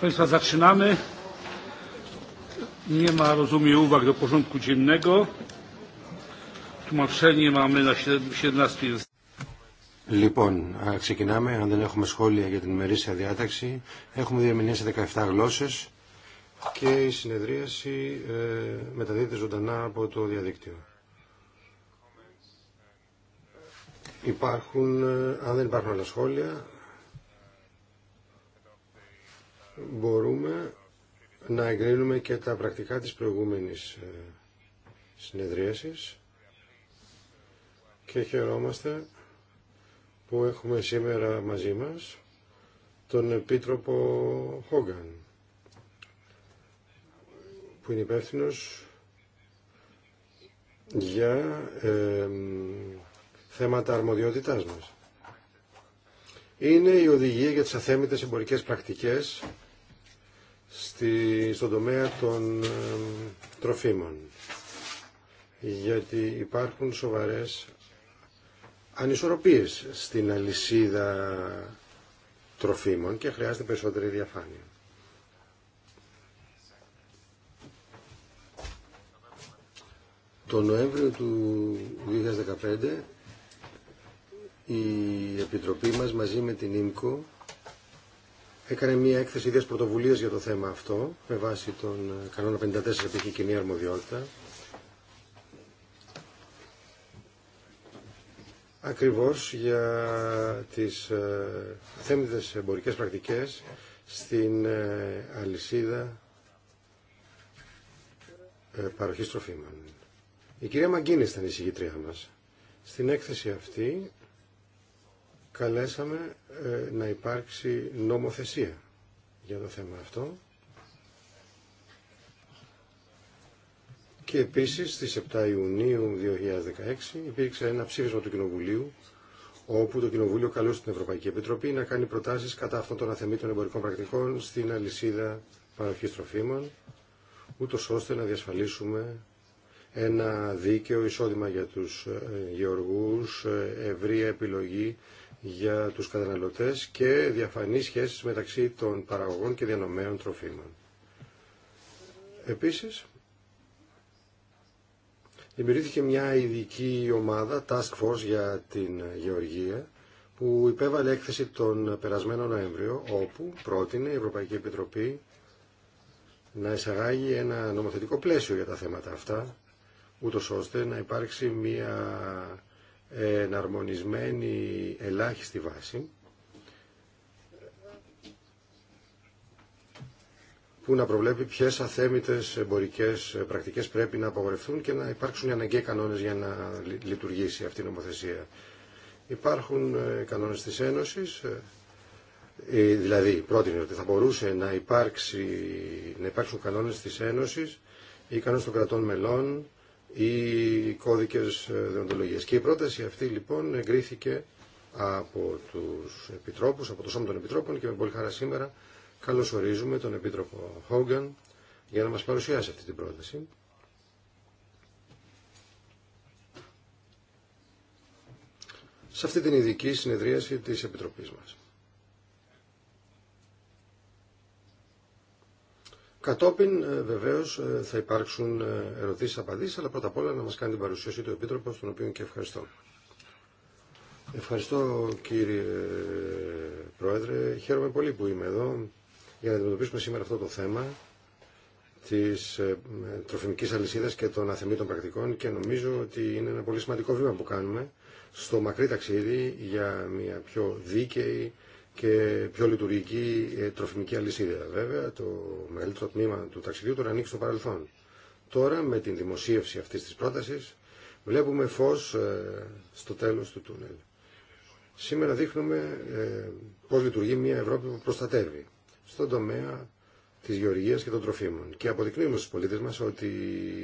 Państwa, zaczynamy. Nie ma, rozumiem, uwag do porządku dziennego. Tłumaczenie mamy na 17 Λοιπόν, ξεκινάμε. Αν δεν έχουμε σχόλια για την μερίσια διάταξη, έχουμε διαμηνήσει 17 γλώσσες και η συνεδρίαση ε, μεταδίδεται ζωντανά από το διαδίκτυο. Υπάρχουν, ε, αν δεν υπάρχουν άλλα σχόλια, μπορούμε να εγκρίνουμε και τα πρακτικά της προηγούμενης ε, συνεδρίασης και χαιρόμαστε που έχουμε σήμερα μαζί μας τον Επίτροπο Χόγκαν που είναι υπεύθυνο για ε, θέματα αρμοδιότητάς μας. Είναι η οδηγία για τις αθέμητες εμπορικές πρακτικές στη, στον τομέα των τροφίμων. Γιατί υπάρχουν σοβαρές ανισορροπίες στην αλυσίδα τροφίμων και χρειάζεται περισσότερη διαφάνεια. Το Νοέμβριο του 2015 η Επιτροπή μας μαζί με την ΙΜΚΟ έκανε μια έκθεση ιδέας πρωτοβουλίας για το θέμα αυτό με βάση τον ε, κανόνα 54 που έχει κοινή αρμοδιότητα. Ακριβώς για τις ε, θέμητες εμπορικές πρακτικές στην ε, αλυσίδα παροχής τροφίμων. Η κυρία Μαγκίνη ήταν η συγκήτριά μας. Στην έκθεση αυτή καλέσαμε ε, να υπάρξει νομοθεσία για το θέμα αυτό. Και επίσης στις 7 Ιουνίου 2016 υπήρξε ένα ψήφισμα του Κοινοβουλίου όπου το Κοινοβούλιο καλούσε την Ευρωπαϊκή Επιτροπή να κάνει προτάσεις κατά αυτών των αθεμήτων εμπορικών πρακτικών στην αλυσίδα παροχής τροφίμων ούτως ώστε να διασφαλίσουμε ένα δίκαιο εισόδημα για τους ε, γεωργούς, ε, ευρία επιλογή για τους καταναλωτές και διαφανεί σχέσεις μεταξύ των παραγωγών και διανομέων τροφίμων. Επίσης, δημιουργήθηκε μια ειδική ομάδα, Task Force για την Γεωργία, που υπέβαλε έκθεση τον περασμένο Νοέμβριο, όπου πρότεινε η Ευρωπαϊκή Επιτροπή να εισαγάγει ένα νομοθετικό πλαίσιο για τα θέματα αυτά, ούτως ώστε να υπάρξει μια εναρμονισμένη ελάχιστη βάση που να προβλέπει ποιες αθέμητες εμπορικές πρακτικές πρέπει να απογορευτούν και να υπάρξουν οι αναγκαίοι κανόνες για να λειτουργήσει αυτή η νομοθεσία. Υπάρχουν ε, κανόνες της Ένωσης, ε, ε, δηλαδή πρότεινε ότι θα μπορούσε να, υπάρξει, να υπάρξουν κανόνες της Ένωσης ή κανόνες των κρατών μελών οι κώδικες ε, δεοντολογίας. Και η πρόταση αυτή λοιπόν εγκρίθηκε από τους επιτρόπους, από το Σώμα των Επιτρόπων και με πολύ χαρά σήμερα καλωσορίζουμε τον Επίτροπο Χόγκαν για να μας παρουσιάσει αυτή την πρόταση. σε αυτή την ειδική συνεδρίαση της Επιτροπής μας. Κατόπιν ε, βεβαίω ε, θα υπάρξουν ε, ερωτήσει, απαντήσει, αλλά πρώτα απ' όλα να μα κάνει την παρουσίαση του Επίτροπο, τον οποίο και ευχαριστώ. Ευχαριστώ κύριε Πρόεδρε. Χαίρομαι πολύ που είμαι εδώ για να αντιμετωπίσουμε σήμερα αυτό το θέμα τη τροφιμική αλυσίδα και των αθεμήτων πρακτικών και νομίζω ότι είναι ένα πολύ σημαντικό βήμα που κάνουμε στο μακρύ ταξίδι για μια πιο δίκαιη και πιο λειτουργική ε, τροφιμική αλυσίδα. Βέβαια, το μεγαλύτερο τμήμα του ταξιδιού τώρα ανοίξει στο παρελθόν. Τώρα, με την δημοσίευση αυτή τη πρόταση βλέπουμε φως ε, στο τέλο του τούνελ. Σήμερα δείχνουμε ε, πώ λειτουργεί μια Ευρώπη που προστατεύει στον τομέα τη γεωργία και των τροφίμων. Και αποδεικνύουμε στου πολίτε μα ότι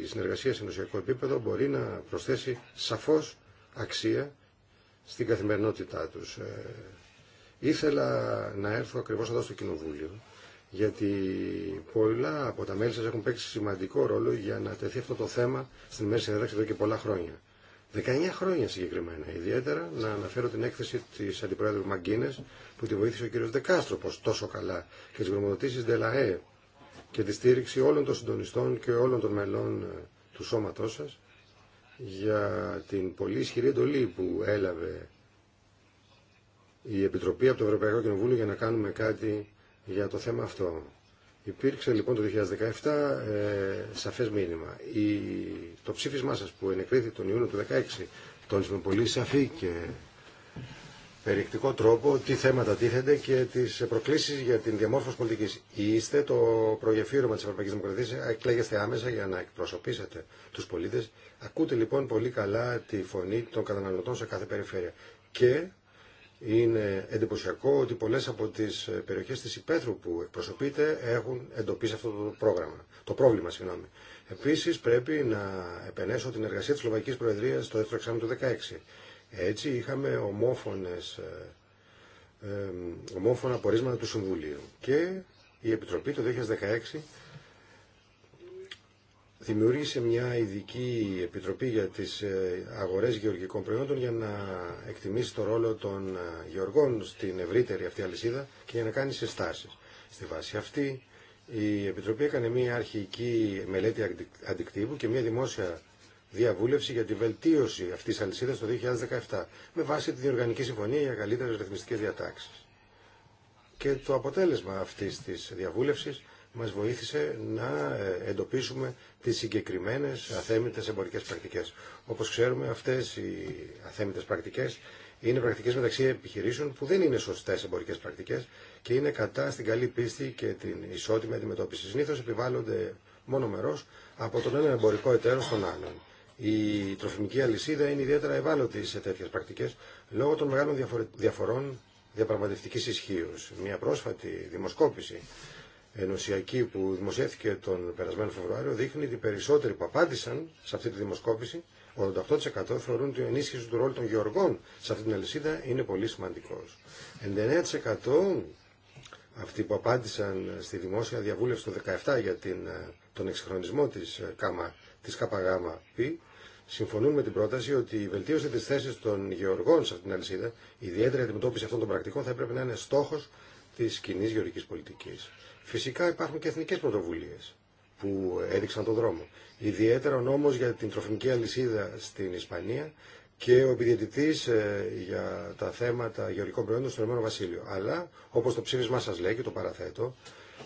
η συνεργασία σε ενωσιακό επίπεδο μπορεί να προσθέσει σαφώ αξία στην καθημερινότητά τους Ήθελα να έρθω ακριβώς εδώ στο Κοινοβούλιο, γιατί πολλά από τα μέλη σας έχουν παίξει σημαντικό ρόλο για να τεθεί αυτό το θέμα στην μέση συνένταξη εδώ και πολλά χρόνια. 19 χρόνια συγκεκριμένα. Ιδιαίτερα να αναφέρω την έκθεση τη Αντιπρόεδρου Μαγκίνε που τη βοήθησε ο κ. Δεκάστροπο τόσο καλά και τι γνωμοδοτήσει ΔΕΛΑΕ και τη στήριξη όλων των συντονιστών και όλων των μελών ε, του σώματό σα για την πολύ ισχυρή εντολή που έλαβε η Επιτροπή από το Ευρωπαϊκό Κοινοβούλιο για να κάνουμε κάτι για το θέμα αυτό. Υπήρξε λοιπόν το 2017 ε, σαφές μήνυμα. Η, το ψήφισμά σας που ενεκρίθη τον Ιούνιο του 2016 τόνισε με πολύ σαφή και περιεκτικό τρόπο τι θέματα τίθενται και τις προκλήσεις για την διαμόρφωση πολιτικής. Είστε το προγεφύρωμα της Ευρωπαϊκής Δημοκρατίας, εκλέγεστε άμεσα για να εκπροσωπήσετε τους πολίτες. Ακούτε λοιπόν πολύ καλά τη φωνή των καταναλωτών σε κάθε περιφέρεια. Και είναι εντυπωσιακό ότι πολλέ από τι ε, περιοχέ τη Υπέθρου που εκπροσωπείται έχουν εντοπίσει αυτό το, πρόγραμμα, το πρόβλημα. Συγγνώμη. Επίση, πρέπει να επενέσω την εργασία τη Σλοβακική Προεδρία στο δεύτερο εξάμεινο του 2016. Έτσι, είχαμε ομόφωνες, ε, ε ομόφωνα απορίσματα του Συμβουλίου. Και η Επιτροπή το 2016 δημιούργησε μια ειδική επιτροπή για τις ε, αγορές γεωργικών προϊόντων για να εκτιμήσει το ρόλο των ε, γεωργών στην ευρύτερη αυτή αλυσίδα και για να κάνει συστάσεις. Στη βάση αυτή η Επιτροπή έκανε μια αρχική μελέτη αντικτύπου και μια δημόσια διαβούλευση για τη βελτίωση αυτής της αλυσίδας το 2017 με βάση τη Διοργανική Συμφωνία για καλύτερες ρυθμιστικές διατάξεις. Και το αποτέλεσμα αυτής της διαβούλευσης μας βοήθησε να ε, εντοπίσουμε τις συγκεκριμένες αθέμητες εμπορικές πρακτικές. Όπως ξέρουμε αυτές οι αθέμητες πρακτικές είναι πρακτικές μεταξύ επιχειρήσεων που δεν είναι σωστές εμπορικές πρακτικές και είναι κατά στην καλή πίστη και την ισότιμη αντιμετώπιση. Συνήθως επιβάλλονται μόνο μερός από τον ένα εμπορικό εταίρο στον άλλον. Η τροφιμική αλυσίδα είναι ιδιαίτερα ευάλωτη σε τέτοιες πρακτικές λόγω των μεγάλων διαφορών διαπραγματευτικής ισχύω. Μια πρόσφατη δημοσκόπηση ενωσιακή που δημοσιεύθηκε τον περασμένο Φεβρουάριο δείχνει ότι οι περισσότεροι που απάντησαν σε αυτή τη δημοσκόπηση, 88% θεωρούν ότι η ενίσχυση του ρόλου των γεωργών σε αυτή την αλυσίδα είναι πολύ σημαντικό. 99% αυτοί που απάντησαν στη δημόσια διαβούλευση το 17 για την, τον εξυγχρονισμό τη ε, ΚΑΜΑ, της ΚΓΠ συμφωνούν με την πρόταση ότι η βελτίωση τη θέση των γεωργών σε αυτή την αλυσίδα, ιδιαίτερη αντιμετώπιση αυτών των πρακτικών, θα έπρεπε να είναι στόχο τη κοινή γεωργική πολιτική. Φυσικά υπάρχουν και εθνικές πρωτοβουλίες που έδειξαν τον δρόμο. Ιδιαίτερα ο νόμος για την τροφινική αλυσίδα στην Ισπανία και ο επιδιαιτητής ε, για τα θέματα γεωργικών προϊόντων στον Ηνωμένο Βασίλειο. Αλλά, όπως το ψήφισμά σας λέει και το παραθέτω,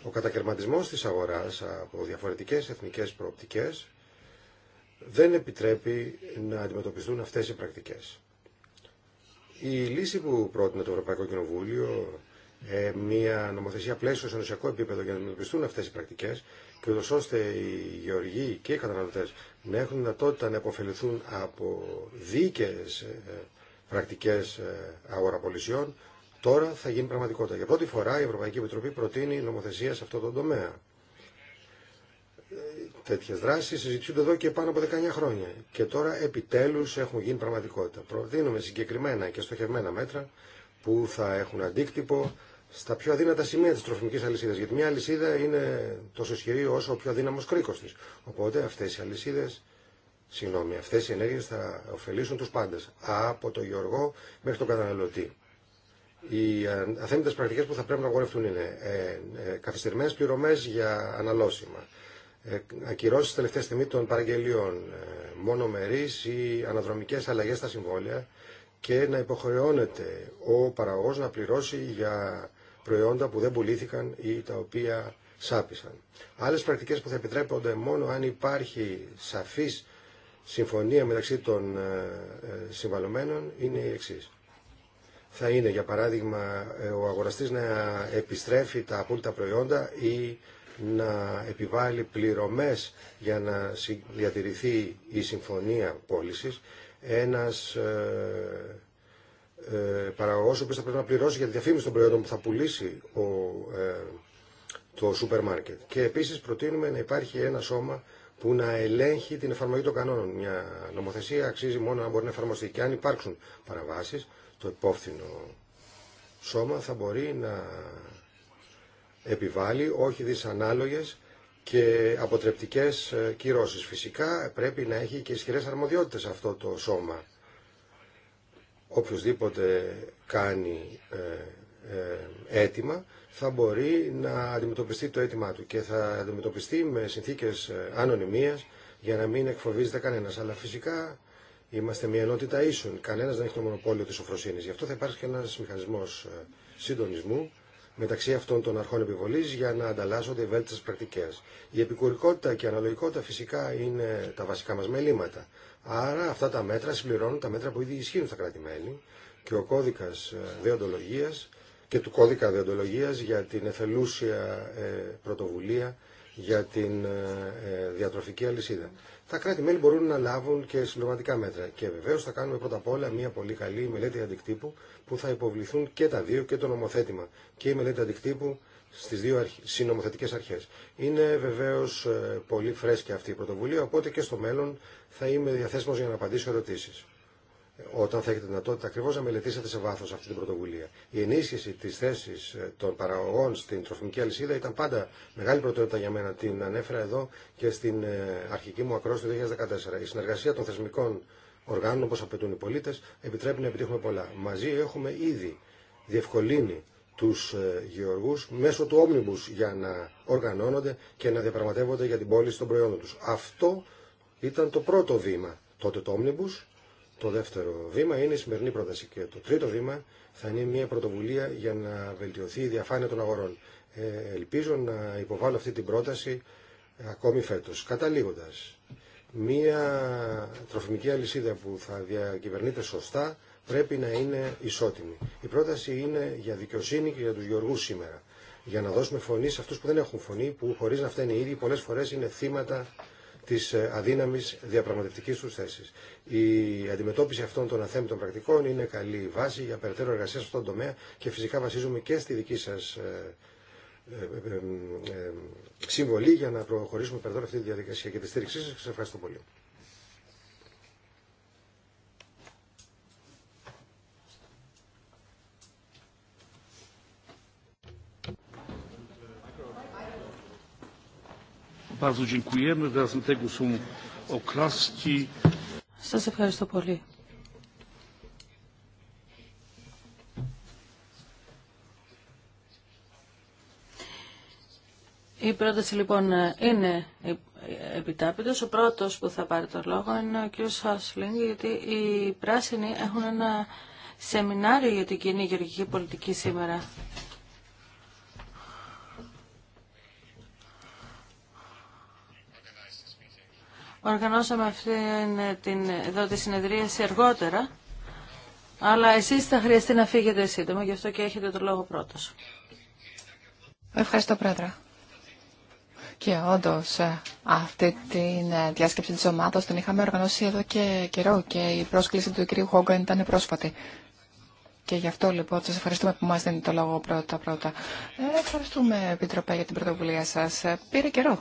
ο κατακαιρματισμός της αγοράς από διαφορετικές εθνικές προοπτικές δεν επιτρέπει να αντιμετωπιστούν αυτές οι πρακτικές. Η λύση που πρότεινε το Ευρωπαϊκό Κοινοβούλιο ε, μια νομοθεσία πλαίσιο σε ενωσιακό επίπεδο για να αντιμετωπιστούν αυτέ οι πρακτικέ και ούτω ώστε οι γεωργοί και οι καταναλωτέ να έχουν δυνατότητα να υποφεληθούν από δίκαιε πρακτικέ ε, αγοραπολισιών, τώρα θα γίνει πραγματικότητα. Για πρώτη φορά η Ευρωπαϊκή Επιτροπή προτείνει νομοθεσία σε αυτό το τομέα. Ε, Τέτοιε δράσει συζητούνται εδώ και πάνω από 19 χρόνια και τώρα επιτέλου έχουν γίνει πραγματικότητα. Προτείνουμε συγκεκριμένα και στοχευμένα μέτρα που θα έχουν αντίκτυπο στα πιο αδύνατα σημεία τη τροφιμική αλυσίδα. Γιατί μια αλυσίδα είναι τόσο ισχυρή όσο ο πιο αδύναμο κρίκο τη. Οπότε αυτέ οι αλυσίδε, συγγνώμη, αυτέ οι ενέργειε θα ωφελήσουν του πάντε. Από το γεωργό μέχρι τον καταναλωτή. Οι ε, αθέμητε πρακτικέ που θα πρέπει να αγορευτούν είναι ε, ε, καθυστερημένε πληρωμέ για αναλώσιμα, ε, ακυρώσει τελευταία στιγμή των παραγγελιών, ε, μονομερεί ή αναδρομικέ αλλαγέ στα συμβόλαια και να υποχρεώνεται ο παραγωγός να πληρώσει για προϊόντα που δεν πουλήθηκαν ή τα οποία σάπησαν. Άλλες πρακτικές που θα επιτρέπονται μόνο αν υπάρχει σαφής συμφωνία μεταξύ των ε, ε, συμβαλωμένων είναι η εξής. Θα είναι, για παράδειγμα, ε, ο αγοραστής να επιστρέφει τα απόλυτα προϊόντα ή να επιβάλλει πληρωμές για να διατηρηθεί η συμφωνία πώλησης. Ένας ε, παραγωγό ο οποίο θα πρέπει να πληρώσει για τη διαφήμιση των προϊόντων που θα πουλήσει ε, το σούπερ μάρκετ. Και επίση προτείνουμε να υπάρχει ένα σώμα που να ελέγχει την εφαρμογή των κανόνων. Μια νομοθεσία αξίζει μόνο να μπορεί να εφαρμοστεί. Και αν υπάρξουν παραβάσει, το υπόφθηνο σώμα θα μπορεί να επιβάλλει όχι δυσανάλογε και αποτρεπτικέ ε, κυρώσει. Φυσικά πρέπει να έχει και ισχυρέ αρμοδιότητες αυτό το σώμα οποιοδήποτε κάνει ε, ε, αίτημα θα μπορεί να αντιμετωπιστεί το αίτημά του και θα αντιμετωπιστεί με συνθήκες ε, ανωνυμίας για να μην εκφοβίζεται κανένας. Αλλά φυσικά είμαστε μια ενότητα ίσων. Κανένας δεν έχει το μονοπόλιο της οφροσύνης. Γι' αυτό θα υπάρχει και ένας μηχανισμός συντονισμού μεταξύ αυτών των αρχών επιβολή για να ανταλλάσσονται ευέλικτε πρακτικέ. Η επικουρικότητα και η αναλογικότητα φυσικά είναι τα βασικά μα μελήματα. Άρα αυτά τα μέτρα συμπληρώνουν τα μέτρα που ήδη ισχύουν στα κράτη-μέλη και ο κώδικας ε, δεοντολογίας και του κώδικα δεοντολογίας για την εθελούσια ε, πρωτοβουλία για την ε, διατροφική αλυσίδα. Τα κράτη-μέλη μπορούν να λάβουν και συμπληρωματικά μέτρα. Και βεβαίω θα κάνουμε πρώτα απ' όλα μια πολύ καλή μελέτη αντικτύπου που θα υποβληθούν και τα δύο και το νομοθέτημα. Και η μελέτη αντικτύπου στι δύο συνομοθετικέ αρχέ. Είναι βεβαίω ε, πολύ φρέσκια αυτή η πρωτοβουλία, οπότε και στο μέλλον θα είμαι διαθέσιμο για να απαντήσω ερωτήσει. Ε, όταν θα έχετε δυνατότητα ακριβώ να μελετήσετε σε βάθο αυτή την πρωτοβουλία. Η ενίσχυση τη θέση ε, των παραγωγών στην τροφιμική αλυσίδα ήταν πάντα μεγάλη προτεραιότητα για μένα. Την ανέφερα εδώ και στην αρχική μου ακρόαση του 2014. Η συνεργασία των θεσμικών οργάνων, όπω απαιτούν οι πολίτε, επιτρέπει να επιτύχουμε πολλά. Μαζί έχουμε ήδη διευκολύνει τους ε, γεωργούς μέσω του όμνιμπους για να οργανώνονται και να διαπραγματεύονται για την πώληση των προϊόντων τους. Αυτό ήταν το πρώτο βήμα. Τότε το όμνιμπους, το δεύτερο βήμα είναι η σημερινή πρόταση και το τρίτο βήμα θα είναι μια πρωτοβουλία για να βελτιωθεί η διαφάνεια των αγορών. Ε, ελπίζω να υποβάλω αυτή την πρόταση ακόμη φέτος. Καταλήγοντας, μια τροφιμική αλυσίδα που θα διακυβερνείται σωστά πρέπει να είναι ισότιμη. Η πρόταση είναι για δικαιοσύνη και για του Γεωργού σήμερα. Για να δώσουμε φωνή σε αυτού που δεν έχουν φωνή, που χωρί να φταίνει οι ίδιοι πολλές φορές είναι θύματα τη ε, αδύναμη διαπραγματευτική του θέση. Η αντιμετώπιση αυτών των αθέμητων πρακτικών είναι καλή βάση για περαιτέρω εργασία σε αυτόν τον τομέα και φυσικά βασίζουμε και στη δική σας ε, ε, συμβολή για να προχωρήσουμε περαιτέρω αυτή τη διαδικασία και τη στήριξή σα Σα ευχαριστώ πολύ. Σας ευχαριστώ πολύ. Η πρόταση λοιπόν είναι επιτάπητος. Ο πρώτος που θα πάρει το λόγο είναι ο κ. Χάσλινγκ, γιατί οι πράσινοι έχουν ένα σεμινάριο για την κοινή γεωργική πολιτική σήμερα. Οργανώσαμε αυτή ε, την, εδώ τη συνεδρίαση αργότερα, αλλά εσείς θα χρειαστεί να φύγετε σύντομα, γι' αυτό και έχετε το λόγο πρώτος. Ευχαριστώ, Πρόεδρε. Και όντω ε, αυτή τη ε, διάσκεψη της ομάδας την είχαμε οργανώσει εδώ και καιρό και η πρόσκληση του κ. Χόγκαν ήταν πρόσφατη. Και γι' αυτό λοιπόν σα ευχαριστούμε που μα δίνετε το λόγο πρώτα-πρώτα. Ευχαριστούμε, Επιτροπέ, για την πρωτοβουλία σα. Πήρε καιρό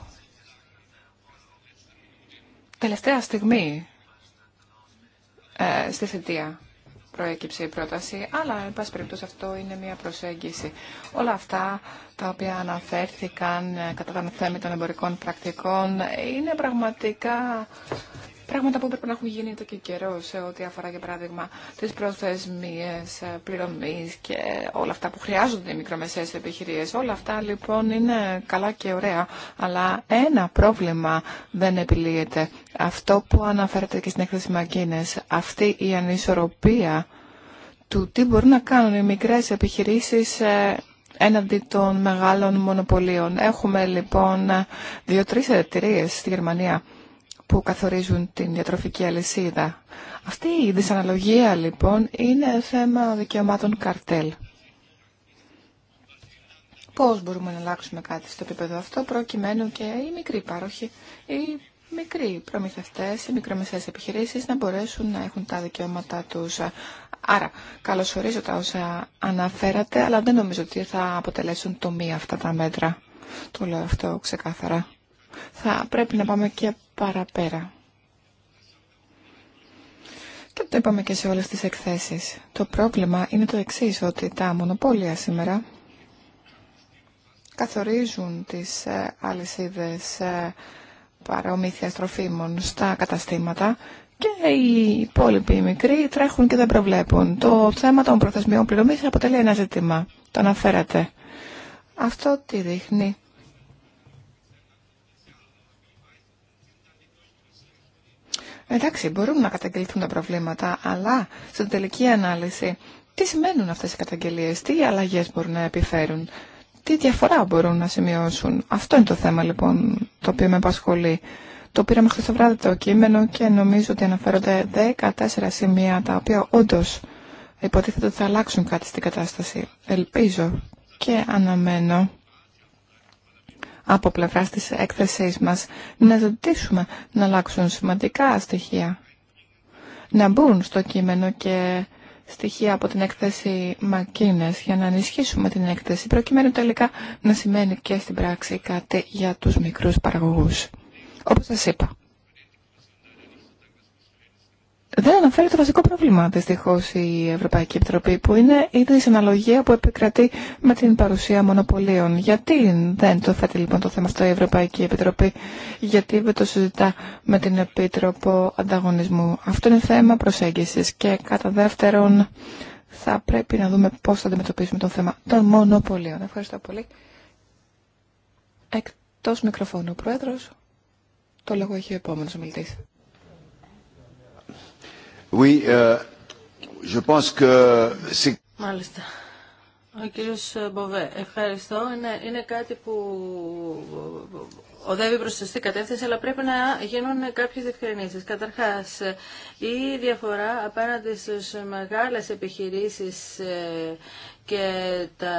τελευταία στιγμή ε, στη θητεία προέκυψε η πρόταση, αλλά εν πάση περιπτώσει αυτό είναι μια προσέγγιση. Όλα αυτά τα οποία αναφέρθηκαν ε, κατά τα θέμη των εμπορικών πρακτικών είναι πραγματικά Πράγματα που πρέπει να έχουν γίνει το και καιρό σε ό,τι αφορά, για παράδειγμα, τι προθεσμίε ε, πληρωμή και όλα αυτά που χρειάζονται οι μικρομεσαίε επιχειρήσει. Όλα αυτά λοιπόν είναι καλά και ωραία. Αλλά ένα πρόβλημα δεν επιλύεται. Αυτό που αναφέρεται και στην έκθεση μακίνε. αυτή η ανισορροπία του τι μπορούν να κάνουν οι μικρέ επιχειρήσει ε, έναντι των μεγάλων μονοπωλίων. Έχουμε λοιπόν δυο-τρει εταιρείε στη Γερμανία που καθορίζουν την διατροφική αλυσίδα. Αυτή η δυσαναλογία λοιπόν είναι θέμα δικαιωμάτων καρτέλ. Πώς μπορούμε να αλλάξουμε κάτι στο επίπεδο αυτό προκειμένου και οι μικροί πάροχοι, οι μικροί προμηθευτές, οι μικρομεσαίες επιχειρήσεις να μπορέσουν να έχουν τα δικαιώματά τους. Άρα, καλωσορίζω τα όσα αναφέρατε, αλλά δεν νομίζω ότι θα αποτελέσουν μία αυτά τα μέτρα. Το λέω αυτό ξεκάθαρα. Θα πρέπει να πάμε και παραπέρα. Και το είπαμε και σε όλες τις εκθέσεις. Το πρόβλημα είναι το εξής, ότι τα μονοπόλια σήμερα καθορίζουν τις ε, αλυσίδες ε, παρομήθειας τροφίμων στα καταστήματα και οι υπόλοιποι μικροί τρέχουν και δεν προβλέπουν. Το θέμα των προθεσμιών πληρωμής αποτελεί ένα ζήτημα. Το αναφέρατε. Αυτό τι δείχνει. Εντάξει, μπορούν να καταγγελθούν τα προβλήματα, αλλά στην τελική ανάλυση, τι σημαίνουν αυτές οι καταγγελίες, τι αλλαγές μπορούν να επιφέρουν, τι διαφορά μπορούν να σημειώσουν. Αυτό είναι το θέμα λοιπόν το οποίο με απασχολεί. Το πήραμε χθε το βράδυ το κείμενο και νομίζω ότι αναφέρονται 14 σημεία τα οποία όντω υποτίθεται ότι θα αλλάξουν κάτι στην κατάσταση. Ελπίζω και αναμένω από πλευρά της έκθεσής μας. Να ζητήσουμε να αλλάξουν σημαντικά στοιχεία. Να μπουν στο κείμενο και στοιχεία από την έκθεση Μακίνες για να ενισχύσουμε την έκθεση προκειμένου τελικά να σημαίνει και στην πράξη κάτι για τους μικρούς παραγωγούς. Όπως σας είπα δεν αναφέρει το βασικό πρόβλημα, δυστυχώ, η Ευρωπαϊκή Επιτροπή, που είναι η δυσαναλογία που επικρατεί με την παρουσία μονοπωλίων. Γιατί δεν το θέτει λοιπόν το θέμα αυτό η Ευρωπαϊκή Επιτροπή, γιατί δεν το συζητά με την Επίτροπο Ανταγωνισμού. Αυτό είναι θέμα προσέγγιση. Και κατά δεύτερον, θα πρέπει να δούμε πώ θα αντιμετωπίσουμε το θέμα των μονοπωλίων. Ευχαριστώ πολύ. Εκτό μικροφώνου, ο Πρόεδρο. Το λόγο έχει ο επόμενο ομιλητή. Euh, Μάλιστα. Ο κύριος Μποβέ, ευχαριστώ. Είναι, είναι κάτι που οδεύει προς σωστή κατεύθυνση, αλλά πρέπει να γίνουν κάποιες διευκρινήσεις. Καταρχάς, η διαφορά απέναντι στις μεγάλες επιχειρήσεις ε, και τα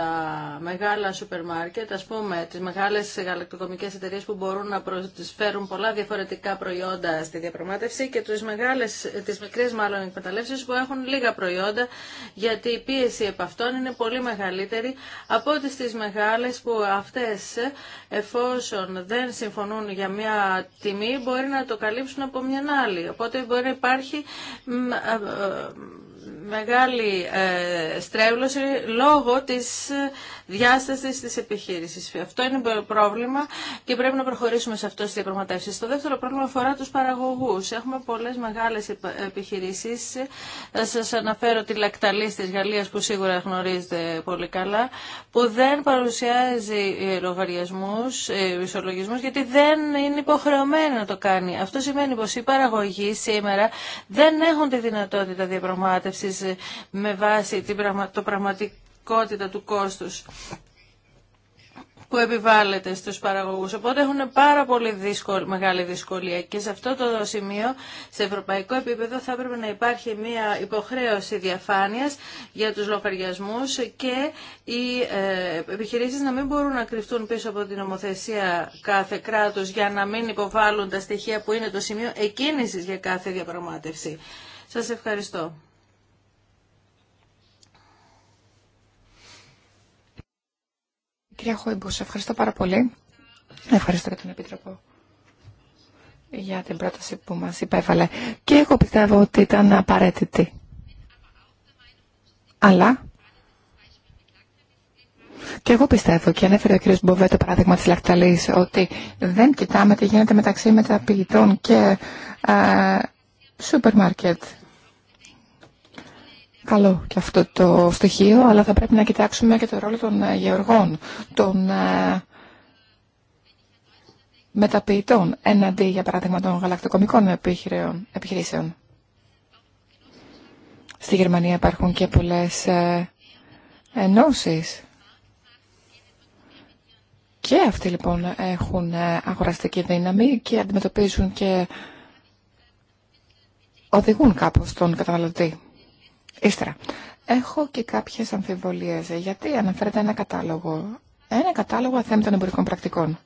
μεγάλα σούπερ μάρκετ, ας πούμε, τις μεγάλες γαλακτοκομικές εταιρείες που μπορούν να προσφέρουν πολλά διαφορετικά προϊόντα στη διαπραγμάτευση και τις, μεγάλες, τις μικρές μάλλον εκμεταλλεύσεις που έχουν λίγα προϊόντα γιατί η πίεση επ' αυτών είναι πολύ μεγαλύτερη από ό,τι στις μεγάλες που αυτές εφόσον δεν συμφωνούν για μια τιμή μπορεί να το καλύψουν από μια άλλη. Οπότε μπορεί να υπάρχει μεγάλη ε, στρέβλωση λόγω της ε, διάσταση τη επιχείρηση. Αυτό είναι πρόβλημα και πρέπει να προχωρήσουμε σε αυτό τι διαπραγματεύσει. Το δεύτερο πρόβλημα αφορά του παραγωγού. Έχουμε πολλέ μεγάλε επιχειρήσει. Θα σα αναφέρω τη Λακταλή τη Γαλλία, που σίγουρα γνωρίζετε πολύ καλά, που δεν παρουσιάζει ε, λογαριασμού, ε, ισολογισμού γιατί δεν είναι υποχρεωμένη να το κάνει. Αυτό σημαίνει πω οι παραγωγοί σήμερα δεν έχουν τη δυνατότητα διαπραγματεύση ε, με βάση το πραγματικό πραγματικότητα του κόστους που επιβάλλεται στους παραγωγούς. Οπότε έχουν πάρα πολύ δύσκολη, μεγάλη δυσκολία και σε αυτό το σημείο, σε ευρωπαϊκό επίπεδο, θα έπρεπε να υπάρχει μια υποχρέωση διαφάνειας για τους λογαριασμούς και οι ε, επιχειρήσεις να μην μπορούν να κρυφτούν πίσω από την νομοθεσία κάθε κράτους για να μην υποβάλλουν τα στοιχεία που είναι το σημείο εκκίνησης για κάθε διαπραγμάτευση. Σας ευχαριστώ. Κυρία Χόιμπος, ευχαριστώ πάρα πολύ. Ευχαριστώ και τον Επίτροπο για την πρόταση που μας υπέβαλε. Και εγώ πιστεύω ότι ήταν απαραίτητη. Αλλά και εγώ πιστεύω και ανέφερε ο κ. Μποβέ το παράδειγμα της Λακταλής ότι δεν κοιτάμε τι γίνεται μεταξύ μεταπηγητών και ε, σούπερ μάρκετ καλό και αυτό το στοιχείο, αλλά θα πρέπει να κοιτάξουμε και το ρόλο των ε, γεωργών, των ε, μεταποιητών, έναντι, για παράδειγμα, των γαλακτοκομικών επιχειρήσεων. Στη Γερμανία υπάρχουν και πολλές ε, ενώσεις. Και αυτοί λοιπόν έχουν αγοραστική δύναμη και αντιμετωπίζουν και οδηγούν κάπως τον καταναλωτή. Ύστερα, έχω και κάποιες αμφιβολίες. Γιατί αναφέρεται ένα κατάλογο. Ένα κατάλογο αθέμητων εμπορικών πρακτικών.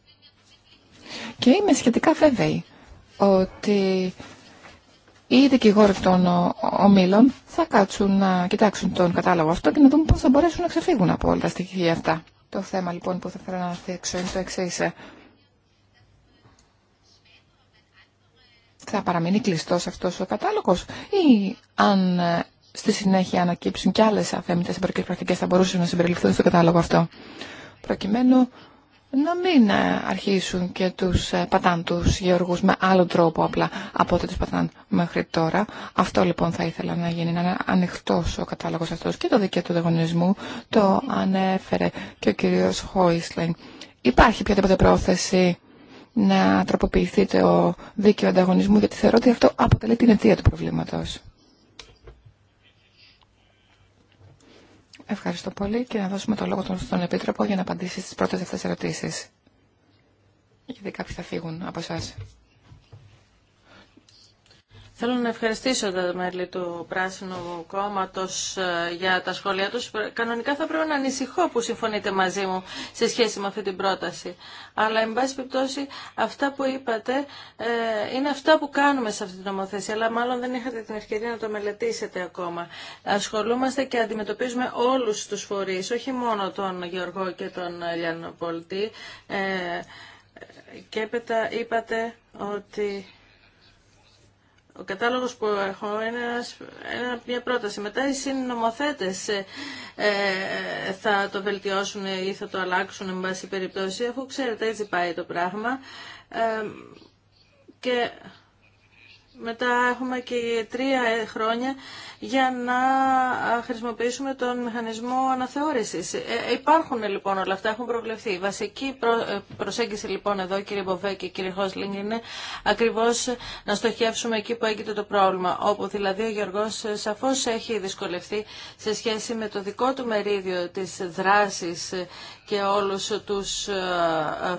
Και είμαι σχετικά βέβαιη ότι οι δικηγόροι των ομίλων θα κάτσουν να κοιτάξουν τον κατάλογο αυτό και να δουν πώς θα μπορέσουν να ξεφύγουν από όλα τα στοιχεία αυτά. Το θέμα λοιπόν που θα θέλω να θέξω είναι το εξή. Θα παραμείνει κλειστός αυτός ο κατάλογος ή αν στη συνέχεια ανακύψουν και άλλες αφέμητες εμπορικές πρακτικές θα μπορούσαν να συμπεριληφθούν στο κατάλογο αυτό. Προκειμένου να μην ε, αρχίσουν και τους ε, πατάν τους γεωργούς με άλλο τρόπο απλά από ό,τι τους πατάν μέχρι τώρα. Αυτό λοιπόν θα ήθελα να γίνει, να είναι ανοιχτός ο κατάλογος αυτός και το δίκαιο του ανταγωνισμού το ανέφερε και ο κύριος Χόισλεν. Υπάρχει οποιαδήποτε πρόθεση να τροποποιηθεί το δίκαιο ανταγωνισμού γιατί θεωρώ ότι αυτό αποτελεί την αιτία του προβλήματος. Ευχαριστώ πολύ και να δώσουμε το λόγο στον Επίτροπο για να απαντήσει στις πρώτες αυτές ερωτήσεις. Γιατί κάποιοι θα φύγουν από εσάς. Θέλω να ευχαριστήσω τα μέλη του Πράσινου Κόμματος ε, για τα σχόλια τους. Κανονικά θα πρέπει να ανησυχώ που συμφωνείτε μαζί μου σε σχέση με αυτή την πρόταση. Αλλά, εν πάση περιπτώσει, αυτά που είπατε ε, είναι αυτά που κάνουμε σε αυτή την νομοθεσία, αλλά μάλλον δεν είχατε την ευκαιρία να το μελετήσετε ακόμα. Ασχολούμαστε και αντιμετωπίζουμε όλους τους φορείς, όχι μόνο τον Γεωργό και τον Λιανοπολτή. Ε, και έπειτα είπατε ότι ο κατάλογος που έχω είναι μια πρόταση. Μετά οι συνομοθέτες ε, ε, θα το βελτιώσουν ή θα το αλλάξουν, εν πάση περιπτώσει, αφού ξέρετε έτσι πάει το πράγμα. Ε, και μετά έχουμε και τρία χρόνια για να χρησιμοποιήσουμε τον μηχανισμό αναθεώρησης. Ε, υπάρχουν λοιπόν όλα αυτά, έχουν προβλεφθεί. Η βασική ε, προσέγγιση λοιπόν εδώ κύριε Μποβέ και κύριε Χόσλινγκ είναι ακριβώς να στοχεύσουμε εκεί που έγινε το πρόβλημα, όπου δηλαδή ο Γεωργός ε, σαφώς έχει δυσκολευτεί σε σχέση με το δικό του μερίδιο της δράσης και όλους τους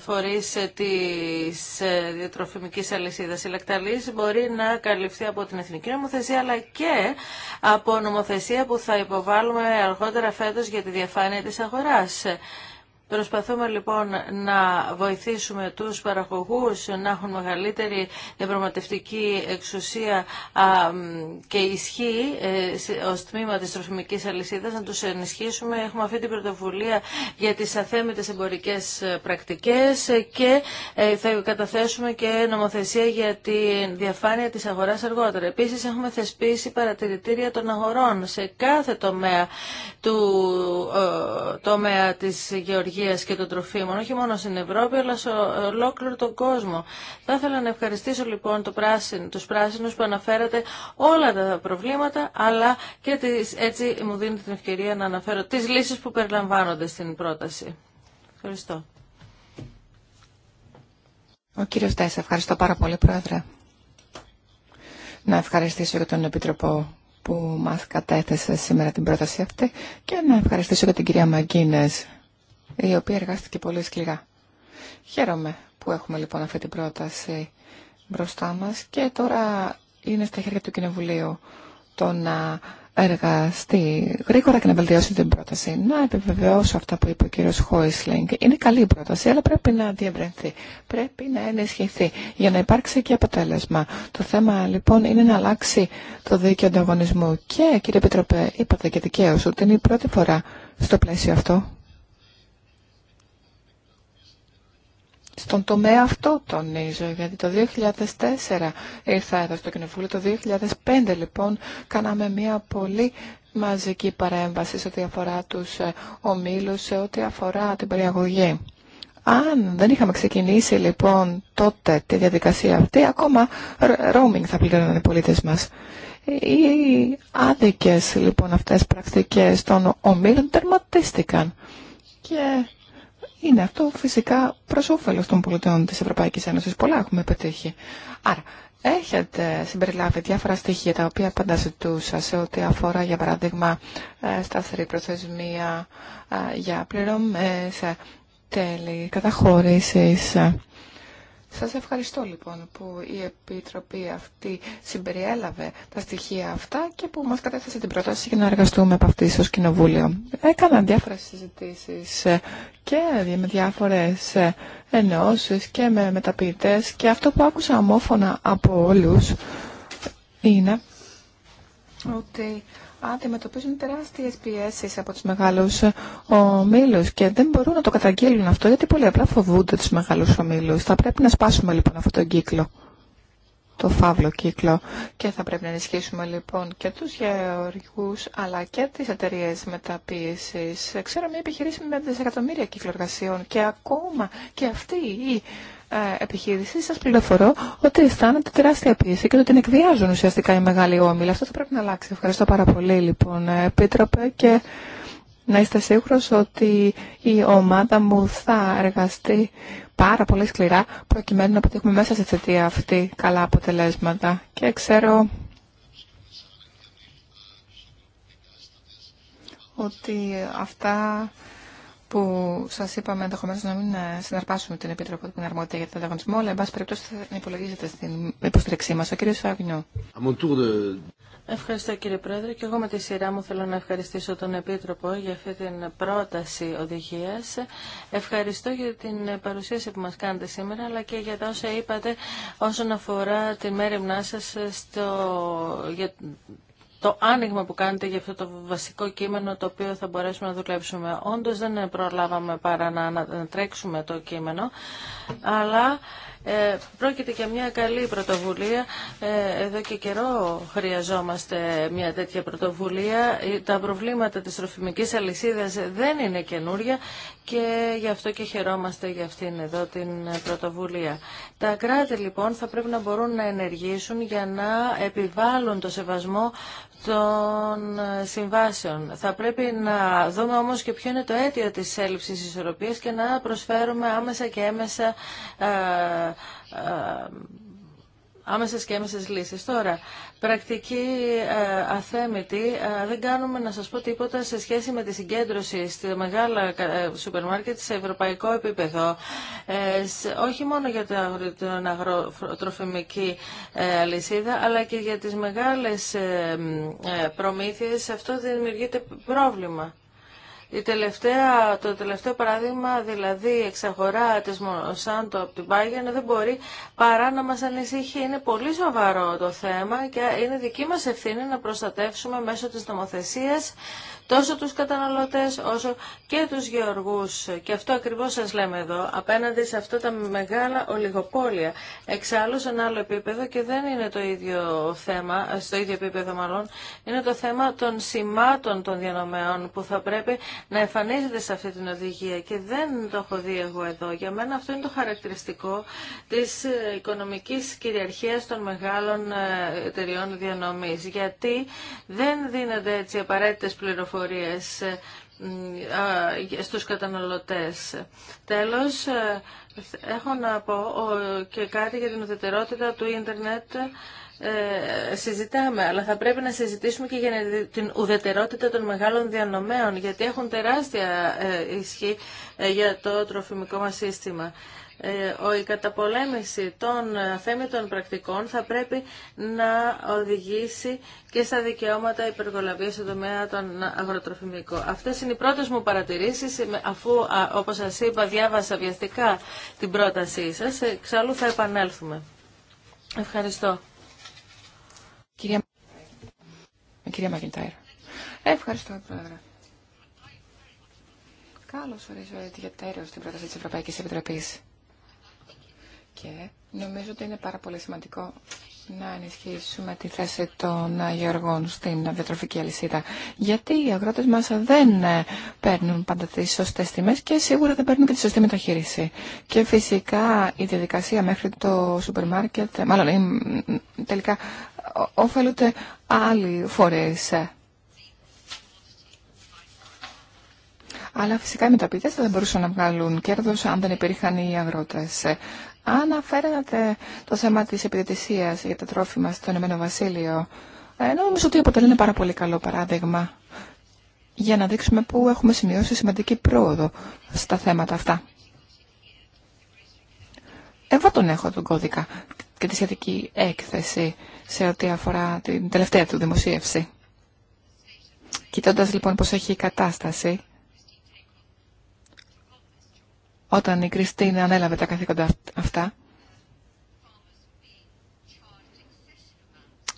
φορείς της διατροφημικής αλυσίδας. Η λακταλής μπορεί να καλυφθεί από την εθνική νομοθεσία αλλά και από νομοθεσία που θα υποβάλουμε αργότερα φέτος για τη διαφάνεια της αγοράς. Προσπαθούμε λοιπόν να βοηθήσουμε τους παραγωγούς να έχουν μεγαλύτερη διαπραγματευτική εξουσία και ισχύ ε, ως τμήμα της τροφιμικής αλυσίδας, να τους ενισχύσουμε. Έχουμε αυτή την πρωτοβουλία για τις αθέμητες εμπορικές πρακτικές και ε, θα καταθέσουμε και νομοθεσία για τη διαφάνεια της αγοράς αργότερα. Επίσης έχουμε θεσπίσει παρατηρητήρια των αγορών σε κάθε τομέα, του, ε, τομέα της υγείας και των τροφίμων, όχι μόνο στην Ευρώπη, αλλά σε ολόκληρο τον κόσμο. Θα ήθελα να ευχαριστήσω λοιπόν το πράσιν, τους πράσινους που αναφέρατε όλα τα προβλήματα, αλλά και τις, έτσι μου δίνετε την ευκαιρία να αναφέρω τις λύσεις που περιλαμβάνονται στην πρόταση. Ευχαριστώ. Ο κύριο Τέσσα, ευχαριστώ πάρα πολύ, Πρόεδρε. Να ευχαριστήσω για τον Επίτροπο που μας κατέθεσε σήμερα την πρόταση αυτή και να ευχαριστήσω και την κυρία Μαγκίνες η οποία εργάστηκε πολύ σκληρά. Χαίρομαι που έχουμε λοιπόν αυτή την πρόταση μπροστά μας και τώρα είναι στα χέρια του Κοινοβουλίου το να εργαστεί γρήγορα και να βελτιώσει την πρόταση. Να επιβεβαιώσω αυτά που είπε ο κύριος Χόισλινγκ. Είναι καλή η πρόταση, αλλά πρέπει να διευρυνθεί. Πρέπει να ενισχυθεί για να υπάρξει και αποτέλεσμα. Το θέμα λοιπόν είναι να αλλάξει το δίκαιο ανταγωνισμού. Και κύριε Επιτροπέ, είπατε και δικαίω ότι είναι η πρώτη φορά στο πλαίσιο αυτό στον τομέα αυτό τονίζω, γιατί το 2004 ήρθα εδώ στο Κοινοβούλιο, το 2005 λοιπόν κάναμε μια πολύ μαζική παρέμβαση σε ό,τι αφορά τους ε, ομίλους, σε ό,τι αφορά την περιαγωγή. Αν δεν είχαμε ξεκινήσει λοιπόν τότε τη διαδικασία αυτή, ακόμα roaming θα πληρώνουν οι πολίτες μας. Οι άδικες λοιπόν αυτές πρακτικές των ομίλων τερματίστηκαν. Και είναι αυτό φυσικά προ όφελο των πολιτών τη Ευρωπαϊκή Ένωση. Πολλά έχουμε πετύχει. Άρα, έχετε συμπεριλάβει διάφορα στοιχεία τα οποία πάντα ζητούσα σε ό,τι αφορά, για παράδειγμα, ε, σταθερή προθεσμία ε, για πληρωμέ, ε, τέλη καταχώρηση σας ευχαριστώ λοιπόν που η Επιτροπή αυτή συμπεριέλαβε τα στοιχεία αυτά και που μας κατέθεσε την πρόταση για να εργαστούμε από αυτή στο Κοινοβούλιο. Έκαναν διάφορες συζητήσεις και με διάφορες ενώσεις και με μεταποιητές και αυτό που άκουσα ομόφωνα από όλους είναι ότι αντιμετωπίζουν τεράστιε πιέσει από τους μεγάλους ομίλους και δεν μπορούν να το καταγγείλουν αυτό γιατί πολύ απλά φοβούνται του μεγάλου ομίλους. Θα πρέπει να σπάσουμε λοιπόν αυτόν τον κύκλο, το φαύλο κύκλο και θα πρέπει να ενισχύσουμε λοιπόν και του γεωργού, αλλά και τι εταιρείε μεταποίηση. Ξέρω μια επιχειρήση με δισεκατομμύρια κύκλο εργασιών και ακόμα και αυτή η ε, επιχείρηση, σα πληροφορώ ότι αισθάνεται τεράστια πίεση και ότι την εκβιάζουν ουσιαστικά οι μεγάλοι όμιλοι. Αυτό θα πρέπει να αλλάξει. Ευχαριστώ πάρα πολύ, λοιπόν, ε, Επίτροπε, και να είστε σίγουρο ότι η ομάδα μου θα εργαστεί πάρα πολύ σκληρά προκειμένου να πετύχουμε μέσα σε θετία αυτή καλά αποτελέσματα. Και ξέρω ότι αυτά που σα είπαμε ενδεχομένω να μην ε, συναρπάσουμε την Επίτροπο την Αρμόδια για τον ανταγωνισμό, αλλά εν πάση περιπτώσει θα υπολογίζετε στην υποστήριξή μα. Ο κύριο Αγνιό. Ευχαριστώ κύριε Πρόεδρε και εγώ με τη σειρά μου θέλω να ευχαριστήσω τον Επίτροπο για αυτή την πρόταση οδηγίας. Ευχαριστώ για την παρουσίαση που μας κάνετε σήμερα αλλά και για τα όσα είπατε όσον αφορά την μέρη σας στο... για το άνοιγμα που κάνετε για αυτό το βασικό κείμενο το οποίο θα μπορέσουμε να δουλέψουμε. όντω δεν προλάβαμε παρά να, τρέξουμε το κείμενο, αλλά ε, πρόκειται για μια καλή πρωτοβουλία. Ε, εδώ και καιρό χρειαζόμαστε μια τέτοια πρωτοβουλία. Ε, τα προβλήματα της τροφιμικής αλυσίδας δεν είναι καινούρια και γι' αυτό και χαιρόμαστε για αυτήν εδώ την πρωτοβουλία. Τα κράτη λοιπόν θα πρέπει να μπορούν να ενεργήσουν για να επιβάλλουν το σεβασμό των συμβάσεων. Θα πρέπει να δούμε όμως και ποιο είναι το αίτιο της έλλειψης ισορροπίας και να προσφέρουμε άμεσα και έμεσα ε, ε, Άμεσε και έμεσε λύσεις. Τώρα, πρακτική ε, αθέμητη, ε, δεν κάνουμε να σας πω τίποτα σε σχέση με τη συγκέντρωση στη μεγάλα ε, σούπερ μάρκετ σε ευρωπαϊκό επίπεδο. Ε, όχι μόνο για την αγροτροφημική αλυσίδα, αλλά και για τις μεγάλες προμήθειες. Αυτό δημιουργείται πρόβλημα. Η το τελευταίο παράδειγμα, δηλαδή η εξαγορά της Μονοσάντο από την Πάγιαν δεν μπορεί παρά να μας ανησυχεί. Είναι πολύ σοβαρό το θέμα και είναι δική μας ευθύνη να προστατεύσουμε μέσω της νομοθεσίας τόσο τους καταναλωτές όσο και τους γεωργούς. Και αυτό ακριβώς σας λέμε εδώ, απέναντι σε αυτά τα μεγάλα ολιγοπόλια. Εξάλλου σε ένα άλλο επίπεδο και δεν είναι το ίδιο θέμα, στο ίδιο επίπεδο μάλλον, είναι το θέμα των σημάτων των διανομέων που θα πρέπει να εμφανίζεται σε αυτή την οδηγία και δεν το έχω δει εγώ εδώ. Για μένα αυτό είναι το χαρακτηριστικό της ε, οικονομικής κυριαρχίας των μεγάλων ε, εταιριών διανομής, γιατί δεν δίνονται έτσι απαραίτητες πληροφορίες πληροφορίες ε, ε, ε, στους καταναλωτές. Τέλος, έχω να πω και κάτι για την ουδετερότητα του ίντερνετ. συζητάμε, αλλά θα πρέπει να συζητήσουμε και για την ουδετερότητα των μεγάλων διανομέων, γιατί έχουν τεράστια ισχύ για το τροφιμικό μας σύστημα. Ε, η καταπολέμηση των ε, θέμετων πρακτικών θα πρέπει να οδηγήσει και στα δικαιώματα υπεργολαβία στον τομέα των αγροτροφημικών. Αυτές είναι οι πρώτες μου παρατηρήσεις, αφού όπως σας είπα διάβασα βιαστικά την πρότασή σας, ε, εξάλλου θα επανέλθουμε. Ευχαριστώ. Κυρία, Κυρία Ευχαριστώ, Πρόεδρε. Καλώς ορίζω ιδιαίτερως την πρόταση της Ευρωπαϊκής Επιτροπής. Και νομίζω ότι είναι πάρα πολύ σημαντικό να ενισχύσουμε τη θέση των αγιοργών στην διατροφική αλυσίδα. Γιατί οι αγρότες μας δεν παίρνουν πάντα τις σωστές τιμές και σίγουρα δεν παίρνουν και τη σωστή μεταχείριση. Και φυσικά η διαδικασία μέχρι το σούπερ μάρκετ, μάλλον τελικά ωφελούνται άλλοι φορές. Αλλά φυσικά οι μεταπίτες δεν μπορούσαν να βγάλουν κέρδος αν δεν υπήρχαν οι αγρότες. Αναφέρατε το θέμα της επιδετησίας για τα τρόφιμα στο Ηνωμένο Βασίλειο. Ε, νομίζω ότι αποτελεί ένα πάρα πολύ καλό παράδειγμα για να δείξουμε πού έχουμε σημειώσει σημαντική πρόοδο στα θέματα αυτά. Εγώ τον έχω τον κώδικα και τη σχετική έκθεση σε ό,τι αφορά την τελευταία του δημοσίευση. Κοιτώντας λοιπόν πώς έχει η κατάσταση, όταν η Κριστίνα ανέλαβε τα καθήκοντα αυτά,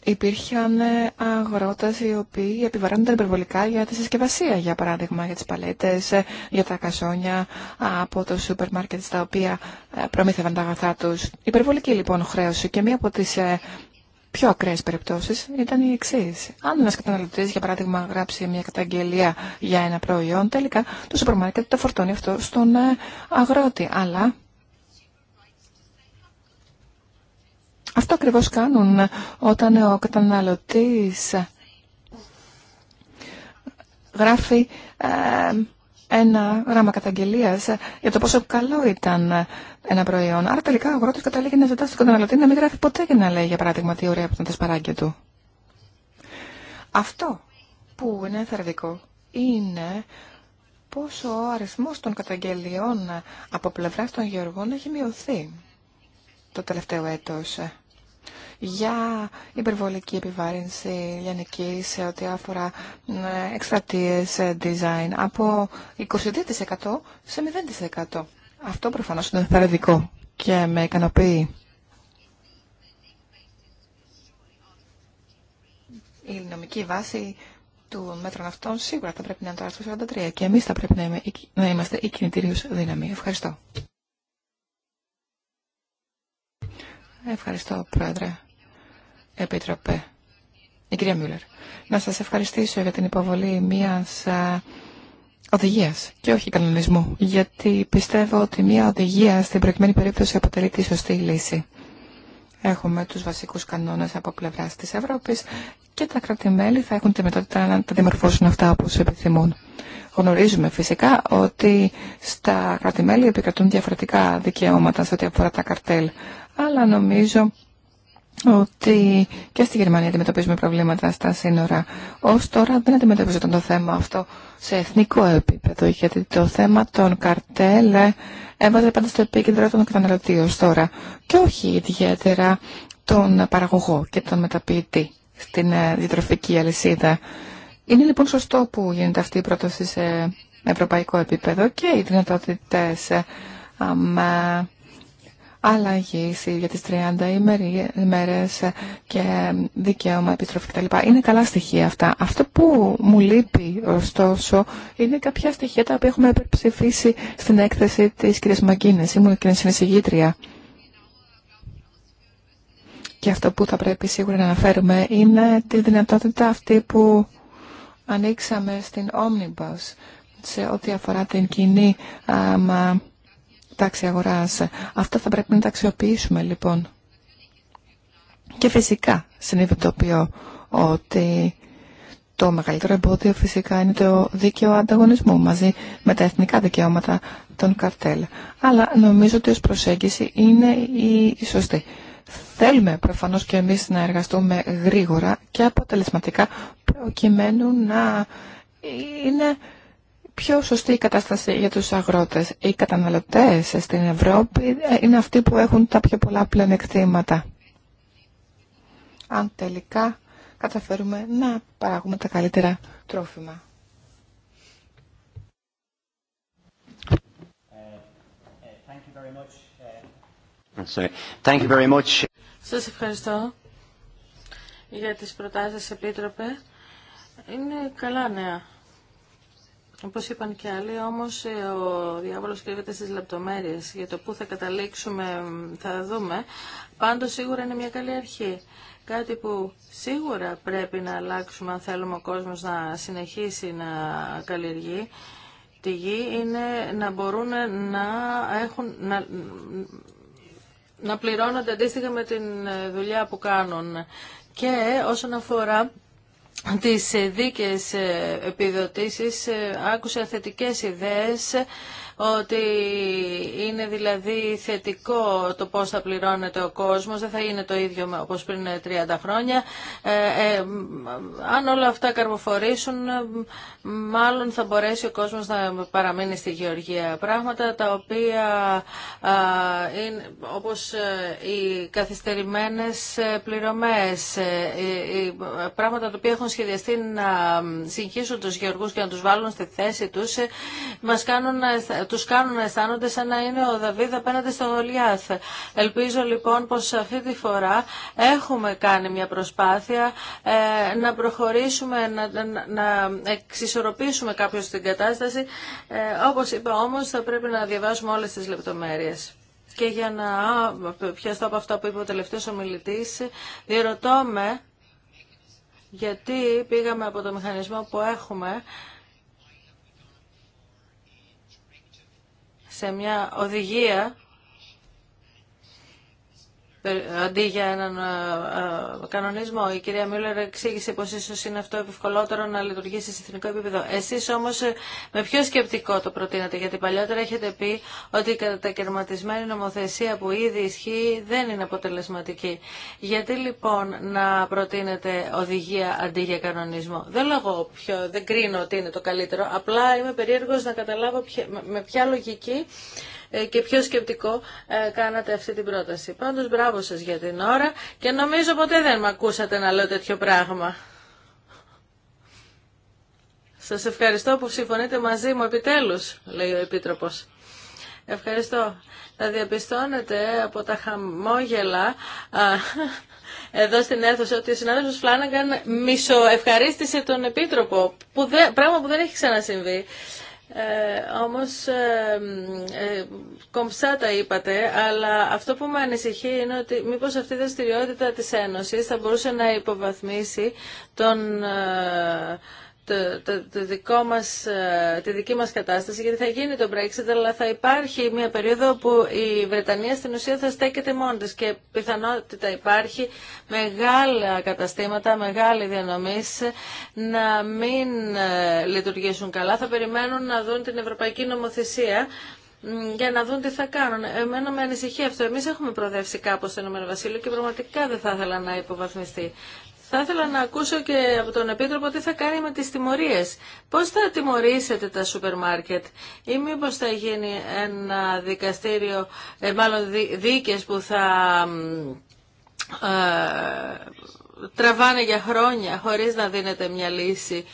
υπήρχαν ε, αγρότε οι οποίοι επιβαρύνονταν υπερβολικά για τη συσκευασία, για παράδειγμα, για τις παλέτες, ε, για τα κασόνια από το σούπερ μάρκετ στα οποία ε, προμήθευαν τα αγαθά του. Υπερβολική λοιπόν χρέωση και μία από τις πιο ακραίε περιπτώσει ήταν η εξή. Αν ένα καταναλωτή, για παράδειγμα, γράψει μια καταγγελία για ένα προϊόν, τελικά το σούπερ το φορτώνει αυτό στον ε, αγρότη. Αλλά αυτό ακριβώ κάνουν όταν ο καταναλωτής γράφει... Ε, ένα γράμμα καταγγελία για το πόσο καλό ήταν ένα προϊόν. Άρα τελικά ο αγρότη καταλήγει να ζητά στον καταναλωτή να μην γράφει ποτέ και να λέει για παράδειγμα τι ωραία που ήταν τα του. Αυτό που είναι θερδικό είναι πόσο ο αριθμό των καταγγελιών από πλευράς των γεωργών έχει μειωθεί το τελευταίο έτος για υπερβολική επιβάρυνση λιανική σε ό,τι αφορά ε, εκστρατείες ε, design από 22% σε 0%. Αυτό προφανώς είναι θαρρυντικό και με ικανοποιεί. Η νομική βάση του μέτρων αυτών σίγουρα θα πρέπει να είναι το άρθρο 43 και εμείς θα πρέπει να, είμαστε η κινητήριος δύναμη. Ευχαριστώ. Ευχαριστώ, Πρόεδρε. Επίτροπε, η κυρία Μιούλερ, να σας ευχαριστήσω για την υποβολή μιας οδηγίας και όχι κανονισμού, γιατί πιστεύω ότι μια οδηγία στην προκειμένη περίπτωση αποτελεί τη σωστή λύση. Έχουμε τους βασικούς κανόνες από πλευράς της Ευρώπης και τα κρατημέλη θα έχουν τη μετότητα να τα δημορφώσουν αυτά όπως επιθυμούν. Γνωρίζουμε φυσικά ότι στα κρατημέλη επικρατούν διαφορετικά δικαιώματα σε ό,τι αφορά τα καρτέλ, αλλά νομίζω ότι και στη Γερμανία αντιμετωπίζουμε προβλήματα στα σύνορα. Ω τώρα δεν αντιμετωπίζονταν το θέμα αυτό σε εθνικό επίπεδο, γιατί το θέμα των καρτέλ έβαζε πάντα στο επίκεντρο των καταναλωτή ω τώρα και όχι ιδιαίτερα τον παραγωγό και τον μεταποιητή στην ε, διατροφική αλυσίδα. Είναι λοιπόν σωστό που γίνεται αυτή η πρόταση σε ευρωπαϊκό επίπεδο και οι δυνατότητε ε, αλλαγή για τις 30 ημέρες και δικαίωμα επιστροφή κτλ. Είναι καλά στοιχεία αυτά. Αυτό που μου λείπει ωστόσο είναι κάποια στοιχεία τα οποία έχουμε υπερψηφίσει στην έκθεση της κυρίας Μαγκίνης. Ήμουν και συνεισηγήτρια. Και αυτό που θα πρέπει σίγουρα να αναφέρουμε είναι τη δυνατότητα αυτή που ανοίξαμε στην Omnibus σε ό,τι αφορά την κοινή α, τάξη αγοράς. Αυτά θα πρέπει να τα αξιοποιήσουμε λοιπόν. Και φυσικά συνειδητοποιώ ότι το μεγαλύτερο εμπόδιο φυσικά είναι το δίκαιο ανταγωνισμού μαζί με τα εθνικά δικαιώματα των καρτέλ. Αλλά νομίζω ότι ως προσέγγιση είναι η σωστή. Θέλουμε προφανώς και εμείς να εργαστούμε γρήγορα και αποτελεσματικά προκειμένου να είναι πιο σωστή η κατάσταση για τους αγρότες. Οι καταναλωτές στην Ευρώπη ε, είναι αυτοί που έχουν τα πιο πολλά πλεονεκτήματα. Αν τελικά καταφέρουμε να παράγουμε τα καλύτερα τρόφιμα. Thank Σας ευχαριστώ για τις προτάσεις, Επίτροπε. Είναι καλά νέα Όπω είπαν και άλλοι, όμω ε, ο διάβολο κρύβεται στι λεπτομέρειε Για το πού θα καταλήξουμε θα δούμε. Πάντως σίγουρα είναι μια καλή αρχή. Κάτι που σίγουρα πρέπει να αλλάξουμε αν θέλουμε ο κόσμος να συνεχίσει να καλλιεργεί τη γη είναι να μπορούν να έχουν... Να, να πληρώνονται αντίστοιχα με την δουλειά που κάνουν. Και όσον αφορά τις ε, δίκαιες ε, επιδοτήσεις ε, άκουσα θετικές ιδέες ότι είναι δηλαδή θετικό το πώς θα πληρώνεται ο κόσμος, δεν θα είναι το ίδιο όπως πριν 30 χρόνια. Ε, ε, αν όλα αυτά καρποφορήσουν, μάλλον θα μπορέσει ο κόσμος να παραμείνει στη γεωργία. Πράγματα τα οποία α, είναι, όπως ε, οι καθυστερημένες πληρωμές, πράγματα τα οποία έχουν σχεδιαστεί να συγχύσουν τους γεωργούς και να τους βάλουν στη θέση τους, μας κάνουν να τους κάνουν να αισθάνονται σαν να είναι ο Δαβίδ απέναντι στον Γολιάθ. Ελπίζω λοιπόν πως αυτή τη φορά έχουμε κάνει μια προσπάθεια ε, να προχωρήσουμε, να, να, εξισορροπήσουμε κάποιο την κατάσταση. Ε, όπως είπα όμως θα πρέπει να διαβάσουμε όλες τις λεπτομέρειες. Και για να πιαστώ από αυτό που είπε ο τελευταίο ομιλητής, διερωτώ με γιατί πήγαμε από το μηχανισμό που έχουμε σε μια οδηγία αντί για έναν ε, ε, κανονισμό. Η κυρία Μίλλερ εξήγησε πως ίσως είναι αυτό ευκολότερο να λειτουργήσει σε εθνικό επίπεδο. Εσείς όμως ε, με ποιο σκεπτικό το προτείνατε, γιατί παλιότερα έχετε πει ότι η κατακαιρματισμένη νομοθεσία που ήδη ισχύει δεν είναι αποτελεσματική. Γιατί λοιπόν να προτείνετε οδηγία αντί για κανονισμό. Δεν λέγω ποιο, δεν κρίνω ότι είναι το καλύτερο, απλά είμαι περίεργος να καταλάβω με ποια λογική ε, και πιο σκεπτικό ε, κάνατε αυτή την πρόταση. Πάντως μπράβο σας για την ώρα και νομίζω ποτέ δεν με ακούσατε να λέω τέτοιο πράγμα. Σας ευχαριστώ που συμφωνείτε μαζί μου επιτέλους, λέει ο Επίτροπος. Ευχαριστώ. Θα διαπιστώνετε από τα χαμόγελα εδώ στην αίθουσα ότι ο συνάδελφος Φλάνναγκαν μισοευχαρίστησε τον Επίτροπο, που πράγμα που δεν έχει ξανασυμβεί. Ε, όμως ε, ε, κομψά τα είπατε, αλλά αυτό που με ανησυχεί είναι ότι μήπως αυτή η δραστηριότητα της Ένωσης θα μπορούσε να υποβαθμίσει τον ε, το, το, το δικό μας, ε, τη δική μας κατάσταση, γιατί θα γίνει το Brexit, αλλά θα υπάρχει μια περίοδο που η Βρετανία στην ουσία θα στέκεται μόνη της και πιθανότητα υπάρχει μεγάλα καταστήματα, μεγάλη διανομή να μην ε, λειτουργήσουν καλά. Θα περιμένουν να δουν την ευρωπαϊκή νομοθεσία για να δουν τι θα κάνουν. Εμένα με ανησυχεί αυτό. Εμείς έχουμε προδεύσει κάπως το Ηνωμένο Βασίλειο και πραγματικά δεν θα ήθελα να υποβαθμιστεί. Θα ήθελα να ακούσω και από τον Επίτροπο τι θα κάνει με τις τιμωρίες. Πώς θα τιμωρήσετε τα σούπερ μάρκετ ή μήπως θα γίνει ένα δικαστήριο, ε, μάλλον δίκες που θα ε, τραβάνε για χρόνια χωρίς να δίνετε μια λύση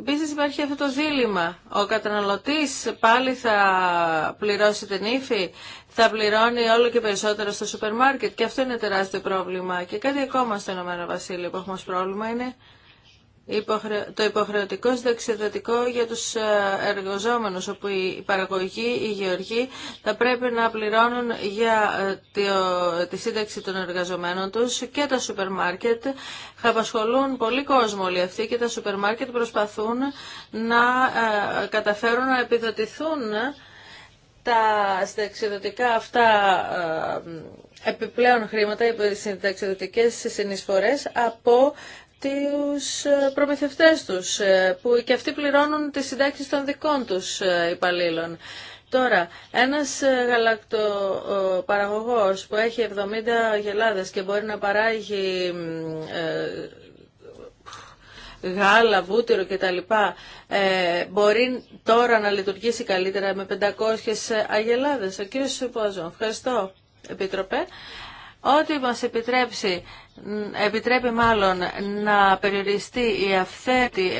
Επίση υπάρχει αυτό το δίλημα. Ο καταναλωτή πάλι θα πληρώσει την ύφη, θα πληρώνει όλο και περισσότερο στο σούπερ μάρκετ και αυτό είναι τεράστιο πρόβλημα. Και κάτι ακόμα στο Ηνωμένο Βασίλειο που έχουμε πρόβλημα είναι το υποχρεωτικό συνταξιδοτικό για τους ε, εργοζόμενους όπου η παραγωγή, η υγειοργή θα πρέπει να πληρώνουν για ε, τη σύνταξη των εργαζομένων τους και τα σούπερ μάρκετ θα απασχολούν πολύ κόσμο όλοι αυτοί και τα σούπερ μάρκετ προσπαθούν να ε, καταφέρουν να επιδοτηθούν τα συνταξιδοτικά αυτά επιπλέον χρήματα, οι συνταξιδοτικές συνεισφορές από τους ε, προμηθευτές τους, ε, που και αυτοί πληρώνουν τις συντάξεις των δικών τους ε, υπαλλήλων. Τώρα, ένας γαλακτοπαραγωγός που έχει 70 γελάδες και μπορεί να παράγει γάλα, βούτυρο κτλ. Ε, μπορεί τώρα να λειτουργήσει καλύτερα με 500 αγελάδες. Ο κύριος Σουπόζο, ευχαριστώ Επιτροπέ. Ό,τι μας επιτρέψει επιτρέπει μάλλον να περιοριστεί η αυθέτη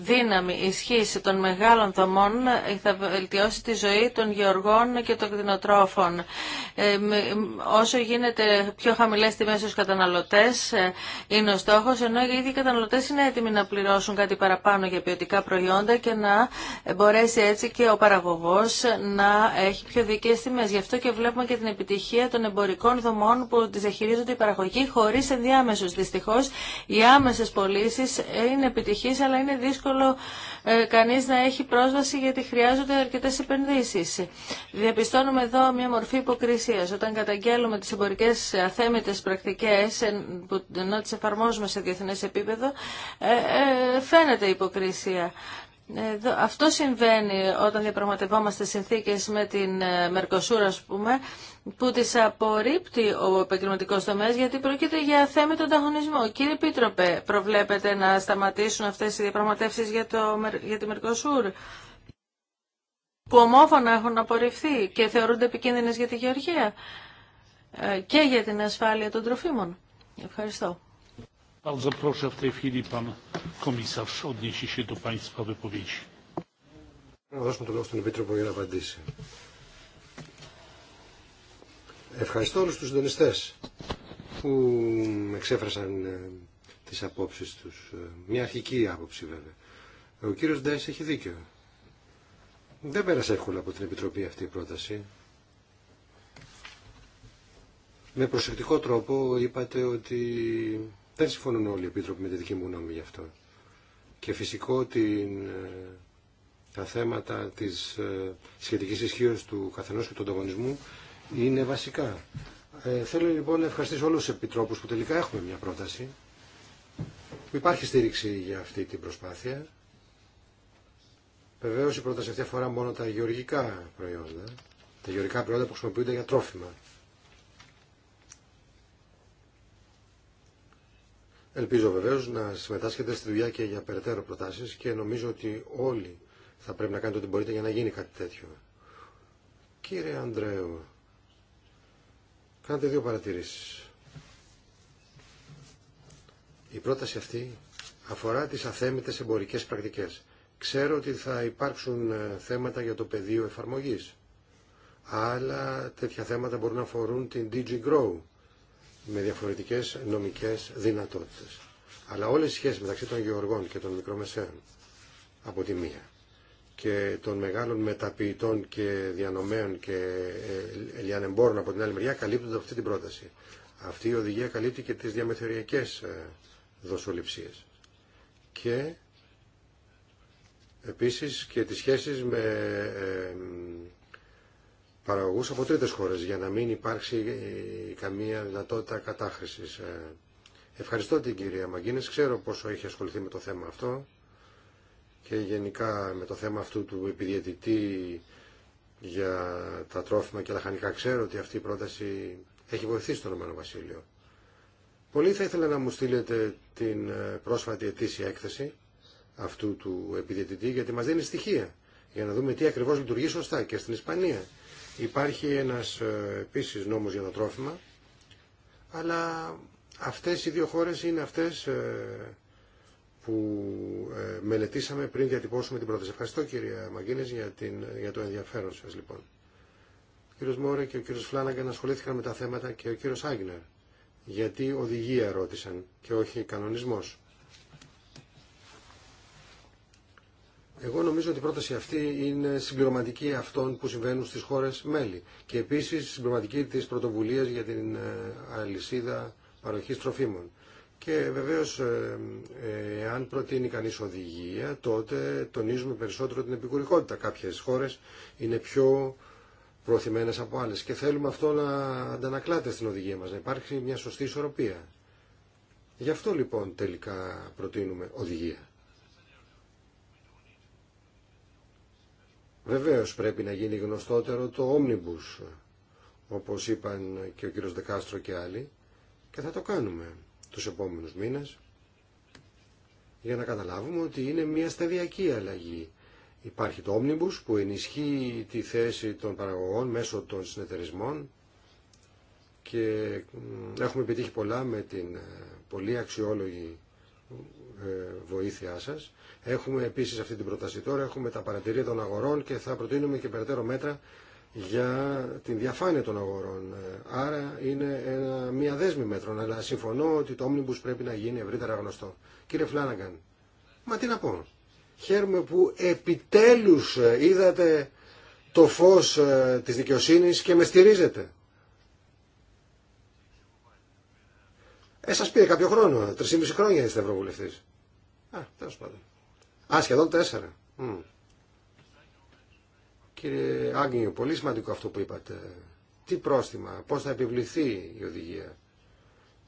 δύναμη ισχύς των μεγάλων δομών θα βελτιώσει τη ζωή των γεωργών και των κτηνοτρόφων. Ε, όσο γίνεται πιο χαμηλές τιμές στους καταναλωτές ε, είναι ο στόχος, ενώ οι ίδιοι καταναλωτές είναι έτοιμοι να πληρώσουν κάτι παραπάνω για ποιοτικά προϊόντα και να μπορέσει έτσι και ο παραγωγός να έχει πιο δικές τιμές. Γι' αυτό και βλέπουμε και την επιτυχία των εμπορικών δομών που τις διαχειρίζονται οι παραγωγοί χωρίς ενδιάμεσος Δυστυχώς οι άμεσες πωλήσει ε, είναι επιτυχής αλλά είναι δύσκολο ε, κανείς να έχει πρόσβαση γιατί χρειάζονται αρκετές επενδύσεις. Διαπιστώνουμε εδώ μια μορφή υποκρισίας. Όταν καταγγέλουμε τις εμπορικές αθέμητες πρακτικές ε, που ενώ τις εφαρμόζουμε σε διεθνές επίπεδο φαίνεται υποκρισία. Αυτό συμβαίνει όταν διαπραγματευόμαστε συνθήκες με την Μερκοσούρα, ας πούμε, που τις απορρίπτει ο επαγγελματικό τομέας γιατί πρόκειται για θέμα τον ανταγωνισμού. Κύριε Πίτροπε, προβλέπετε να σταματήσουν αυτές οι διαπραγματεύσεις για, το, για τη Μερκοσούρ που ομόφωνα έχουν απορριφθεί και θεωρούνται επικίνδυνες για τη γεωργία ε, και για την ασφάλεια των τροφίμων. Ευχαριστώ. δώσουμε το λόγο στον για να απαντήσει. Ευχαριστώ όλους τους συντονιστές που εξέφρασαν ε, τις απόψεις τους. Ε, μια αρχική άποψη βέβαια. Ο κύριος Ντάις έχει δίκιο. Δεν πέρασε εύκολα από την Επιτροπή αυτή η πρόταση. Με προσεκτικό τρόπο είπατε ότι δεν συμφωνούν όλοι οι Επίτροποι με τη δική μου γνώμη γι' αυτό. Και φυσικό ότι ε, τα θέματα της σχετικής ισχύω του καθενός και του ανταγωνισμού είναι βασικά. Ε, θέλω λοιπόν να ευχαριστήσω όλους τους επιτρόπους που τελικά έχουμε μια πρόταση υπάρχει στήριξη για αυτή την προσπάθεια. Βεβαίω η πρόταση αυτή αφορά μόνο τα γεωργικά προϊόντα, τα γεωργικά προϊόντα που χρησιμοποιούνται για τρόφιμα. Ελπίζω βεβαίω να συμμετάσχετε στη δουλειά και για περαιτέρω προτάσει και νομίζω ότι όλοι θα πρέπει να κάνετε ό,τι μπορείτε για να γίνει κάτι τέτοιο. Κύριε Ανδρέου, κάντε δύο παρατηρήσεις. Η πρόταση αυτή αφορά τις αθέμητες εμπορικές πρακτικές. Ξέρω ότι θα υπάρξουν ε, θέματα για το πεδίο εφαρμογής, αλλά τέτοια θέματα μπορούν να αφορούν την DG Grow με διαφορετικές νομικές δυνατότητες. Αλλά όλες οι σχέσεις μεταξύ των γεωργών και των μικρομεσαίων από τη μία και των μεγάλων μεταποιητών και διανομέων και ελιανεμπόρων από την άλλη μεριά καλύπτονται αυτή την πρόταση. Αυτή η οδηγία καλύπτει και τις διαμεθοριακές ε, δοσοληψίες. Και επίσης και τις σχέσεις με ε, παραγωγούς από τρίτες χώρες για να μην υπάρξει ε, καμία δυνατότητα κατάχρησης. Ευχαριστώ την κυρία Μαγκίνες. Ξέρω πόσο έχει ασχοληθεί με το θέμα αυτό και γενικά με το θέμα αυτού του επιδιαιτητή για τα τρόφιμα και τα χανικά ξέρω ότι αυτή η πρόταση έχει βοηθήσει το Ηνωμένο Βασίλειο. Πολύ θα ήθελα να μου στείλετε την ε, πρόσφατη ετήσια έκθεση αυτού του επιδιαιτητή γιατί μας δίνει στοιχεία για να δούμε τι ακριβώς λειτουργεί σωστά και στην Ισπανία. Υπάρχει ένας ε, επίσης νόμος για το τρόφιμα αλλά αυτές οι δύο χώρες είναι αυτές ε, που ε, μελετήσαμε πριν διατυπώσουμε την πρόταση. Ευχαριστώ κυρία Μαγκίνες για, για το ενδιαφέρον σας λοιπόν. Ο κύριος Μόρε και ο κύριος Φλάναγκαν ασχολήθηκαν με τα θέματα και ο κύριος Άγνερ. Γιατί οδηγία ρώτησαν και όχι κανονισμός. Εγώ νομίζω ότι η πρόταση αυτή είναι συμπληρωματική αυτών που συμβαίνουν στις χώρες μέλη και επίσης συμπληρωματική της πρωτοβουλίας για την ε, αλυσίδα παροχής τροφίμων. Και βεβαίως, αν ε, ε, προτείνει κανεί οδηγία, τότε τονίζουμε περισσότερο την επικουρικότητα. Κάποιες χώρες είναι πιο προωθημένε από άλλες και θέλουμε αυτό να αντανακλάται στην οδηγία μας, να υπάρχει μια σωστή ισορροπία. Γι' αυτό λοιπόν τελικά προτείνουμε οδηγία. Βεβαίως πρέπει να γίνει γνωστότερο το Omnibus, όπως είπαν και ο κύριος Δεκάστρο και άλλοι, και θα το κάνουμε τους επόμενους μήνες για να καταλάβουμε ότι είναι μια σταδιακή αλλαγή. Υπάρχει το Omnibus που ενισχύει τη θέση των παραγωγών μέσω των συνεταιρισμών και έχουμε επιτύχει πολλά με την ε, πολύ αξιόλογη ε, βοήθειά σας. Έχουμε επίσης αυτή την πρόταση τώρα, έχουμε τα παρατηρία των αγορών και θα προτείνουμε και περαιτέρω μέτρα για την διαφάνεια των αγορών. Άρα είναι ένα, μια δέσμη μέτρων, αλλά συμφωνώ ότι το Omnibus πρέπει να γίνει ευρύτερα γνωστό. Κύριε Φλάναγκαν, μα τι να πω. Χαίρομαι που επιτέλους ε, είδατε το φως ε, της δικαιοσύνης και με στηρίζετε. Ε, σας πήρε κάποιο χρόνο. Τρεις χρόνια είστε ευρωβουλευτής. Α, τέλος πάντων. Α, σχεδόν τέσσερα. Κύριε Άγγινιο, πολύ σημαντικό αυτό που είπατε. Τι πρόστιμα, πώς θα επιβληθεί η οδηγία.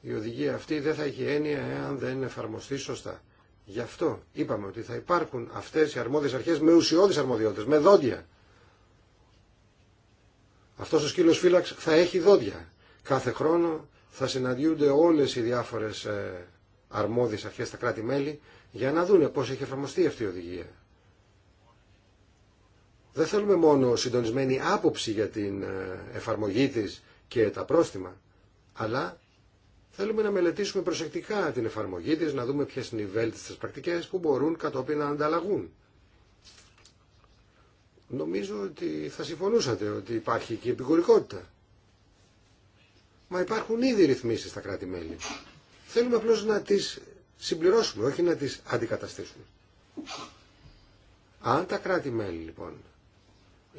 Η οδηγία αυτή δεν θα έχει έννοια εάν δεν εφαρμοστεί σωστά. Γι' αυτό είπαμε ότι θα υπάρχουν αυτές οι αρμόδιες αρχές με ουσιώδεις αρμοδιότητες, με δόντια. Αυτός ο σκύλος φύλαξ θα έχει δόντια. Κάθε χρόνο θα συναντιούνται όλες οι διάφορες ε, αρμόδιες αρχές στα κράτη-μέλη για να δούνε πώς έχει εφαρμοστεί αυτή η οδηγία δεν θέλουμε μόνο συντονισμένη άποψη για την ε, εφαρμογή της και τα πρόστιμα, αλλά θέλουμε να μελετήσουμε προσεκτικά την εφαρμογή της, να δούμε ποιες είναι οι βέλτιστες πρακτικές που μπορούν κατόπιν να ανταλλαγούν. Νομίζω ότι θα συμφωνούσατε ότι υπάρχει και επικουρικότητα. Μα υπάρχουν ήδη ρυθμίσεις στα κράτη-μέλη. Θέλουμε απλώς να τις συμπληρώσουμε, όχι να τις αντικαταστήσουμε. Αν τα κράτη-μέλη λοιπόν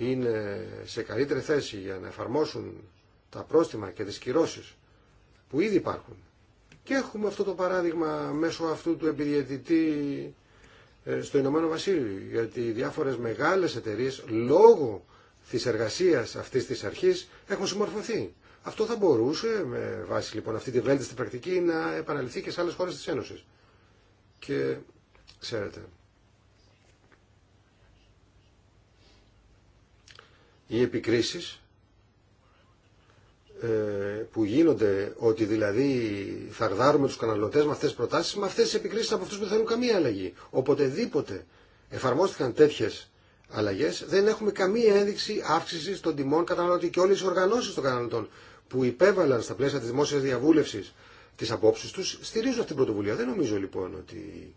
είναι σε καλύτερη θέση για να εφαρμόσουν τα πρόστιμα και τις κυρώσεις που ήδη υπάρχουν. Και έχουμε αυτό το παράδειγμα μέσω αυτού του επιδιαιτητή ε, στο Ηνωμένο Βασίλειο, γιατί διάφορες μεγάλες εταιρείες λόγω της εργασίας αυτής της αρχής έχουν συμμορφωθεί. Αυτό θα μπορούσε, με βάση λοιπόν αυτή τη βέλτιστη πρακτική, να επαναληφθεί και σε άλλες χώρες της Ένωσης. Και ξέρετε, οι επικρίσεις ε, που γίνονται ότι δηλαδή θα θαρδάρουμε τους καναλωτές με αυτές τις προτάσεις, με αυτές τις επικρίσεις από αυτούς που δεν θέλουν καμία αλλαγή. Οποτεδήποτε εφαρμόστηκαν τέτοιες αλλαγές, δεν έχουμε καμία ένδειξη αύξησης των τιμών καταναλωτή και όλες οι οργανώσεις των καταναλωτών που υπέβαλαν στα πλαίσια της δημόσιας διαβούλευσης τις απόψεις τους, στηρίζουν αυτή την πρωτοβουλία. Δεν νομίζω λοιπόν ότι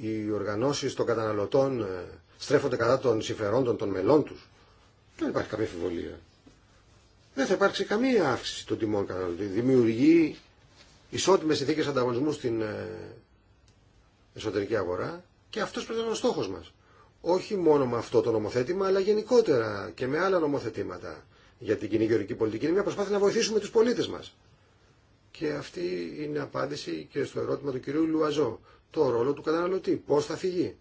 οι οργανώσεις των καταναλωτών ε, στρέφονται κατά των συμφερόντων των μελών του. Δεν υπάρχει καμία αμφιβολία. Δεν θα υπάρξει καμία αύξηση των τιμών καταναλωτή. Δημιουργεί ισότιμες συνθήκες ανταγωνισμού στην ε, εσωτερική αγορά και αυτός πρέπει να είναι ο στόχος μας. Όχι μόνο με αυτό το νομοθέτημα, αλλά γενικότερα και με άλλα νομοθετήματα για την κοινή πολιτική. Είναι μια προσπάθεια να βοηθήσουμε τους πολίτες μας. Και αυτή είναι απάντηση και στο ερώτημα του κυρίου Λουαζό. Το ρόλο του καταναλωτή. Πώς θα φυγεί.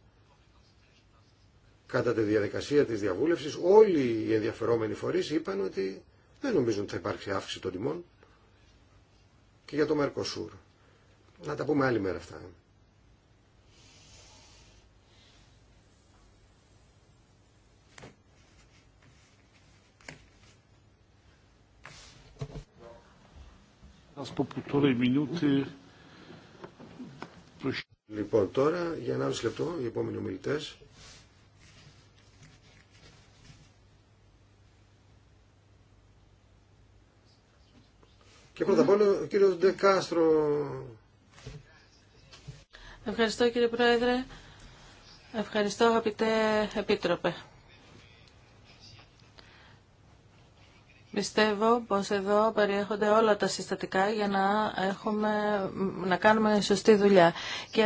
Κατά τη διαδικασία της διαβούλευσης όλοι οι ενδιαφερόμενοι φορείς είπαν ότι δεν νομίζουν ότι θα υπάρξει αύξηση των τιμών και για το Μερκοσούρ. Να τα πούμε άλλη μέρα αυτά. Λοιπόν, τώρα για μισό λεπτό οι επόμενοι ομιλητέ. Και πρώτα απ' όλα ο κύριο Ντεκάστρο. Ευχαριστώ κύριε Πρόεδρε. Ευχαριστώ αγαπητέ Επίτροπε. Πιστεύω πως εδώ περιέχονται όλα τα συστατικά για να, έχουμε, να κάνουμε σωστή δουλειά. Και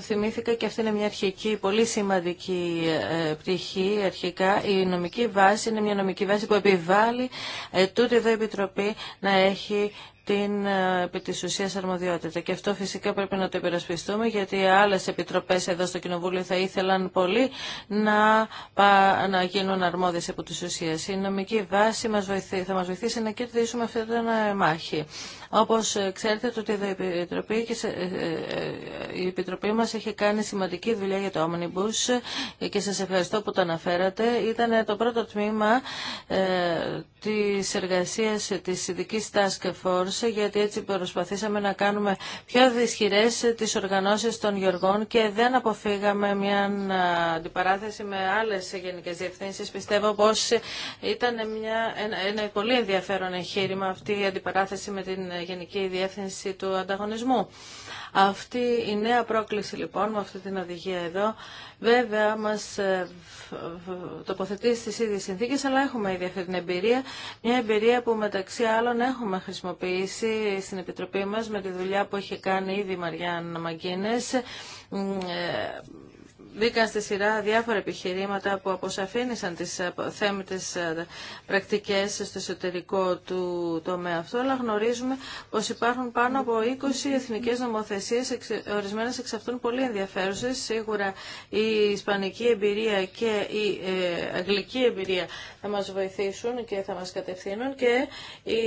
θυμήθηκα και αυτή είναι μια αρχική, πολύ σημαντική ε, πτυχή αρχικά. Η νομική βάση είναι μια νομική βάση που επιβάλλει ε, τούτη εδώ η Επιτροπή να έχει την ε, επί της ουσίας αρμοδιότητα. Και αυτό φυσικά πρέπει να το υπερασπιστούμε γιατί άλλες επιτροπές εδώ στο Κοινοβούλιο θα ήθελαν πολύ να, να γίνουν αρμόδιες από της ουσίας. Η νομική βάση μας θα μας βοηθήσει να κερδίσουμε αυτή την μάχη. Όπως ε, ξέρετε, τότε η Επιτροπή, ε, ε, η Επιτροπή μας έχει κάνει σημαντική δουλειά για το Omnibus και σας ευχαριστώ που το αναφέρατε. Ήταν το πρώτο τμήμα της εργασίας της ειδική Task Force, γιατί έτσι προσπαθήσαμε να κάνουμε πιο δυσχυρές τις οργανώσεις των Γεωργών και δεν αποφύγαμε μια αντιπαράθεση με άλλες γενικές διευθύνσεις. Πιστεύω πως ήταν μια, ένα, ένα πολύ ενδιαφέρον εγχείρημα αυτή η αντιπαράθεση με την Γενική Διεύθυνση του Ανταγωνισμού. Αυτή η νέα πρόκληση λοιπόν με αυτή την οδηγία εδώ βέβαια μας ε, τοποθετεί στις ίδιες συνθήκες αλλά έχουμε ήδη αυτή την εμπειρία. Μια εμπειρία που μεταξύ άλλων έχουμε χρησιμοποιήσει στην Επιτροπή μας με τη δουλειά που έχει κάνει ήδη η Μαριάννα Μαγκίνες ε, μπήκαν στη σειρά διάφορα επιχειρήματα που αποσαφήνισαν τις θέμητες ε, πρακτικές στο εσωτερικό του τομέα αυτό, αλλά γνωρίζουμε πως υπάρχουν πάνω από 20 εθνικές νομοθεσίες, ορισμένες εξ αυτών πολύ ενδιαφέρουσες. Σίγουρα η ισπανική εμπειρία και η ε, αγγλική εμπειρία θα μας βοηθήσουν και θα μας κατευθύνουν και η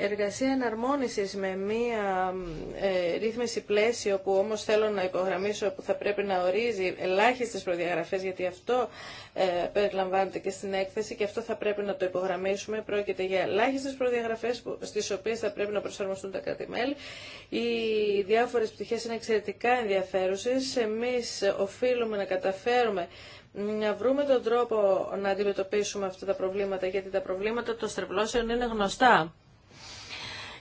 εργασία εναρμόνισης με μία ε, ρύθμιση πλαίσιο που όμως θέλω να υπογραμμίσω που θα πρέπει να ορίζει ελάχιστε προδιαγραφέ, γιατί αυτό ε, περιλαμβάνεται και στην έκθεση και αυτό θα πρέπει να το υπογραμμίσουμε. Πρόκειται για ελάχιστε προδιαγραφέ στι οποίε θα πρέπει να προσαρμοστούν τα κράτη-μέλη. Οι διάφορε πτυχέ είναι εξαιρετικά ενδιαφέρουσε. Εμεί οφείλουμε να καταφέρουμε να βρούμε τον τρόπο να αντιμετωπίσουμε αυτά τα προβλήματα, γιατί τα προβλήματα των στρεβλώσεων είναι γνωστά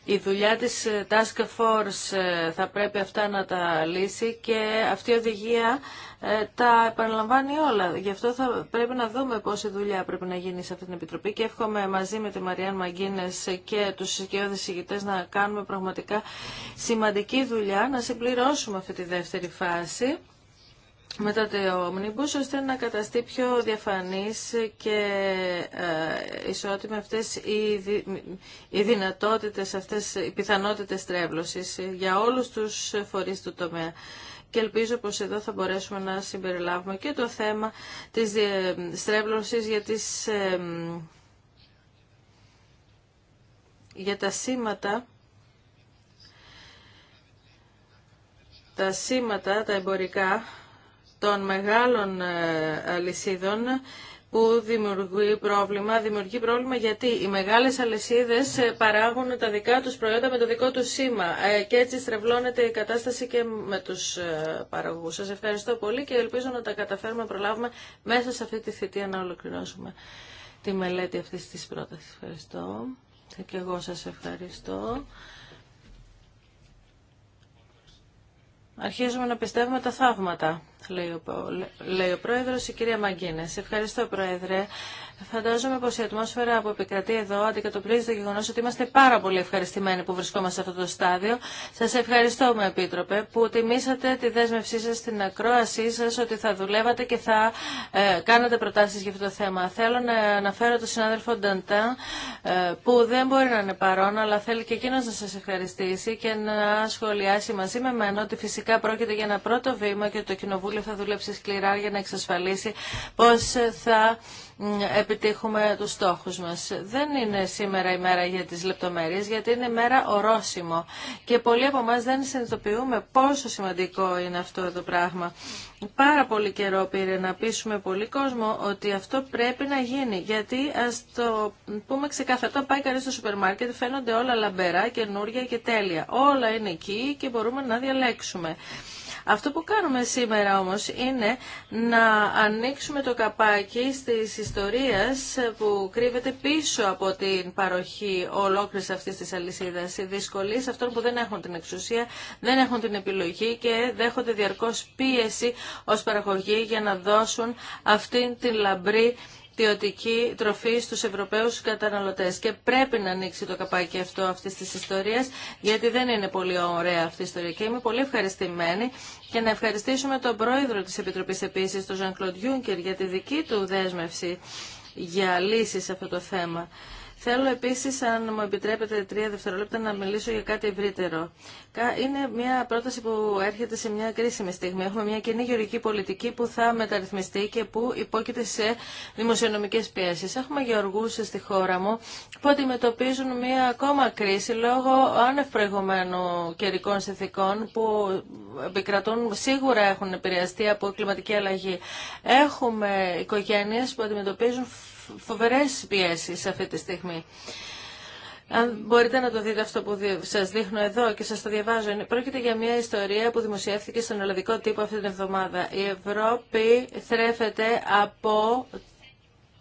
η δουλειά της ε, Task Force ε, θα πρέπει αυτά να τα λύσει και αυτή η οδηγία ε, τα επαναλαμβάνει όλα. Γι' αυτό θα πρέπει να δούμε πόση δουλειά πρέπει να γίνει σε αυτή την Επιτροπή και εύχομαι μαζί με τη Μαριάν Μαγκίνες και τους συγκεκριώδες ηγητές να κάνουμε πραγματικά σημαντική δουλειά, να συμπληρώσουμε αυτή τη δεύτερη φάση μετά το Omnibus ώστε να καταστεί πιο διαφανής και ε, ισότιμη αυτές οι, οι δυνατότητες, αυτές οι πιθανότητες τρέβλωσης για όλους τους φορείς του τομέα. Και ελπίζω πως εδώ θα μπορέσουμε να συμπεριλάβουμε και το θέμα της ε, στρέβλωσης για, τις, ε, για τα σήματα τα σήματα, τα εμπορικά, των μεγάλων ε, αλυσίδων που δημιουργεί πρόβλημα. Δημιουργεί πρόβλημα γιατί οι μεγάλες αλυσίδες ε, παράγουν τα δικά τους προϊόντα με το δικό τους σήμα ε, και έτσι στρεβλώνεται η κατάσταση και με τους παραγωγούς. Σας ευχαριστώ πολύ και ελπίζω να τα καταφέρουμε να προλάβουμε μέσα σε αυτή τη θητεία να ολοκληρώσουμε τη μελέτη αυτή της πρόταση. Ευχαριστώ. Και εγώ σας ευχαριστώ. Αρχίζουμε να πιστεύουμε τα θαύματα λέει ο, λέει ο Πρόεδρος, η κυρία Μαγκίνες. Ευχαριστώ, Πρόεδρε. Φαντάζομαι πως η ατμόσφαιρα που επικρατεί εδώ αντικατοπλίζει το γεγονός ότι είμαστε πάρα πολύ ευχαριστημένοι που βρισκόμαστε σε αυτό το στάδιο. Σας ευχαριστώ, με Επίτροπε, που τιμήσατε τη δέσμευσή σας στην ακρόασή σας ότι θα δουλεύατε και θα ε, κάνατε προτάσεις για αυτό το θέμα. Θέλω να αναφέρω τον συνάδελφο Νταντά, ε, που δεν μπορεί να είναι παρόν, αλλά θέλει και εκείνος να σας ευχαριστήσει και να σχολιάσει μαζί με μένα ότι φυσικά πρόκειται για ένα πρώτο βήμα και το Κοινοβούλιο Κοινοβούλιο θα δουλέψει σκληρά για να εξασφαλίσει πώς θα επιτύχουμε τους στόχους μας. Δεν είναι σήμερα η μέρα για τις λεπτομέρειες, γιατί είναι μέρα ορόσημο. Και πολλοί από εμά δεν συνειδητοποιούμε πόσο σημαντικό είναι αυτό το πράγμα. Πάρα πολύ καιρό πήρε να πείσουμε πολύ κόσμο ότι αυτό πρέπει να γίνει. Γιατί α το πούμε ξεκάθαρα, όταν πάει κανεί στο σούπερ μάρκετ φαίνονται όλα λαμπερά, καινούργια και τέλεια. Όλα είναι εκεί και μπορούμε να διαλέξουμε. Αυτό που κάνουμε σήμερα όμως είναι να ανοίξουμε το καπάκι στις ιστορίες που κρύβεται πίσω από την παροχή ολόκληρης αυτής της αλυσίδας. Οι δυσκολίες αυτών που δεν έχουν την εξουσία, δεν έχουν την επιλογή και δέχονται διαρκώς πίεση ως παραγωγή για να δώσουν αυτήν την λαμπρή ποιοτική τροφή στου Ευρωπαίου καταναλωτέ. Και πρέπει να ανοίξει το καπάκι αυτό αυτή τη ιστορία, γιατί δεν είναι πολύ ωραία αυτή η ιστορία. Και είμαι πολύ ευχαριστημένη και να ευχαριστήσουμε τον πρόεδρο της Επιτροπής επίσης, τον Ζαν Κλοντ για τη δική του δέσμευση για λύσεις σε αυτό το θέμα. Θέλω επίση αν μου επιτρέπετε τρία δευτερόλεπτα, να μιλήσω για κάτι ευρύτερο. Είναι μια πρόταση που έρχεται σε μια κρίσιμη στιγμή. Έχουμε μια κοινή γεωργική πολιτική που θα μεταρρυθμιστεί και που υπόκειται σε δημοσιονομικέ πιέσει. Έχουμε γεωργού στη χώρα μου που αντιμετωπίζουν μια ακόμα κρίση λόγω άνευ προηγουμένου καιρικών συνθήκων που επικρατούν, σίγουρα έχουν επηρεαστεί από κλιματική αλλαγή. Έχουμε οικογένειε που αντιμετωπίζουν φοβερές πιέσεις αυτή τη στιγμή. Αν μπορείτε να το δείτε αυτό που σας δείχνω εδώ και σας το διαβάζω. Πρόκειται για μια ιστορία που δημοσιεύθηκε στον Ολλανδικό Τύπο αυτή την εβδομάδα. Η Ευρώπη θρέφεται από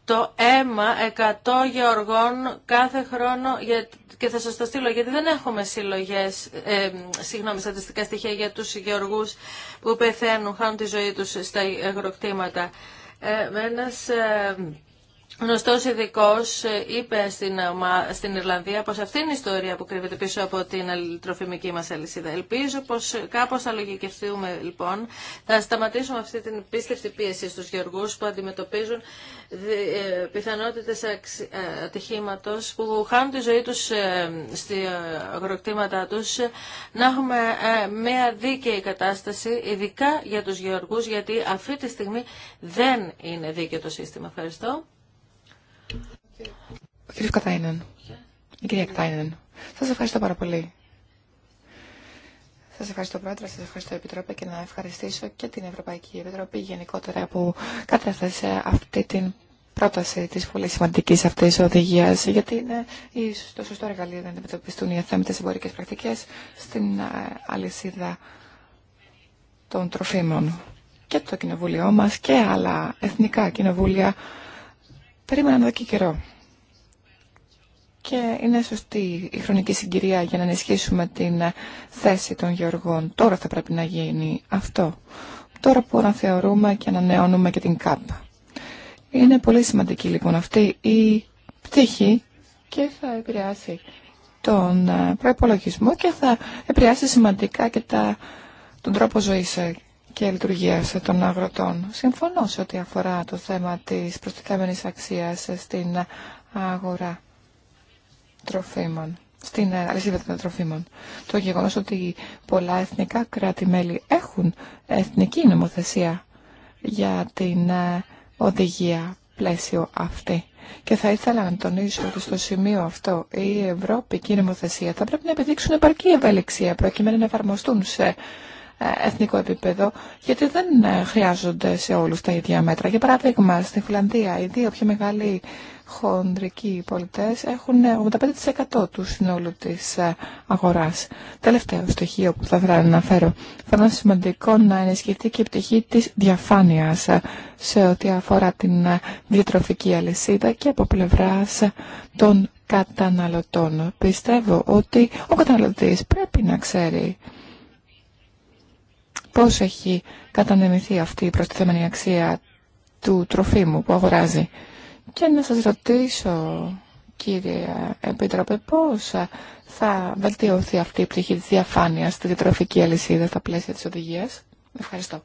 το αίμα 100 γεωργών κάθε χρόνο για, και θα σας το στείλω γιατί δεν έχουμε συλλογές, ε, συγγνώμη, στατιστικά στοιχεία για τους γεωργούς που πεθαίνουν, χάνουν τη ζωή τους στα αγροκτήματα. Ε, ένας, ε, γνωστό ειδικό ε, είπε στην, ε, στην Ιρλανδία πως αυτή είναι η ιστορία που κρύβεται πίσω από την αλληλετροφημική μας αλυσίδα. Ελπίζω πως ε, κάπως θα λογικευτούμε λοιπόν, θα σταματήσουμε αυτή την πίστευτη πίεση στους γεωργούς που αντιμετωπίζουν πιθανότητες ατυχήματος που χάνουν τη ζωή τους στη αγροκτήματά τους να έχουμε μια δίκαιη κατάσταση ειδικά για τους γεωργούς γιατί αυτή τη στιγμή δεν είναι δίκαιο το σύστημα. Ευχαριστώ. Ο κύριος Κατάινεν. Η κυρία Κατάινεν. Σας ευχαριστώ πάρα πολύ. Σας ευχαριστώ Πρόεδρε, σας ευχαριστώ Επιτρόπε και να ευχαριστήσω και την Ευρωπαϊκή Επιτροπή γενικότερα που κατέθεσε αυτή την πρόταση της πολύ σημαντικής αυτής οδηγίας, γιατί είναι το σωστό εργαλείο να αντιμετωπιστούν οι αθέμητες εμπορικές πρακτικές στην ε, αλυσίδα των τροφίμων. Και το κοινοβούλιο μας και άλλα εθνικά κοινοβούλια Περίμεναν εδώ και καιρό. Και είναι σωστή η χρονική συγκυρία για να ενισχύσουμε την θέση των γεωργών. Τώρα θα πρέπει να γίνει αυτό. Τώρα που αναθεωρούμε και ανανεώνουμε και την ΚΑΠ. Είναι πολύ σημαντική λοιπόν αυτή η πτύχη και θα επηρεάσει τον ε, προπολογισμό και θα επηρεάσει σημαντικά και τα, τον τρόπο ζωής ε, και λειτουργίας των αγροτών. Συμφωνώ σε ό,τι αφορά το θέμα της προστιθέμενης αξίας στην αγορά τροφίμων, στην αλυσίδα των τροφίμων. Το γεγονός ότι πολλά εθνικά κράτη-μέλη έχουν εθνική νομοθεσία για την ε, οδηγία πλαίσιο αυτή. Και θα ήθελα να τονίσω ότι στο σημείο αυτό η Ευρώπη και η νομοθεσία θα πρέπει να επιδείξουν επαρκή ευελιξία προκειμένου να εφαρμοστούν σε ε, εθνικό επίπεδο, γιατί δεν ε, χρειάζονται σε όλους τα ίδια μέτρα. Για παράδειγμα, στη Φιλανδία οι δύο πιο μεγάλοι χοντρικοί πολιτές έχουν 85% ε, του συνόλου της αγοράς. Τελευταίο στοιχείο που θα ήθελα να αναφέρω. Θα είναι σημαντικό να ενισχυθεί και η πτυχή της διαφάνειας σε ό,τι αφορά την διατροφική αλυσίδα και από πλευράς των καταναλωτών. Πιστεύω ότι ο καταναλωτής πρέπει να ξέρει πώς έχει κατανεμηθεί αυτή η προστιθέμενη αξία του τροφίμου που αγοράζει. Και να σας ρωτήσω, κύριε Επίτροπε, πώς θα βελτιωθεί αυτή η πτυχή της διαφάνειας στη διατροφική αλυσίδα στα πλαίσια της οδηγίας. Ευχαριστώ.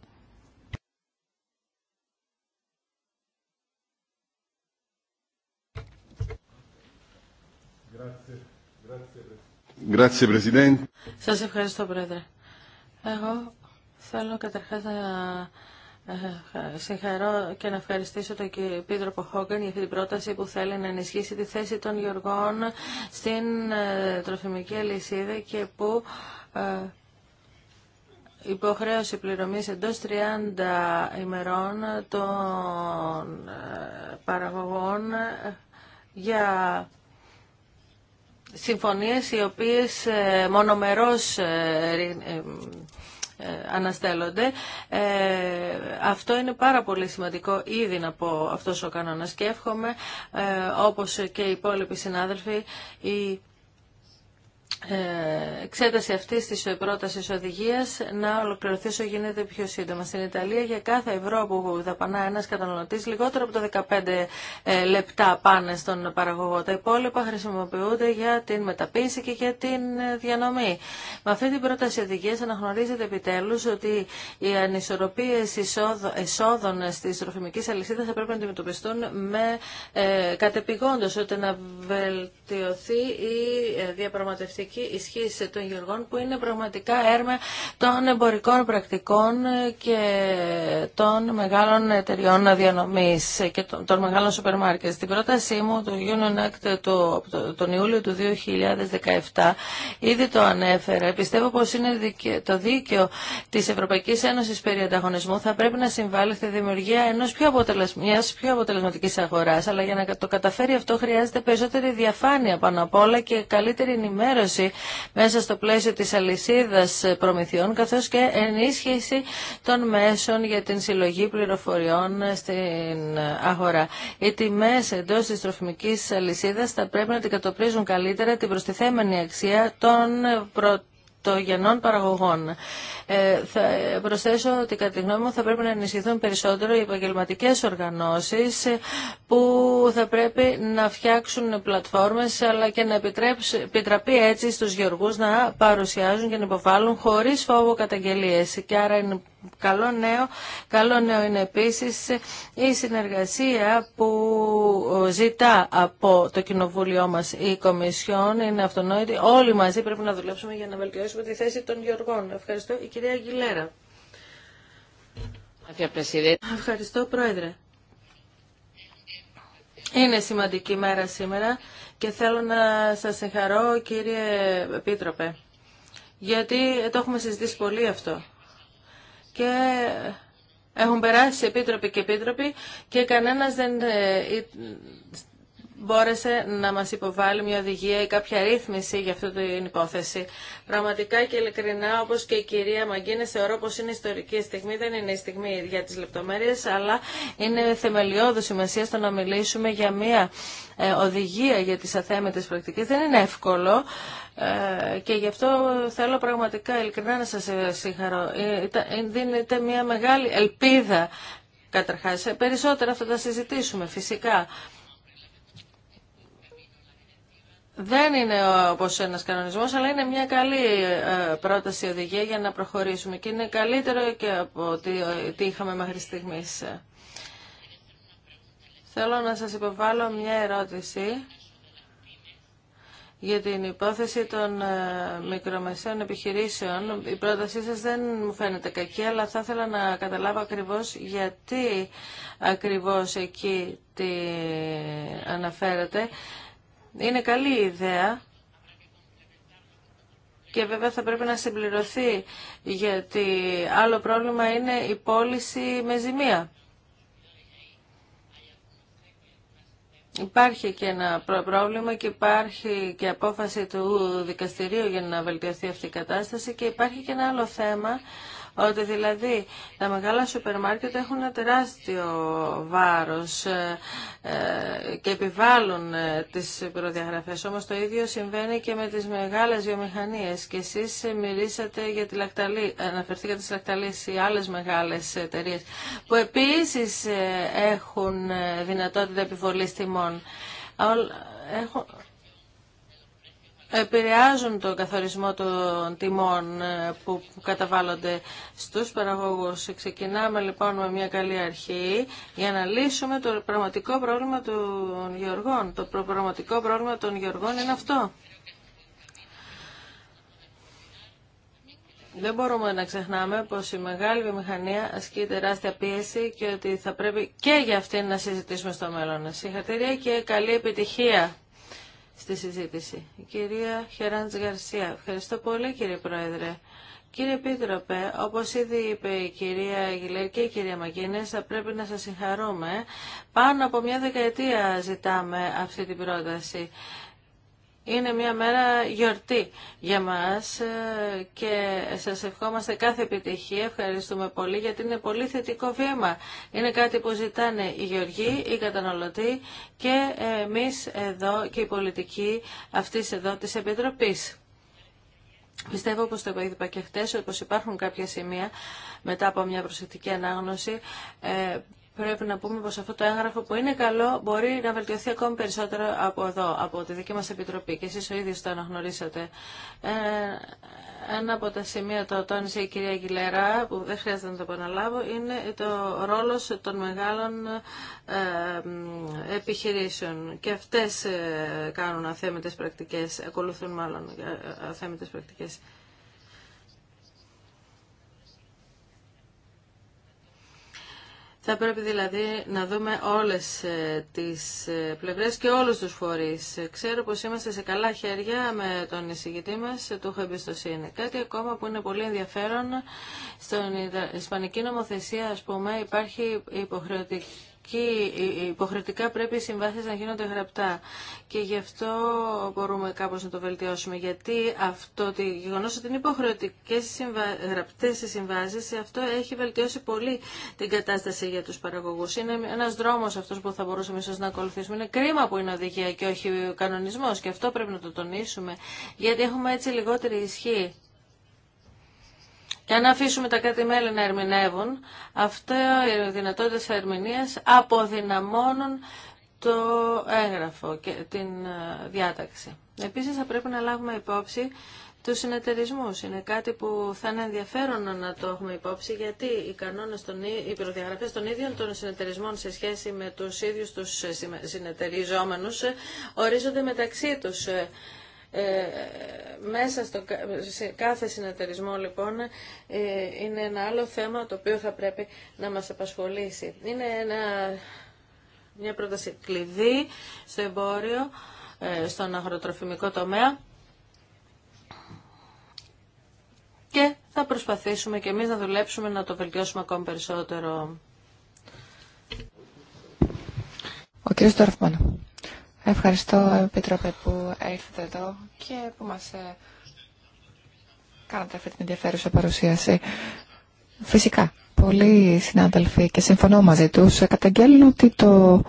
Σας ευχαριστώ, Πρόεδρε. Εγώ Θέλω καταρχάς να ε, Συγχαρώ και να ευχαριστήσω τον κύριο Πίτροπο Χόγκαν για αυτή την πρόταση που θέλει να ενισχύσει τη θέση των γεωργών στην ε, τροφιμική αλυσίδα και που ε, υποχρέωση πληρωμής εντός 30 ημερών των παραγωγών για συμφωνίες οι οποίες μονομερώς ε, αναστέλλονται. Ε, αυτό είναι πάρα πολύ σημαντικό ήδη να πω αυτός ο κανόνας και εύχομαι, ε, όπως και οι υπόλοιποι συνάδελφοι, ε, εξέταση αυτή τη πρόταση οδηγία να ολοκληρωθεί όσο γίνεται πιο σύντομα. Στην Ιταλία, για κάθε ευρώ που δαπανά ένα καταναλωτή, λιγότερο από τα 15 ε, λεπτά πάνε στον παραγωγό. Τα υπόλοιπα χρησιμοποιούνται για την μεταποίηση και για την ε, διανομή. Με αυτή την πρόταση οδηγία αναγνωρίζεται επιτέλου ότι οι ανισορροπίε εισόδων τη τροφιμική αλυσίδα θα πρέπει να αντιμετωπιστούν με ε, κατεπηγόντω, ώστε να βελτιωθεί η διαπραγματευτική εμπορική ισχύ των γεωργών που είναι πραγματικά έρμε των εμπορικών πρακτικών και των μεγάλων εταιριών διανομής και των, μεγάλων σούπερ μάρκετ. Στην πρότασή μου του Union Act τον Ιούλιο του 2017 ήδη το ανέφερα. Πιστεύω πως είναι το δίκαιο της Ευρωπαϊκής Ένωσης περί ανταγωνισμού θα πρέπει να συμβάλλει στη δημιουργία ενός πιο αποτελεσμα... μιας πιο αποτελεσματικής αγοράς αλλά για να το καταφέρει αυτό χρειάζεται περισσότερη διαφάνεια πάνω απ' όλα και καλύτερη ενημέρωση μέσα στο πλαίσιο της αλυσίδας προμηθειών καθώς και ενίσχυση των μέσων για την συλλογή πληροφοριών στην αγορά. Οι τιμές εντός της τροφιμικής αλυσίδας θα πρέπει να αντικατοπρίζουν καλύτερα την προστιθέμενη αξία των προτεραιών γενών παραγωγών. Ε, θα προσθέσω ότι κατά τη γνώμη μου θα πρέπει να ενισχυθούν περισσότερο οι επαγγελματικέ οργανώσει ε, που θα πρέπει να φτιάξουν πλατφόρμες αλλά και να επιτραπεί έτσι στους γεωργούς να παρουσιάζουν και να υποβάλουν χωρίς φόβο καταγγελίες. Και άρα είναι Καλό νέο, καλό νέο είναι επίσης η συνεργασία που ζητά από το Κοινοβούλιο μας η Κομισιόν. Είναι αυτονόητη. Όλοι μαζί πρέπει να δουλέψουμε για να βελτιώσουμε τη θέση των Γεωργών. Ευχαριστώ. Η κυρία Αγγιλέρα. Ευχαριστώ, Πρόεδρε. Είναι σημαντική μέρα σήμερα και θέλω να σας συγχαρώ, κύριε Επίτροπε, γιατί το έχουμε συζητήσει πολύ αυτό και έχουν περάσει επίτροποι και επίτροποι και κανένας δεν ε, μπόρεσε να μας υποβάλει μια οδηγία ή κάποια ρύθμιση για αυτή την υπόθεση. Πραγματικά και ειλικρινά, όπως και η κυρία Μαγκίνε, θεωρώ πως είναι ιστορική στιγμή, δεν είναι η στιγμή για τις λεπτομέρειες, αλλά είναι θεμελιώδη σημασία στο να μιλήσουμε για μια ε, οδηγία για τις αθέμετες πρακτικές. Δεν είναι εύκολο ε, και γι' αυτό θέλω πραγματικά ειλικρινά να σας ε, συγχαρώ. Δίνεται μια μεγάλη ελπίδα Καταρχάς, περισσότερα θα τα συζητήσουμε φυσικά δεν είναι όπω ένα κανονισμός, αλλά είναι μια καλή ε, πρόταση οδηγία για να προχωρήσουμε και είναι καλύτερο και από ό,τι ε, τι είχαμε μέχρι στιγμή. Θέλω να σας υποβάλω μια ερώτηση για την υπόθεση των ε, μικρομεσαίων επιχειρήσεων. Η πρότασή σας δεν μου φαίνεται κακή, αλλά θα ήθελα να καταλάβω ακριβώς γιατί ακριβώς εκεί τι αναφέρατε. Είναι καλή ιδέα και βέβαια θα πρέπει να συμπληρωθεί γιατί άλλο πρόβλημα είναι η πώληση με ζημία. Υπάρχει και ένα πρόβλημα και υπάρχει και απόφαση του δικαστηρίου για να βελτιωθεί αυτή η κατάσταση και υπάρχει και ένα άλλο θέμα ότι δηλαδή τα μεγάλα σούπερ μάρκετ έχουν ένα τεράστιο βάρος ε, ε, και επιβάλλουν ε, τις προδιαγραφές. Όμως το ίδιο συμβαίνει και με τις μεγάλες βιομηχανίες. Και εσείς μιλήσατε για τη λακταλή, αναφερθήκατε στις λακταλίες ή άλλες μεγάλες εταιρείε που επίσης έχουν δυνατότητα επιβολής τιμών. Έχω επηρεάζουν τον καθορισμό των τιμών ε, που καταβάλλονται στους παραγωγούς. Ξεκινάμε λοιπόν με μια καλή αρχή για να λύσουμε το πραγματικό πρόβλημα των γεωργών. Το πραγματικό πρόβλημα των γεωργών είναι αυτό. Δεν μπορούμε να ξεχνάμε πως η μεγάλη βιομηχανία ασκεί τεράστια πίεση και ότι θα πρέπει και για αυτήν να συζητήσουμε στο μέλλον. Συγχαρητήρια και καλή επιτυχία στη συζήτηση. Η κυρία Χεράντζ Γκαρσία, Ευχαριστώ πολύ κύριε Πρόεδρε. Κύριε Επίτροπε, όπως ήδη είπε η κυρία Γιλέρ και η κυρία Μακίνες, θα πρέπει να σας συγχαρούμε. Πάνω από μια δεκαετία ζητάμε αυτή την πρόταση είναι μια μέρα γιορτή για μας ε, και σας ευχόμαστε κάθε επιτυχία. Ευχαριστούμε πολύ γιατί είναι πολύ θετικό βήμα. Είναι κάτι που ζητάνε οι γεωργοί, οι καταναλωτοί και εμείς εδώ και οι πολιτικοί αυτής εδώ της Επιτροπής. Πιστεύω, όπως το είπα και χτες, ότι υπάρχουν κάποια σημεία μετά από μια προσεκτική ανάγνωση ε, πρέπει να πούμε πως αυτό το έγγραφο που είναι καλό μπορεί να βελτιωθεί ακόμη περισσότερο από εδώ, από τη δική μας Επιτροπή και εσείς ο ίδιος το αναγνωρίσατε. Ε, ένα από τα σημεία το τόνισε η κυρία Γκυλερά, που δεν χρειάζεται να το επαναλάβω, είναι το ρόλος των μεγάλων ε, επιχειρήσεων. Και αυτές ε, κάνουν αθέμητες πρακτικές, ακολουθούν μάλλον ε, αθέμητες πρακτικές. Θα πρέπει δηλαδή να δούμε όλες ε, τις ε, πλευρές και όλους τους φορείς. Ξέρω πως είμαστε σε καλά χέρια με τον εισηγητή μας, ε, του έχω εμπιστοσύνη. Κάτι ακόμα που είναι πολύ ενδιαφέρον, στην Ισπανική νομοθεσία ας πούμε υπάρχει υποχρεωτική και ε, ε, υποχρεωτικά πρέπει οι συμβάσεις να γίνονται γραπτά και γι' αυτό μπορούμε κάπως να το βελτιώσουμε γιατί αυτό το γεγονό ότι είναι υποχρεωτικές οι γραπτές οι συμβάσεις αυτό έχει βελτιώσει πολύ την κατάσταση για τους παραγωγούς. Είναι ένας δρόμος αυτός που θα μπορούσαμε ίσως να ακολουθήσουμε. Είναι κρίμα που είναι οδηγία και όχι κανονισμός και αυτό πρέπει να το τονίσουμε γιατί έχουμε έτσι λιγότερη ισχύ και αν αφήσουμε τα κάτι μελη να ερμηνεύουν, αυτά οι δυνατότητε ερμηνείας αποδυναμώνουν το έγγραφο και την ε, διάταξη. Επίσης θα πρέπει να λάβουμε υπόψη του συνεταιρισμού. Είναι κάτι που θα είναι ενδιαφέρον να το έχουμε υπόψη, γιατί οι κανόνες, οι προδιαγραφές των ίδιων των συνεταιρισμών σε σχέση με του ίδιου του συνεταιριζόμενου, ε, ορίζονται μεταξύ του. Ε, ε, μέσα στο, σε κάθε συνεταιρισμό λοιπόν ε, είναι ένα άλλο θέμα το οποίο θα πρέπει να μας απασχολήσει. Είναι ένα, μια πρόταση κλειδί στο εμπόριο, ε, στον αγροτροφημικό τομέα και θα προσπαθήσουμε και εμείς να δουλέψουμε να το βελτιώσουμε ακόμη περισσότερο. Ο κύριος Ευχαριστώ, Επίτροπε, που ήρθατε εδώ και που μας ε, κάνατε αυτή την ενδιαφέρουσα παρουσίαση. Φυσικά, πολλοί συνάδελφοι και συμφωνώ μαζί τους καταγγέλνουν ότι το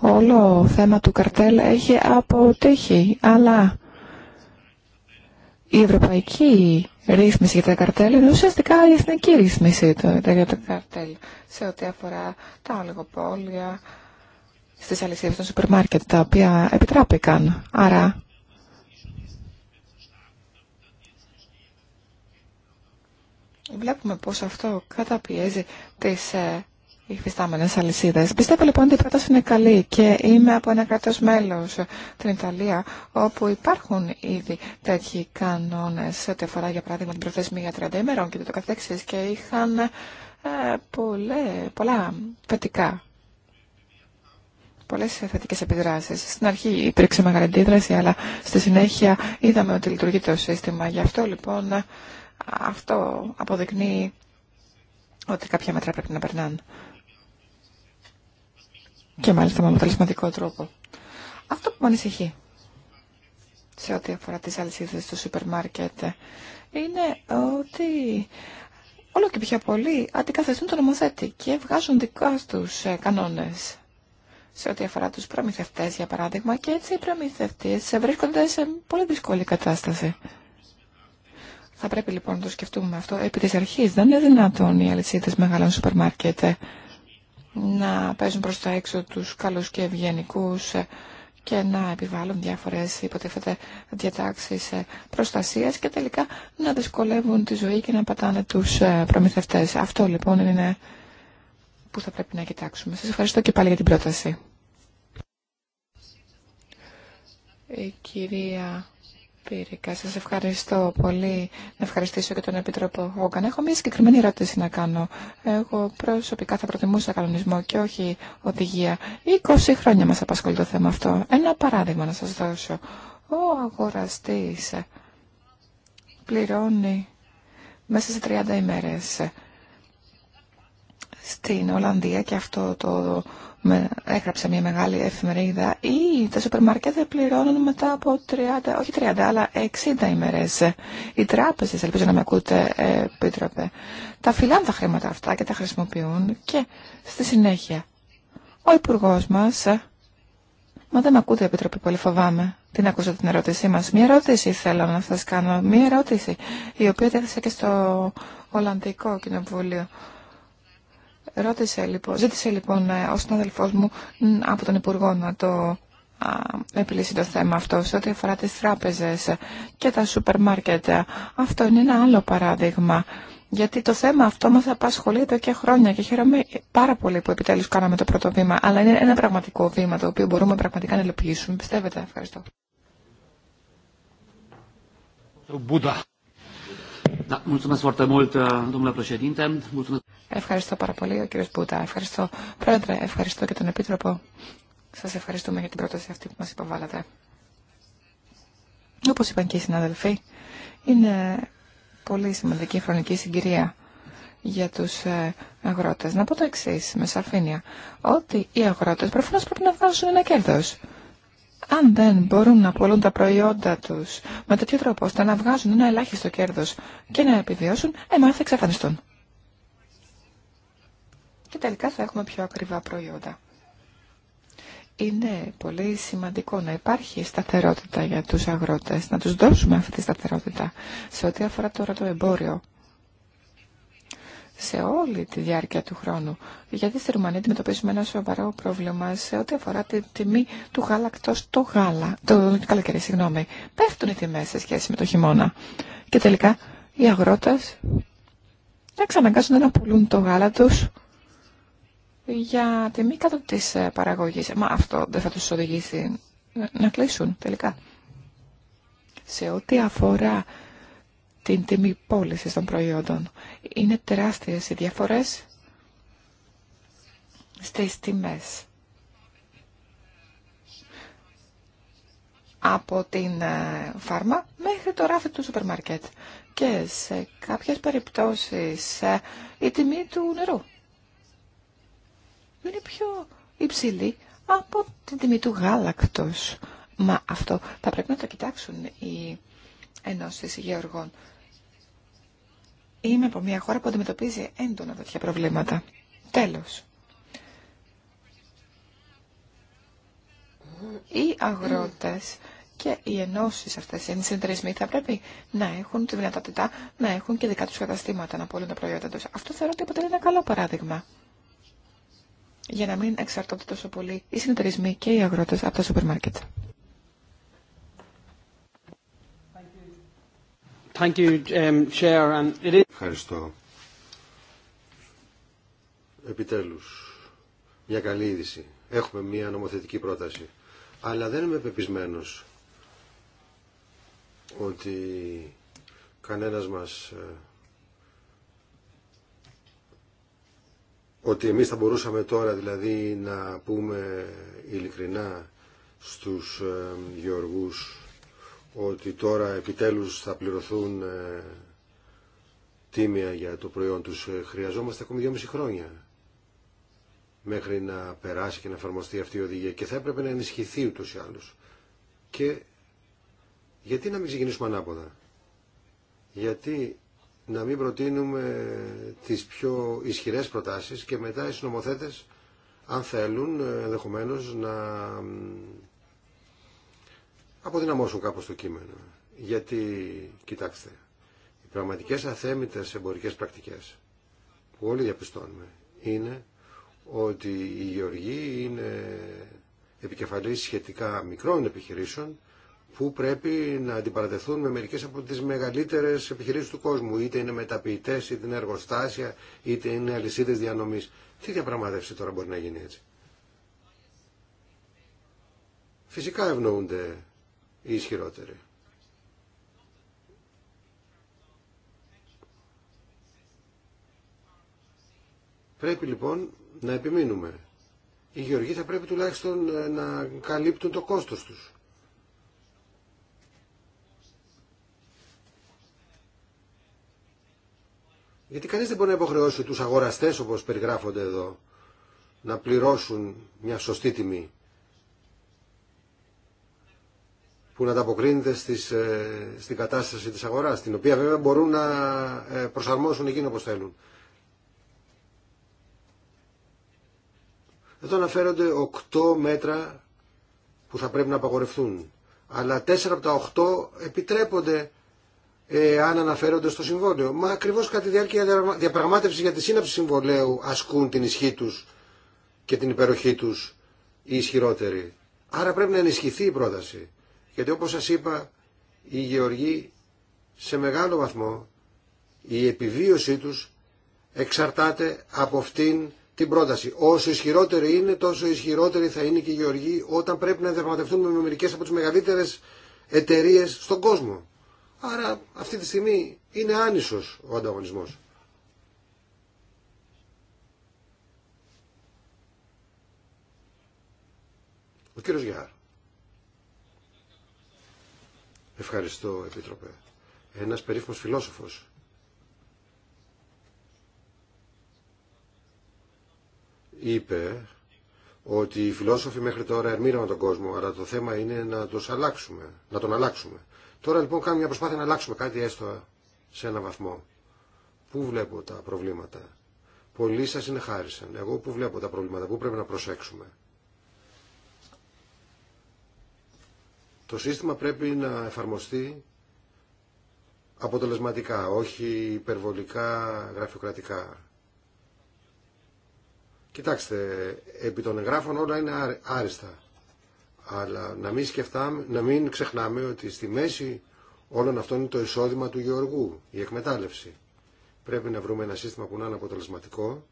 όλο θέμα του καρτέλ έχει αποτύχει, αλλά η ευρωπαϊκή ρύθμιση για τα καρτέλ είναι ουσιαστικά η εθνική ρύθμιση για τα καρτέλ σε ό,τι αφορά τα ολιγοπόλια, στις αλυσίδες των σούπερ μάρκετ, τα οποία επιτράπηκαν. Άρα βλέπουμε πως αυτό καταπιέζει τις ε, υφιστάμενες αλυσίδες. Πιστεύω λοιπόν ότι η πρόταση είναι καλή και είμαι από ένα κράτος μέλος την Ιταλία όπου υπάρχουν ήδη τέτοιοι κανόνες ό,τι αφορά για παράδειγμα την προθεσμία 30 ημερών και το καθεξής και είχαν ε, πολλά θετικά πολλές θετικές επιδράσεις. Στην αρχή υπήρξε μεγάλη αντίδραση, αλλά στη συνέχεια είδαμε ότι λειτουργεί το σύστημα. Γι' αυτό λοιπόν αυτό αποδεικνύει ότι κάποια μέτρα πρέπει να περνάνε. Και μάλιστα με αποτελεσματικό τρόπο. Αυτό που με ανησυχεί σε ό,τι αφορά τις αλυσίδες στο σούπερ μάρκετ είναι ότι όλο και πιο πολλοί αντικαθεστούν τον νομοθέτη και βγάζουν δικά τους ε, κανόνες σε ό,τι αφορά τους προμηθευτές για παράδειγμα και έτσι οι προμηθευτές βρίσκονται σε πολύ δύσκολη κατάσταση. Θα πρέπει λοιπόν να το σκεφτούμε αυτό. Επί της αρχής δεν είναι δυνατόν οι αλυσίδες μεγάλων σούπερ μάρκετ να παίζουν προς τα έξω τους καλούς και ευγενικού και να επιβάλλουν διάφορες υποτίθεται διατάξεις προστασίας και τελικά να δυσκολεύουν τη ζωή και να πατάνε τους ε, προμηθευτές. Αυτό λοιπόν είναι που θα πρέπει να κοιτάξουμε. Σας ευχαριστώ και πάλι για την πρόταση. Η κυρία Πύρικα, σας ευχαριστώ πολύ. Να ευχαριστήσω και τον Επίτροπο Όγκαν. Έχω μια συγκεκριμένη ερώτηση να κάνω. Εγώ προσωπικά θα προτιμούσα κανονισμό και όχι οδηγία. 20 χρόνια μας απασχολεί το θέμα αυτό. Ένα παράδειγμα να σας δώσω. Ο αγοραστής πληρώνει μέσα σε 30 ημέρες στην Ολλανδία και αυτό το έγραψε μια μεγάλη εφημερίδα ή τα σούπερ μάρκετ πληρώνουν μετά από 30, όχι 30 αλλά 60 ημερές οι τράπεζες, ελπίζω να με ακούτε επίτροπε τα φυλάν τα χρήματα αυτά και τα χρησιμοποιούν και στη συνέχεια ο υπουργό μας Μα δεν με ακούτε, επίτροπε, πολύ φοβάμαι. Την ακούσατε την ερώτησή μας. Μία ερώτηση θέλω να σας κάνω. Μία ερώτηση, η οποία τέθησε και στο Ολλανδικό Κοινοβούλιο. Ρώτησε, λοιπόν, ζήτησε λοιπόν ε, ο συνάδελφός μου από τον Υπουργό να το επιλύσει το θέμα αυτό σε ό,τι αφορά τις τράπεζες και τα σούπερ μάρκετ. Αυτό είναι ένα άλλο παράδειγμα. Γιατί το θέμα αυτό μας απασχολεί εδώ και χρόνια και χαίρομαι πάρα πολύ που επιτέλους κάναμε το πρώτο βήμα. Αλλά είναι ένα πραγματικό βήμα το οποίο μπορούμε πραγματικά να υλοποιήσουμε. Πιστεύετε. Ευχαριστώ. mulțumesc foarte mult, Ευχαριστώ πάρα πολύ, ο κύριος Μπούτα. Ευχαριστώ, πρόεδρε. Ευχαριστώ και τον Επίτροπο. Σας ευχαριστούμε για την πρόταση αυτή που μας υποβάλλατε. Όπως είπαν και οι συναδελφοί, είναι πολύ σημαντική χρονική συγκυρία για τους ε, αγρότες. Να πω το εξή με σαφήνεια, ότι οι αγρότες προφανώς πρέπει να βγάζουν ένα κέρδος. Αν δεν μπορούν να πολλούν τα προϊόντα τους με τέτοιο τρόπο ώστε να βγάζουν ένα ελάχιστο κέρδος και να επιβιώσουν, εμάς θα εξαφανιστούν και τελικά θα έχουμε πιο ακριβά προϊόντα. Είναι πολύ σημαντικό να υπάρχει σταθερότητα για τους αγρότες, να τους δώσουμε αυτή τη σταθερότητα σε ό,τι αφορά τώρα το εμπόριο σε όλη τη διάρκεια του χρόνου. Γιατί στη Ρουμανία αντιμετωπίζουμε ένα σοβαρό πρόβλημα σε ό,τι αφορά τη τιμή του γάλακτος, το γάλα, το καλοκαίρι, συγγνώμη. Πέφτουν οι τιμές σε σχέση με το χειμώνα. Και τελικά οι αγρότες να ξαναγκάζονται να πουλούν το γάλα τους για τιμή κάτω της ε, παραγωγή. Μα αυτό δεν θα του οδηγήσει να κλείσουν τελικά. Σε ό,τι αφορά την τιμή πώληση των προϊόντων, είναι τεράστιε οι διαφορές στις τιμές. από την ε, φάρμα μέχρι το ράφι του σούπερ μάρκετ. Και σε κάποιες περιπτώσεις ε, η τιμή του νερού είναι πιο υψηλή από την τιμή του γάλακτος. Μα αυτό θα πρέπει να το κοιτάξουν οι ενώσεις γεωργών. Είμαι από μια χώρα που αντιμετωπίζει έντονα τέτοια προβλήματα. Τέλος. Οι αγρότες και οι ενώσεις αυτές, οι συνεταιρισμοί θα πρέπει να έχουν τη δυνατότητα να έχουν και δικά τους καταστήματα να πόλουν τα προϊόντα τους. Αυτό θεωρώ ότι αποτελεί ένα καλό παράδειγμα για να μην εξαρτώνται τόσο πολύ οι συνεταιρισμοί και οι αγρότες από τα σούπερ μάρκετ. Um, Ευχαριστώ. Επιτέλους, μια καλή είδηση. Έχουμε μια νομοθετική πρόταση. Αλλά δεν είμαι πεπισμένος ότι κανένας μας ε, ότι εμείς θα μπορούσαμε τώρα δηλαδή να πούμε ειλικρινά στους ε, γεωργούς ότι τώρα επιτέλους θα πληρωθούν ε, τίμια για το προϊόν τους. Ε, χρειαζόμαστε ακόμη 2,5 χρόνια μέχρι να περάσει και να εφαρμοστεί αυτή η οδηγία και θα έπρεπε να ενισχυθεί ούτως ή άλλως. Και γιατί να μην ξεκινήσουμε ανάποδα. Γιατί να μην προτείνουμε τις πιο ισχυρές προτάσεις και μετά οι συνομοθέτες αν θέλουν ενδεχομένω να αποδυναμώσουν κάπως το κείμενο. Γιατί, κοιτάξτε, οι πραγματικές αθέμητες εμπορικές πρακτικές που όλοι διαπιστώνουμε είναι ότι η γεωργία είναι επικεφαλής σχετικά μικρών επιχειρήσεων που πρέπει να αντιπαρατεθούν με μερικές από τις μεγαλύτερες επιχειρήσεις του κόσμου, είτε είναι μεταποιητές, είτε είναι εργοστάσια, είτε είναι αλυσίδες διανομής. Τι διαπραγματεύσει τώρα μπορεί να γίνει έτσι. Φυσικά ευνοούνται οι ισχυρότεροι. Πρέπει λοιπόν να επιμείνουμε. Οι γεωργοί θα πρέπει τουλάχιστον να καλύπτουν το κόστος τους. Γιατί κανείς δεν μπορεί να υποχρεώσει τους αγοραστές όπως περιγράφονται εδώ να πληρώσουν μια σωστή τιμή που να ανταποκρίνεται στις, ε, στην κατάσταση της αγοράς, την οποία βέβαια μπορούν να ε, προσαρμόσουν εκείνο όπως θέλουν. Εδώ αναφέρονται οκτώ μέτρα που θα πρέπει να απαγορευτούν, αλλά τέσσερα από τα 8 επιτρέπονται αν αναφέρονται στο συμβόλαιο. Μα ακριβώ κατά τη διάρκεια διαπραγμάτευση για τη σύναψη συμβολέου ασκούν την ισχύ του και την υπεροχή του οι ισχυρότεροι. Άρα πρέπει να ενισχυθεί η πρόταση. Γιατί όπω σα είπα, οι γεωργοί σε μεγάλο βαθμό η επιβίωσή του εξαρτάται από αυτήν την πρόταση. Όσο ισχυρότεροι είναι, τόσο ισχυρότερη θα είναι και οι γεωργοί όταν πρέπει να διαπραγματευτούν με μερικέ από τι μεγαλύτερε εταιρείε στον κόσμο. Άρα αυτή τη στιγμή είναι άνισος ο ανταγωνισμός. Ο κύριος Γιάρ. Ευχαριστώ, Επίτροπε. Ένας περίφημος φιλόσοφος. Είπε ότι οι φιλόσοφοι μέχρι τώρα ερμήνευαν τον κόσμο, αλλά το θέμα είναι να, τους αλλάξουμε, να τον αλλάξουμε. Τώρα λοιπόν κάνουμε μια προσπάθεια να αλλάξουμε κάτι έστω σε ένα βαθμό. Πού βλέπω τα προβλήματα. Πολλοί σας είναι χάρισαν. Εγώ πού βλέπω τα προβλήματα, πού πρέπει να προσέξουμε. Το σύστημα πρέπει να εφαρμοστεί αποτελεσματικά, όχι υπερβολικά γραφειοκρατικά. Κοιτάξτε, επί των εγγράφων όλα είναι άριστα. Αλλά να μην, σκεφτάμε, να μην ξεχνάμε ότι στη μέση όλων αυτών είναι το εισόδημα του γεωργού, η εκμετάλλευση. Πρέπει να βρούμε ένα σύστημα που να είναι αποτελεσματικό,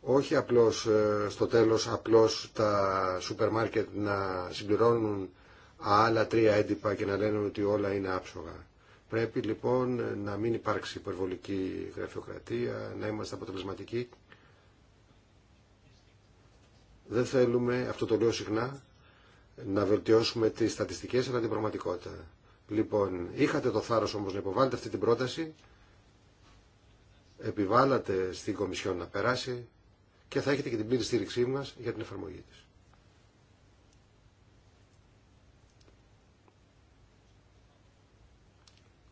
όχι απλώς ε, στο τέλος απλώς τα σούπερ μάρκετ να συμπληρώνουν άλλα τρία έντυπα και να λένε ότι όλα είναι άψογα. Πρέπει λοιπόν να μην υπάρξει υπερβολική γραφειοκρατία, να είμαστε αποτελεσματικοί δεν θέλουμε, αυτό το λέω συχνά, να βελτιώσουμε τις στατιστικές αλλά την πραγματικότητα. Λοιπόν, είχατε το θάρρος όμως να υποβάλλετε αυτή την πρόταση, επιβάλλατε στην Κομισιόν να περάσει και θα έχετε και την πλήρη στήριξή μας για την εφαρμογή της.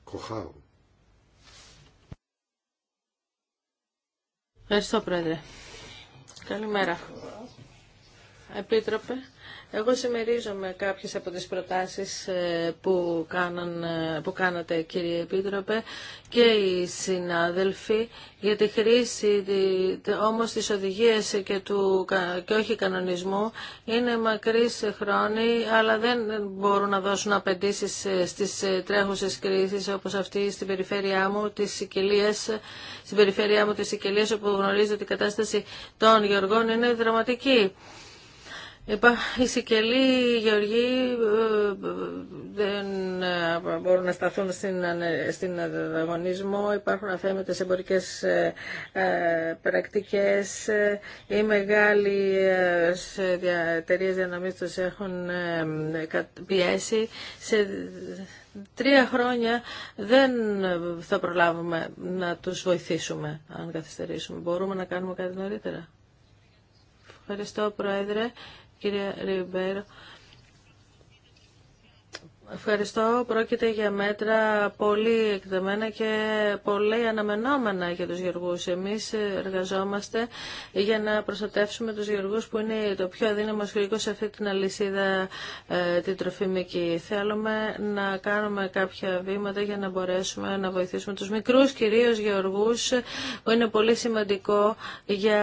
Κοχάου. Ευχαριστώ, Πρόεδρε. Καλημέρα. Επίτροπε, εγώ συμμερίζομαι κάποιες από τις προτάσεις ε, που, κάναν, ε, που κάνατε κύριε Επίτροπε και οι συνάδελφοι για τη χρήση όμως της οδηγίας και, του, και όχι κανονισμού είναι μακρύς χρόνοι αλλά δεν μπορούν να δώσουν απαιτήσεις ε, στις τρέχουσες κρίσεις όπως αυτή στην περιφέρειά μου της Σικελίας στην περιφέρειά μου της Σικελίας όπου γνωρίζετε ότι η κατάσταση των Γεωργών είναι δραματική. Οι συγκελοί Γεωργοί ε, δεν ε, μπορούν να σταθούν στην, στην ανταγωνισμό, υπάρχουν αθέμετες εμπορικές ε, πρακτικές, οι μεγάλοι εταιρείε διανομής τους έχουν πιέσει. Σε τρία χρόνια δεν θα προλάβουμε να τους βοηθήσουμε αν καθυστερήσουμε. Μπορούμε να κάνουμε κάτι νωρίτερα. Ευχαριστώ Πρόεδρε. Κύριε Ριμπέρο. Ευχαριστώ. Πρόκειται για μέτρα πολύ εκτεμένα και πολύ αναμενόμενα για τους γεωργούς. Εμείς εργαζόμαστε για να προστατεύσουμε τους γεωργούς που είναι το πιο αδύναμο σχολικό σε αυτή την αλυσίδα ε, την τροφιμική. Θέλουμε να κάνουμε κάποια βήματα για να μπορέσουμε να βοηθήσουμε τους μικρούς κυρίως γεωργούς που είναι πολύ σημαντικό για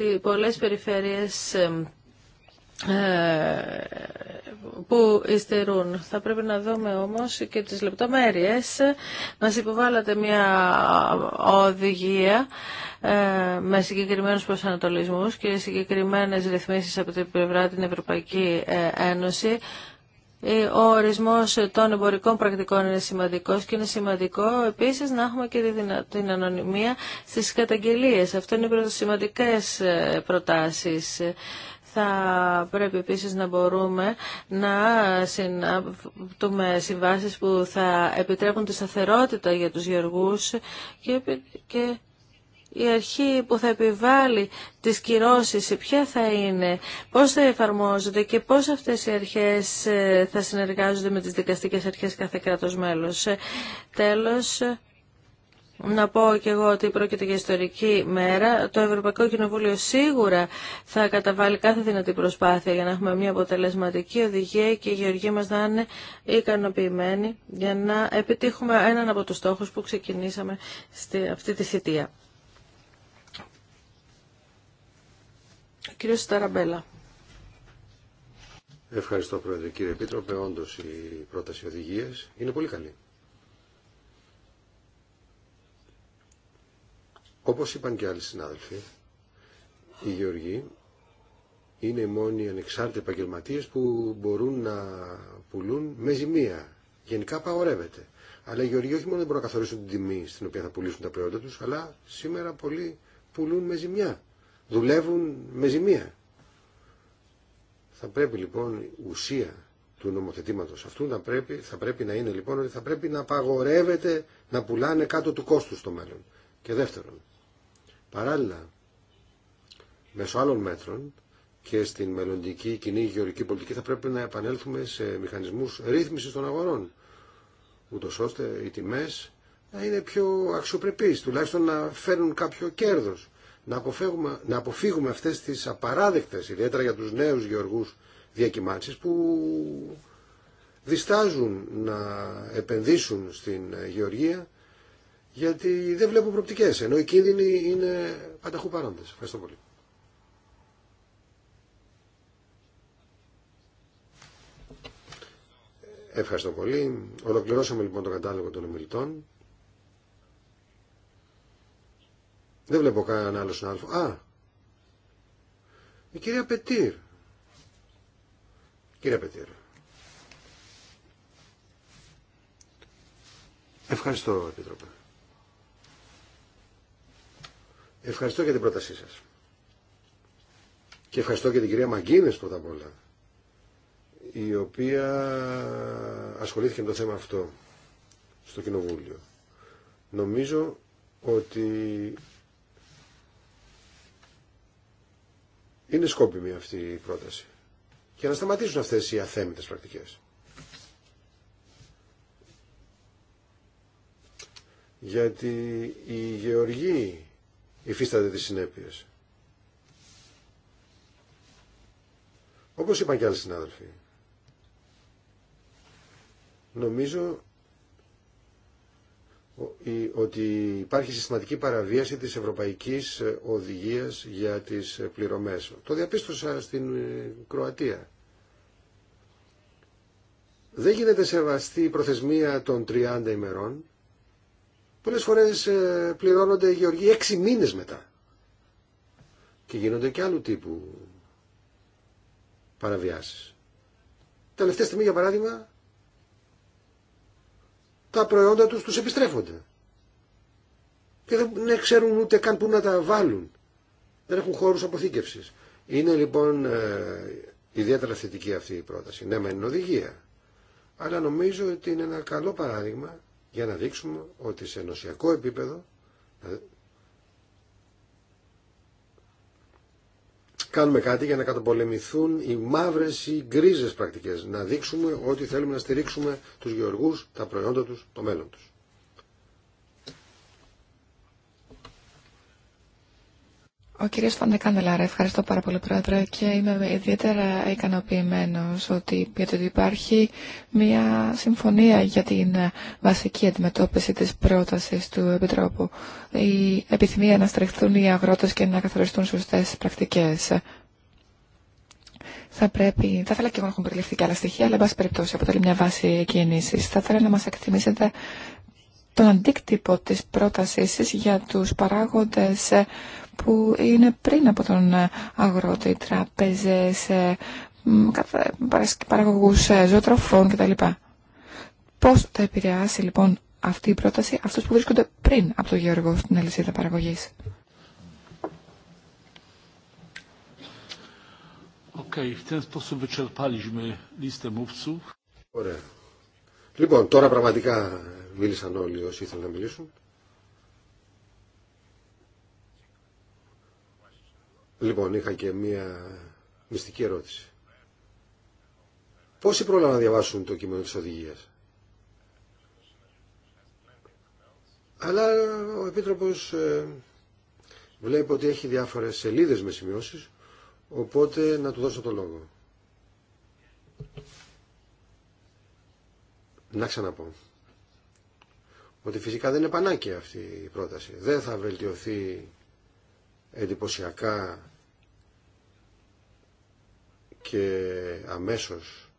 ε, πολλές περιφέρειες ε, ε, που υστερούν. Θα πρέπει να δούμε όμως και τις λεπτομέρειες. Μας υποβάλλατε μια οδηγία ε, με συγκεκριμένους προσανατολισμούς και συγκεκριμένες ρυθμίσεις από την πλευρά την Ευρωπαϊκή ε, Ένωση. Ο ορισμός των εμπορικών πρακτικών είναι σημαντικός και είναι σημαντικό επίσης να έχουμε και την ανωνυμία στις καταγγελίες. Αυτό είναι οι σημαντικές προτάσεις. Θα πρέπει επίσης να μπορούμε να συνάπτουμε συμβάσεις που θα επιτρέπουν τη σταθερότητα για τους γεωργούς και, και η αρχή που θα επιβάλλει τις κυρώσεις, ποια θα είναι, πώς θα εφαρμόζονται και πώς αυτές οι αρχές ε, θα συνεργάζονται με τις δικαστικές αρχές κάθε κράτος μέλος. Ε, τέλος, να πω και εγώ ότι πρόκειται για ιστορική μέρα. Το Ευρωπαϊκό Κοινοβούλιο σίγουρα θα καταβάλει κάθε δυνατή προσπάθεια για να έχουμε μια αποτελεσματική οδηγία και οι γεωργοί μας να είναι ικανοποιημένοι για να επιτύχουμε έναν από τους στόχους που ξεκινήσαμε στη, αυτή τη θητεία. Κύριος Σταραμπέλα. Ευχαριστώ Πρόεδρε. Κύριε Επίτροπε, όντως η πρόταση οδηγίες είναι πολύ καλή. Όπως είπαν και άλλοι συνάδελφοι, οι γεωργοί είναι οι μόνοι ανεξάρτητοι επαγγελματίε που μπορούν να πουλούν με ζημία. Γενικά απαγορεύεται. Αλλά οι γεωργοί όχι μόνο δεν μπορούν να καθορίσουν την τιμή στην οποία θα πουλήσουν τα προϊόντα τους, αλλά σήμερα πολλοί πουλούν με ζημιά. Δουλεύουν με ζημία. Θα πρέπει λοιπόν η ουσία του νομοθετήματος αυτού θα πρέπει, θα πρέπει να είναι λοιπόν ότι θα πρέπει να απαγορεύεται να πουλάνε κάτω του κόστου στο μέλλον. Και δεύτερον, Παράλληλα, μέσω άλλων μέτρων και στην μελλοντική κοινή γεωργική πολιτική θα πρέπει να επανέλθουμε σε μηχανισμούς ρύθμισης των αγορών, ούτως ώστε οι τιμές να είναι πιο αξιοπρεπείς, τουλάχιστον να φέρουν κάποιο κέρδος. Να αποφύγουμε, να αποφύγουμε αυτές τις απαράδεκτες, ιδιαίτερα για τους νέους γεωργούς διακυμάνσεις που διστάζουν να επενδύσουν στην γεωργία γιατί δεν βλέπω προπτικές, ενώ οι κίνδυνοι είναι πανταχού παρόντες. Ευχαριστώ πολύ. Ευχαριστώ πολύ. Ολοκληρώσαμε λοιπόν το κατάλογο των ομιλητών. Δεν βλέπω κανέναν άλλο συνάδελφο. Α, η κυρία Πετήρ. Κυρία Πετήρ. Ευχαριστώ, Επίτροπε. Ευχαριστώ για την πρότασή σας. Και ευχαριστώ και την κυρία Μαγκίνες πρώτα απ' όλα, η οποία ασχολήθηκε με το θέμα αυτό στο Κοινοβούλιο. Νομίζω ότι είναι σκόπιμη αυτή η πρόταση. και να σταματήσουν αυτές οι αθέμητες πρακτικές. Γιατί η γεωργοί υφίσταται τις συνέπειες. Όπως είπαν και άλλοι συνάδελφοι, νομίζω ότι υπάρχει συστηματική παραβίαση της Ευρωπαϊκής Οδηγίας για τις πληρωμές. Το διαπίστωσα στην ε, Κροατία. Δεν γίνεται σεβαστή η προθεσμία των 30 ημερών Πολλές φορές ε, πληρώνονται οι γεωργοί έξι μήνες μετά. Και γίνονται και άλλου τύπου παραβιάσεις. Τελευταία στιγμή, για παράδειγμα, τα προϊόντα τους τους επιστρέφονται. Και δεν ναι, ξέρουν ούτε καν πού να τα βάλουν. Δεν έχουν χώρους αποθήκευσης. Είναι λοιπόν ε, ιδιαίτερα θετική αυτή η πρόταση. Ναι, μεν είναι οδηγία. Αλλά νομίζω ότι είναι ένα καλό παράδειγμα για να δείξουμε ότι σε ενωσιακό επίπεδο ε, κάνουμε κάτι για να καταπολεμηθούν οι μαύρες ή γκρίζες πρακτικές. Να δείξουμε ότι θέλουμε να στηρίξουμε τους γεωργούς, τα προϊόντα τους, το μέλλον τους. Ο κύριος Φαντεκάνδελαρα, ευχαριστώ πάρα πολύ πρόεδρε και είμαι ιδιαίτερα ικανοποιημένος ότι, γιατί υπάρχει μια συμφωνία για την βασική αντιμετώπιση της πρότασης του Επιτρόπου. Η επιθυμία να στρεχθούν οι αγρότες και να καθοριστούν σωστές πρακτικές. Θα πρέπει, θα ήθελα και εγώ να έχουν περιληφθεί και άλλα στοιχεία, αλλά εν πάση περιπτώσει αποτελεί μια βάση κίνησης. Θα ήθελα να μας εκτιμήσετε τον αντίκτυπο της πρότασής για τους παράγοντες που είναι πριν από τον αγρότη, τραπέζες, ε, παραγωγούς ε, ζωοτροφών κτλ. Πώς θα επηρεάσει λοιπόν αυτή η πρόταση αυτούς που βρίσκονται πριν από τον Γεωργό στην αλυσίδα παραγωγής. Okay, Ωραία. Λοιπόν, τώρα πραγματικά μίλησαν όλοι όσοι ήθελαν να μιλήσουν. Λοιπόν, είχα και μία μυστική ερώτηση. Πόσοι πρόλαβαν να διαβάσουν το κείμενο της οδηγίας. Αλλά ο Επίτροπος ε, βλέπει ότι έχει διάφορες σελίδες με σημειώσεις, οπότε να του δώσω το λόγο. Να ξαναπώ ότι φυσικά δεν είναι πανάκια αυτή η πρόταση. Δεν θα βελτιωθεί εντυπωσιακά και αμέσως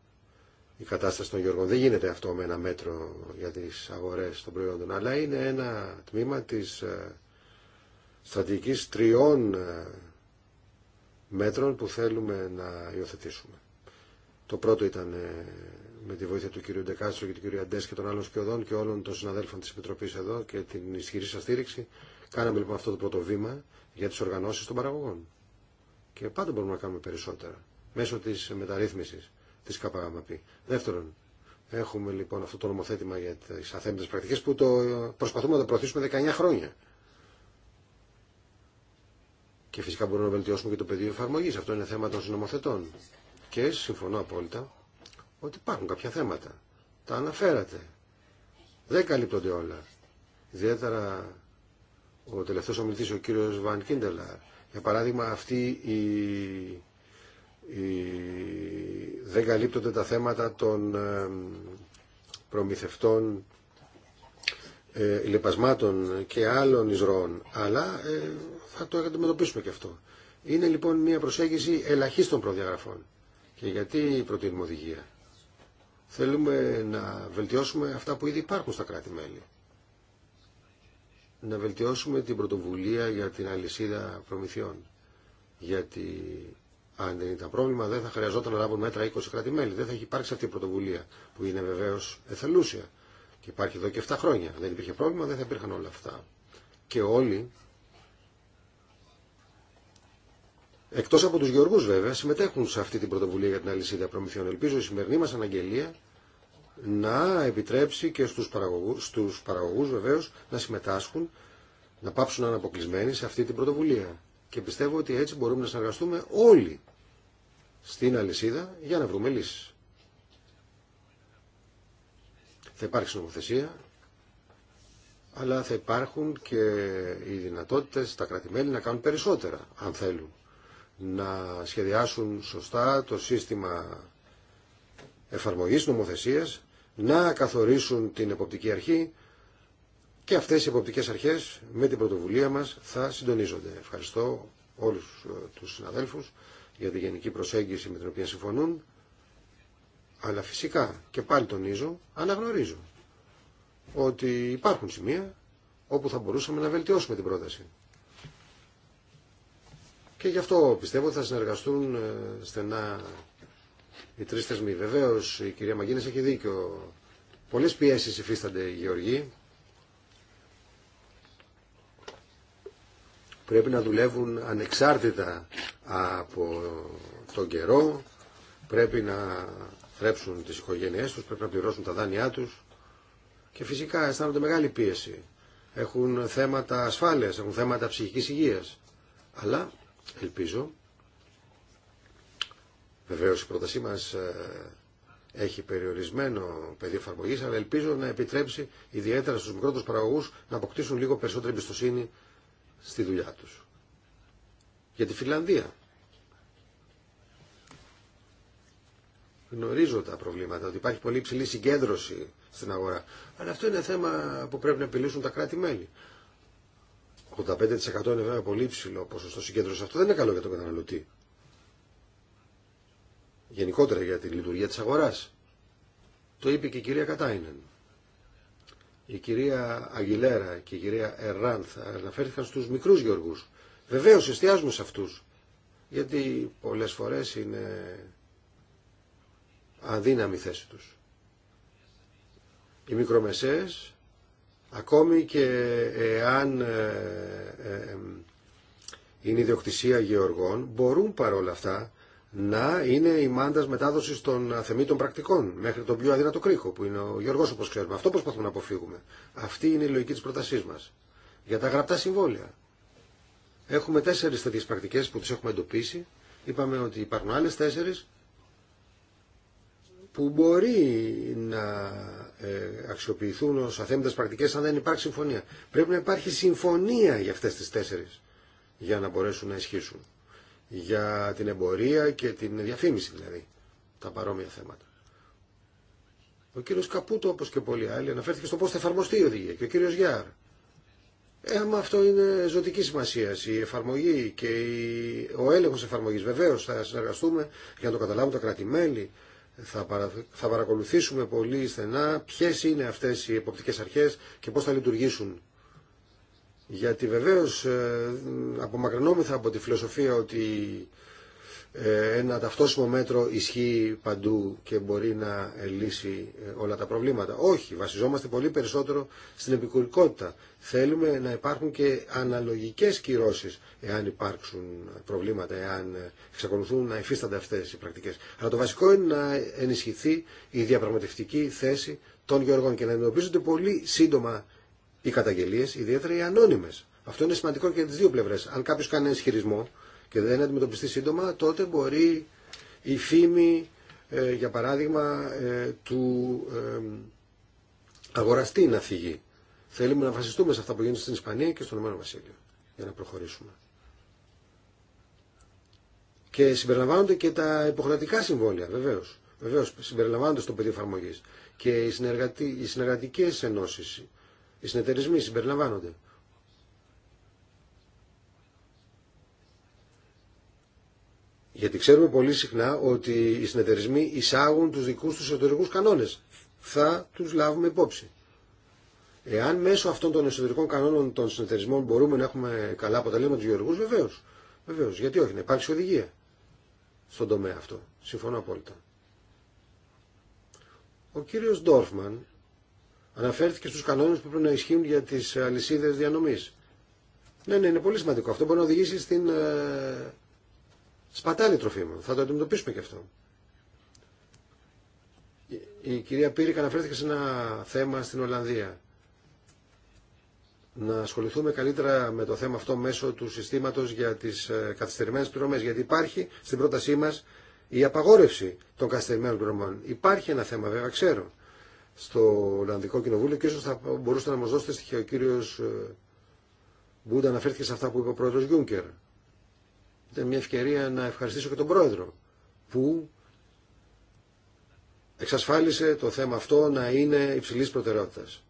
η κατάσταση των Γεωργών. Δεν γίνεται αυτό με ένα μέτρο για τις αγορές των προϊόντων, αλλά είναι ένα τμήμα της ε, στρατηγικής τριών ε, μέτρων που θέλουμε να υιοθετήσουμε. Το πρώτο ήταν ε, με τη βοήθεια του κυρίου Ντεκάστρο και του κυρίου Αντέ και των άλλων σκιωδών και όλων των συναδέλφων τη Επιτροπή εδώ και την ισχυρή σα στήριξη. Κάναμε λοιπόν αυτό το πρώτο βήμα για τι οργανώσει των παραγωγών. Και πάντα μπορούμε να κάνουμε περισσότερα μέσω τη μεταρρύθμιση τη ΚΑΠΑΓΑΜΑΠΗ. Δεύτερον, έχουμε λοιπόν αυτό το νομοθέτημα για τις αθέμητε πρακτικέ που το προσπαθούμε να το προωθήσουμε 19 χρόνια. Και φυσικά μπορούμε να βελτιώσουμε και το πεδίο εφαρμογή. Αυτό είναι θέμα των συνομοθετών. Και συμφωνώ απόλυτα ότι υπάρχουν κάποια θέματα. Τα αναφέρατε. Δεν καλύπτονται όλα. Ιδιαίτερα ο τελευταίος ομιλητής, ο κύριος Βαν Κίντελαρ. Για παράδειγμα, αυτή η... δεν καλύπτονται τα θέματα των ε, προμηθευτών ε, λεπασμάτων και άλλων εισρώων, αλλά ε, θα το αντιμετωπίσουμε και αυτό. Είναι λοιπόν μια προσέγγιση ελαχίστων προδιαγραφών. Και γιατί προτείνουμε οδηγία. Θέλουμε να βελτιώσουμε αυτά που ήδη υπάρχουν στα κράτη-μέλη. Να βελτιώσουμε την πρωτοβουλία για την αλυσίδα προμηθειών. Γιατί αν δεν ήταν πρόβλημα δεν θα χρειαζόταν να λάβουν μέτρα 20 κράτη-μέλη. Δεν θα έχει υπάρξει αυτή η πρωτοβουλία που είναι βεβαίω εθελούσια. Και υπάρχει εδώ και 7 χρόνια. δεν υπήρχε πρόβλημα δεν θα υπήρχαν όλα αυτά. Και όλοι Εκτό από του γεωργού βέβαια, συμμετέχουν σε αυτή την πρωτοβουλία για την αλυσίδα προμηθειών. Ελπίζω η σημερινή μα αναγγελία να επιτρέψει και στου παραγωγού παραγωγούς βεβαίως να συμμετάσχουν, να πάψουν αναποκλεισμένοι σε αυτή την πρωτοβουλία. Και πιστεύω ότι έτσι μπορούμε να συνεργαστούμε όλοι στην αλυσίδα για να βρούμε λύσει. Θα υπάρξει νομοθεσία, αλλά θα υπάρχουν και οι δυνατότητες τα κρατημέλη να κάνουν περισσότερα, αν θέλουν να σχεδιάσουν σωστά το σύστημα εφαρμογής νομοθεσίας, να καθορίσουν την εποπτική αρχή και αυτές οι εποπτικές αρχές με την πρωτοβουλία μας θα συντονίζονται. Ευχαριστώ όλους ε, τους συναδέλφους για τη γενική προσέγγιση με την οποία συμφωνούν, αλλά φυσικά και πάλι τονίζω, αναγνωρίζω ότι υπάρχουν σημεία όπου θα μπορούσαμε να βελτιώσουμε την πρόταση. Και γι' αυτό πιστεύω ότι θα συνεργαστούν ε, στενά οι τρει θεσμοί. Βεβαίω η κυρία Μαγκίνε έχει δίκιο. Πολλέ πιέσει υφίστανται οι Γεωργοί. Πρέπει να δουλεύουν ανεξάρτητα από τον καιρό. Πρέπει να θρέψουν τις οικογένειές τους, πρέπει να πληρώσουν τα δάνειά τους. Και φυσικά αισθάνονται μεγάλη πίεση. Έχουν θέματα ασφάλειας, έχουν θέματα ψυχικής υγείας. Αλλά Ελπίζω. Βεβαίω η πρότασή μα ε, έχει περιορισμένο πεδίο εφαρμογή, αλλά ελπίζω να επιτρέψει ιδιαίτερα στου μικρότερου παραγωγού να αποκτήσουν λίγο περισσότερη εμπιστοσύνη στη δουλειά του. Για τη Φιλανδία. Γνωρίζω τα προβλήματα, ότι υπάρχει πολύ υψηλή συγκέντρωση στην αγορά. Αλλά αυτό είναι θέμα που πρέπει να επιλύσουν τα κράτη-μέλη. 85% είναι βέβαια πολύ ψηλό ποσοστό συγκέντρωση. Αυτό δεν είναι καλό για τον καταναλωτή. Γενικότερα για τη λειτουργία της αγοράς. Το είπε και η κυρία Κατάινεν. Η κυρία Αγγιλέρα και η κυρία Εράνθ αναφέρθηκαν στους μικρούς γεωργούς. Βεβαίω εστιάζουμε σε αυτούς. Γιατί πολλές φορές είναι αδύναμη θέση του. Οι μικρομεσαίες Ακόμη και εάν ε, ε, ε, είναι ιδιοκτησία γεωργών, μπορούν παρόλα αυτά να είναι η μάντα μετάδοση των αθεμήτων πρακτικών μέχρι τον πιο αδύνατο κρίκο που είναι ο Γεωργό όπω ξέρουμε. Αυτό προσπαθούμε να αποφύγουμε. Αυτή είναι η λογική τη πρότασή μα. Για τα γραπτά συμβόλαια. Έχουμε τέσσερι τέτοιε πρακτικέ που τι έχουμε εντοπίσει. Είπαμε ότι υπάρχουν άλλε τέσσερι που μπορεί να ε, αξιοποιηθούν ως αθέμητες πρακτικές αν δεν υπάρχει συμφωνία. Πρέπει να υπάρχει συμφωνία για αυτές τις τέσσερις για να μπορέσουν να ισχύσουν. Για την εμπορία και την διαφήμιση δηλαδή, τα παρόμοια θέματα. Ο κύριος Καπούτο, όπως και πολλοί άλλοι, αναφέρθηκε στο πώς θα εφαρμοστεί η οδηγία και ο κύριος Γιάρ. Ε, άμα αυτό είναι ζωτική σημασία, η εφαρμογή και ο έλεγχος εφαρμογής. Βεβαίως θα συνεργαστούμε για να το καταλάβουν τα κρατη θα, παρακολουθήσουμε πολύ στενά ποιες είναι αυτές οι εποπτικές αρχές και πώς θα λειτουργήσουν. Γιατί βεβαίως ε, απομακρυνόμεθα από τη φιλοσοφία ότι ε, ένα ταυτόσιμο μέτρο ισχύει παντού και μπορεί να λύσει ε, όλα τα προβλήματα. Όχι, βασιζόμαστε πολύ περισσότερο στην επικουρικότητα. Θέλουμε να υπάρχουν και αναλογικές κυρώσεις εάν υπάρξουν προβλήματα, εάν ε, εξακολουθούν να υφίστανται αυτές οι πρακτικές. Αλλά το βασικό είναι να ενισχυθεί η διαπραγματευτική θέση των γεωργών και να εντοπίζονται πολύ σύντομα οι καταγγελίες, ιδιαίτερα οι ανώνυμες. Αυτό είναι σημαντικό και για τις δύο πλευρές. Αν κάποιος κάνει ένα ισχυρισμό, και δεν αντιμετωπιστεί σύντομα, τότε μπορεί η φήμη, ε, για παράδειγμα, ε, του αγοραστή να φύγει. Θέλουμε να βασιστούμε σε αυτά που γίνονται στην Ισπανία και στον Ηνωμένο Βασίλειο για να προχωρήσουμε. Και συμπεριλαμβάνονται και τα υποχρεωτικά συμβόλαια, βεβαίω. Βεβαίω, συμπεριλαμβάνονται στο πεδίο εφαρμογή. Και οι, συνεργατικέ ενώσει, οι συνεταιρισμοί συμπεριλαμβάνονται. Γιατί ξέρουμε πολύ συχνά ότι οι συνεταιρισμοί εισάγουν τους δικούς τους εσωτερικούς κανόνες. Θα τους λάβουμε υπόψη. Εάν μέσω αυτών των εσωτερικών κανόνων των συνεταιρισμών μπορούμε να έχουμε καλά αποτελέσματα του γεωργούς, βεβαίως. Βεβαίως. Γιατί όχι, να υπάρξει οδηγία στον τομέα αυτό. Συμφωνώ απόλυτα. Ο κύριος Ντόρφμαν αναφέρθηκε στους κανόνες που πρέπει να ισχύουν για τις αλυσίδες διανομής. Ναι, ναι, είναι πολύ σημαντικό. Αυτό μπορεί να οδηγήσει στην ε, σπατάλη τροφίμων. Θα το αντιμετωπίσουμε και αυτό. Η κυρία Πύρικα αναφέρθηκε σε ένα θέμα στην Ολλανδία. Να ασχοληθούμε καλύτερα με το θέμα αυτό μέσω του συστήματος για τις ε, καθυστερημένες πληρωμές. Γιατί υπάρχει στην πρότασή μας η απαγόρευση των καθυστερημένων πληρωμών. Υπάρχει ένα θέμα βέβαια, ξέρω, στο Ολλανδικό Κοινοβούλιο και ίσως θα μπορούσατε να μας δώσετε στοιχεία. Ο κύριος ε, Μπούντα αναφέρθηκε σε αυτά που είπε ο πρόεδρος Γιούνκερ. Ήταν μια ευκαιρία να ευχαριστήσω και τον Πρόεδρο που εξασφάλισε το θέμα αυτό να είναι υψηλή προτεραιότητας.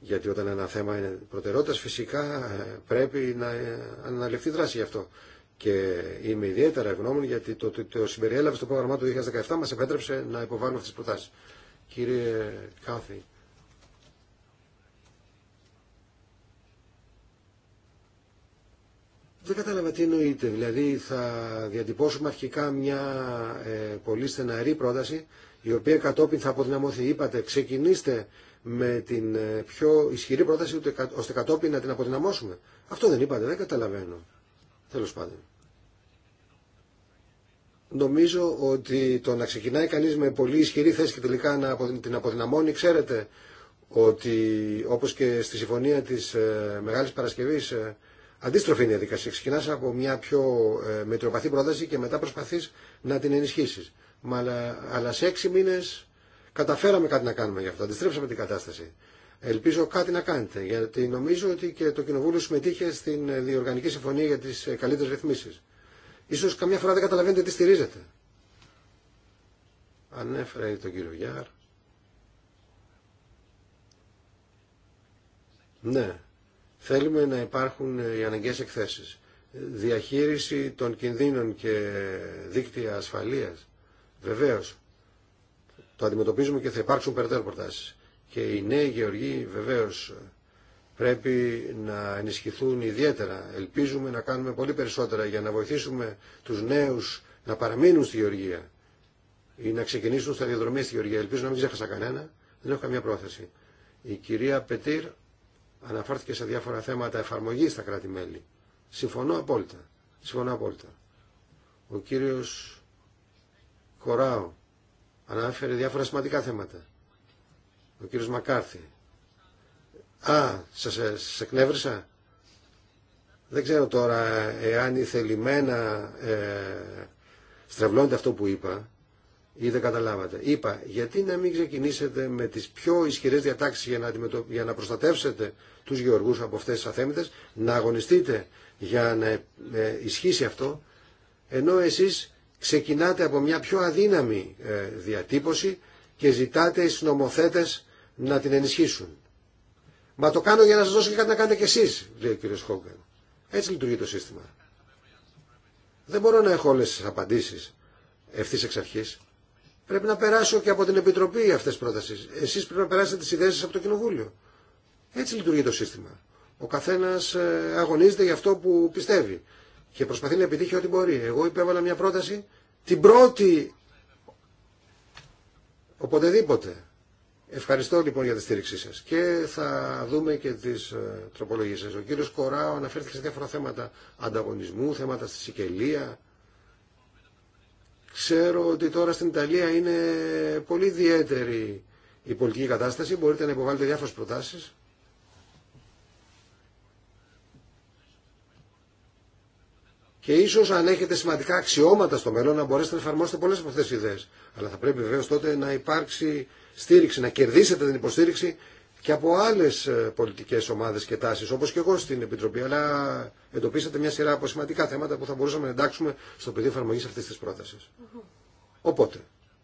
Γιατί όταν ένα θέμα είναι προτεραιότητας φυσικά ε, πρέπει να ε, αναλυφθεί δράση γι' αυτό. Και είμαι ιδιαίτερα ευγνώμων γιατί το, το, το συμπεριέλαβε στο πρόγραμμά του 2017 μας επέτρεψε να υποβάλουμε αυτέ τι προτάσεις. Κύριε Κάθη, Δεν κατάλαβα τι εννοείται. Δηλαδή θα διατυπώσουμε αρχικά μια ε, πολύ στεναρή πρόταση η οποία κατόπιν θα αποδυναμωθεί. Είπατε ξεκινήστε με την ε, πιο ισχυρή πρόταση ώστε κατόπιν να την αποδυναμώσουμε. Αυτό δεν είπατε. Δεν καταλαβαίνω. Τέλος πάντων. Νομίζω ότι το να ξεκινάει κανείς με πολύ ισχυρή θέση και τελικά να την αποδυναμώνει, ξέρετε ότι όπως και στη συμφωνία της ε, Μεγάλης Παρασκευής ε, αντίστροφη είναι η διαδικασία. Ξεκινά από μια πιο ε, μετριοπαθή πρόταση και μετά προσπαθεί να την ενισχύσει. Αλλά, αλλά σε έξι μήνε καταφέραμε κάτι να κάνουμε γι' αυτό. Αντιστρέψαμε την κατάσταση. Ελπίζω κάτι να κάνετε, γιατί νομίζω ότι και το Κοινοβούλιο συμμετείχε στην ε, Διοργανική Συμφωνία για τι ε, καλύτερε ρυθμίσει. Ίσως καμιά φορά δεν καταλαβαίνετε τι στηρίζετε. Ανέφερα τον κύριο Γιάρ. Ναι, Θέλουμε να υπάρχουν ε, οι αναγκαίες εκθέσεις. Διαχείριση των κινδύνων και δίκτυα ασφαλείας. Βεβαίως, το αντιμετωπίζουμε και θα υπάρξουν περαιτέρω προτάσεις. Και οι νέοι γεωργοί βεβαίως πρέπει να ενισχυθούν ιδιαίτερα. Ελπίζουμε να κάνουμε πολύ περισσότερα για να βοηθήσουμε τους νέους να παραμείνουν στη γεωργία ή να ξεκινήσουν στα διαδρομή στη γεωργία. Ελπίζω να μην ξέχασα κανένα. Δεν έχω καμία πρόθεση. Η κυρία Πετήρ Αναφέρθηκε σε διάφορα θέματα εφαρμογή στα κράτη-μέλη. Συμφωνώ απόλυτα. απόλυτα. Ο κύριος Κοράου ανάφερε διάφορα σημαντικά θέματα. Ο κύριος Μακάρθη. Α, σας, ε, εκνεύρισα. Δεν ξέρω τώρα εάν η ε, στρεβλώνεται αυτό που είπα ή δεν καταλάβατε. Είπα, γιατί να μην ξεκινήσετε με τις πιο ισχυρές διατάξεις για να, για να προστατεύσετε τους γεωργού από αυτέ τι αθέμητε, να αγωνιστείτε για να ε, ισχύσει αυτό, ενώ εσείς ξεκινάτε από μια πιο αδύναμη ε, διατύπωση και ζητάτε οι συνομοθέτε να την ενισχύσουν. Μα το κάνω για να σας δώσω και κάτι να κάνετε κι εσείς, λέει ο κ. Χόγκαν. Έτσι λειτουργεί το σύστημα. Δεν μπορώ να έχω όλε τι απαντήσει ευθύ εξ αρχής. Πρέπει να περάσω και από την Επιτροπή αυτέ τι πρότασει. Εσεί πρέπει να περάσετε τι ιδέες σα από το Κοινοβούλιο. Έτσι λειτουργεί το σύστημα. Ο καθένα ε, αγωνίζεται για αυτό που πιστεύει και προσπαθεί να επιτύχει ό,τι μπορεί. Εγώ υπέβαλα μια πρόταση την πρώτη οποτεδήποτε. Ευχαριστώ λοιπόν για τη στήριξή σας και θα δούμε και τις ε, τροπολογίες σας. Ο κύριος Κοράου αναφέρθηκε σε διάφορα θέματα ανταγωνισμού, θέματα στη Σικελία, Ξέρω ότι τώρα στην Ιταλία είναι πολύ ιδιαίτερη η πολιτική κατάσταση. Μπορείτε να υποβάλλετε διάφορες προτάσεις. Και ίσω αν έχετε σημαντικά αξιώματα στο μέλλον να μπορέσετε να εφαρμόσετε πολλέ από αυτέ τι ιδέε. Αλλά θα πρέπει βεβαίω τότε να υπάρξει στήριξη, να κερδίσετε την υποστήριξη και από άλλε πολιτικέ ομάδε και τάσει, όπω και εγώ στην Επιτροπή, αλλά εντοπίσατε μια σειρά από σημαντικά θέματα που θα μπορούσαμε να εντάξουμε στο πεδίο εφαρμογή αυτή της πρότασης. Οπότε,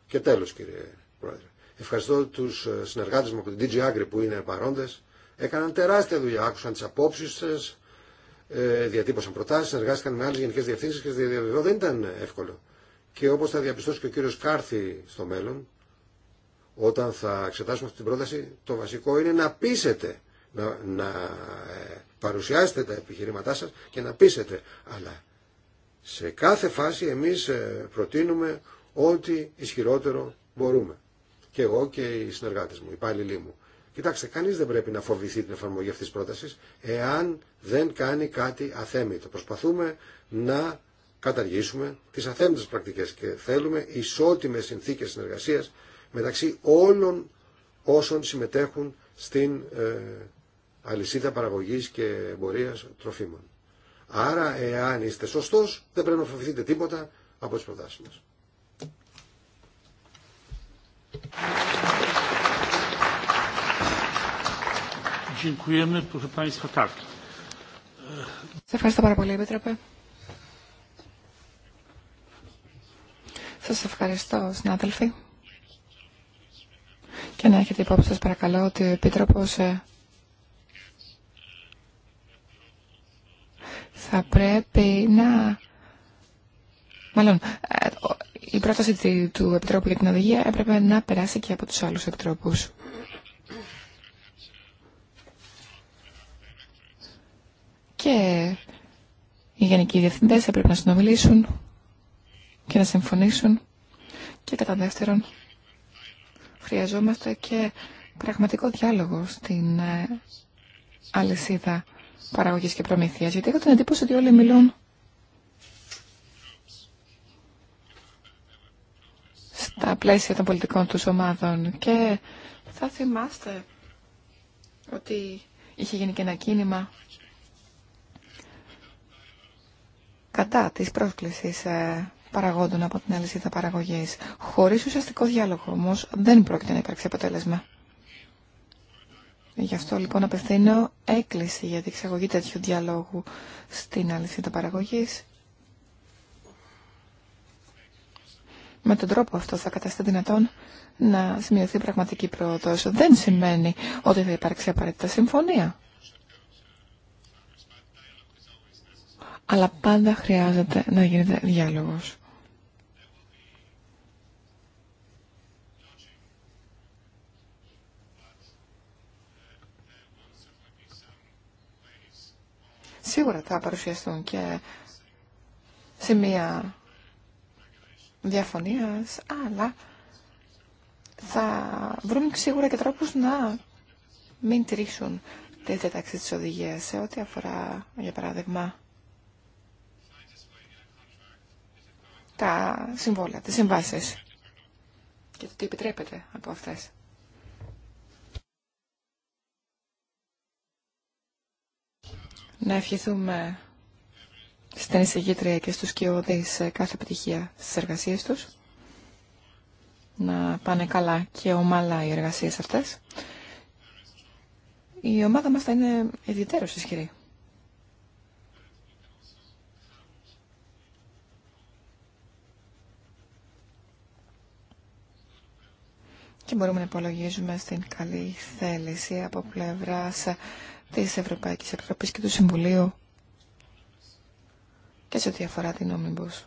και τέλο, κύριε Πρόεδρε, ευχαριστώ του ε, συνεργάτε μου από την DG Agri που είναι παρόντες. Έκαναν τεράστια δουλειά, άκουσαν τι απόψει, σα, ε, διατύπωσαν προτάσει, συνεργάστηκαν με άλλε γενικέ διευθύνσει και δεν ήταν εύκολο. Και όπω θα διαπιστώσει και ο κύριο Κάρθη στο μέλλον, όταν θα εξετάσουμε αυτή την πρόταση, το βασικό είναι να πείσετε, να, να ε, παρουσιάσετε τα επιχειρήματά σας και να πείσετε. Αλλά σε κάθε φάση εμείς ε, προτείνουμε ό,τι ισχυρότερο μπορούμε. Και εγώ και οι συνεργάτες μου, οι υπάλληλοι μου. Κοιτάξτε, κανείς δεν πρέπει να φοβηθεί την εφαρμογή αυτής της πρότασης εάν δεν κάνει κάτι αθέμητο. Προσπαθούμε να καταργήσουμε τις αθέμητες πρακτικές και θέλουμε ισότιμες συνθήκες συνεργασίας μεταξύ όλων όσων συμμετέχουν στην ε, αλυσίδα παραγωγής και εμπορίας τροφίμων. Άρα, εάν είστε σωστός, δεν πρέπει να φοβηθείτε τίποτα από τις προτάσεις μας. Σας ευχαριστώ πάρα πολύ, Επίτροπε. Σας ευχαριστώ, συνάδελφοι. Και να έχετε υπόψη σας παρακαλώ ότι ο Επίτροπος ε, θα πρέπει να... Μάλλον, ε, η πρόταση του Επιτρόπου για την οδηγία έπρεπε να περάσει και από τους άλλους Επιτρόπους. Και οι γενικοί διευθυντές έπρεπε να συνομιλήσουν και να συμφωνήσουν. Και κατά δεύτερον, Χρειαζόμαστε και πραγματικό διάλογο στην ε, αλυσίδα παραγωγής και προμήθειας, γιατί έχω την εντύπωση ότι όλοι μιλούν στα πλαίσια των πολιτικών τους ομάδων και θα θυμάστε ότι είχε γίνει και ένα κίνημα κατά της πρόσκλησης ε, παραγόντων από την αλυσίδα παραγωγή. Χωρί ουσιαστικό διάλογο όμω δεν πρόκειται να υπάρξει αποτέλεσμα. Γι' αυτό λοιπόν απευθύνω έκκληση για την εξαγωγή τέτοιου διαλόγου στην αλυσίδα παραγωγή. Με τον τρόπο αυτό θα καταστεί δυνατόν να σημειωθεί πραγματική πρόοδο. Δεν σημαίνει ότι θα υπάρξει απαραίτητα συμφωνία. Αλλά πάντα χρειάζεται να γίνεται διάλογος. σίγουρα θα παρουσιαστούν και σημεία διαφωνίας, αλλά θα βρούμε σίγουρα και τρόπους να μην τηρήσουν τη διαταξή της οδηγίας σε ό,τι αφορά, για παράδειγμα, τα συμβόλαια, τις συμβάσεις και το τι επιτρέπεται από αυτές. να ευχηθούμε στην εισηγήτρια και στους κοιόδης ε, κάθε επιτυχία στις εργασίες τους. Να πάνε καλά και ομαλά οι εργασίες αυτές. Η ομάδα μας θα είναι ιδιαίτερως ισχυρή. Και μπορούμε να υπολογίζουμε στην καλή θέληση από πλευράς της Ευρωπαϊκής Επιτροπής και του Συμβουλίου και σε ό,τι αφορά την Omnibus.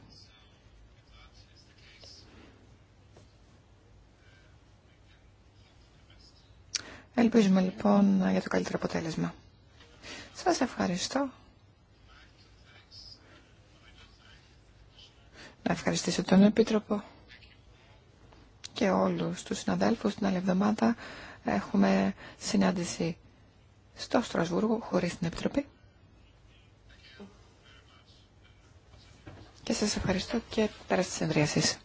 Ελπίζουμε λοιπόν για το καλύτερο αποτέλεσμα. Σας ευχαριστώ. Να ευχαριστήσω τον Επίτροπο και όλους τους συναδέλφους. Την άλλη εβδομάδα έχουμε συνάντηση στο Στρασβούργο χωρίς την Επιτροπή. Και σας ευχαριστώ και πέρα στις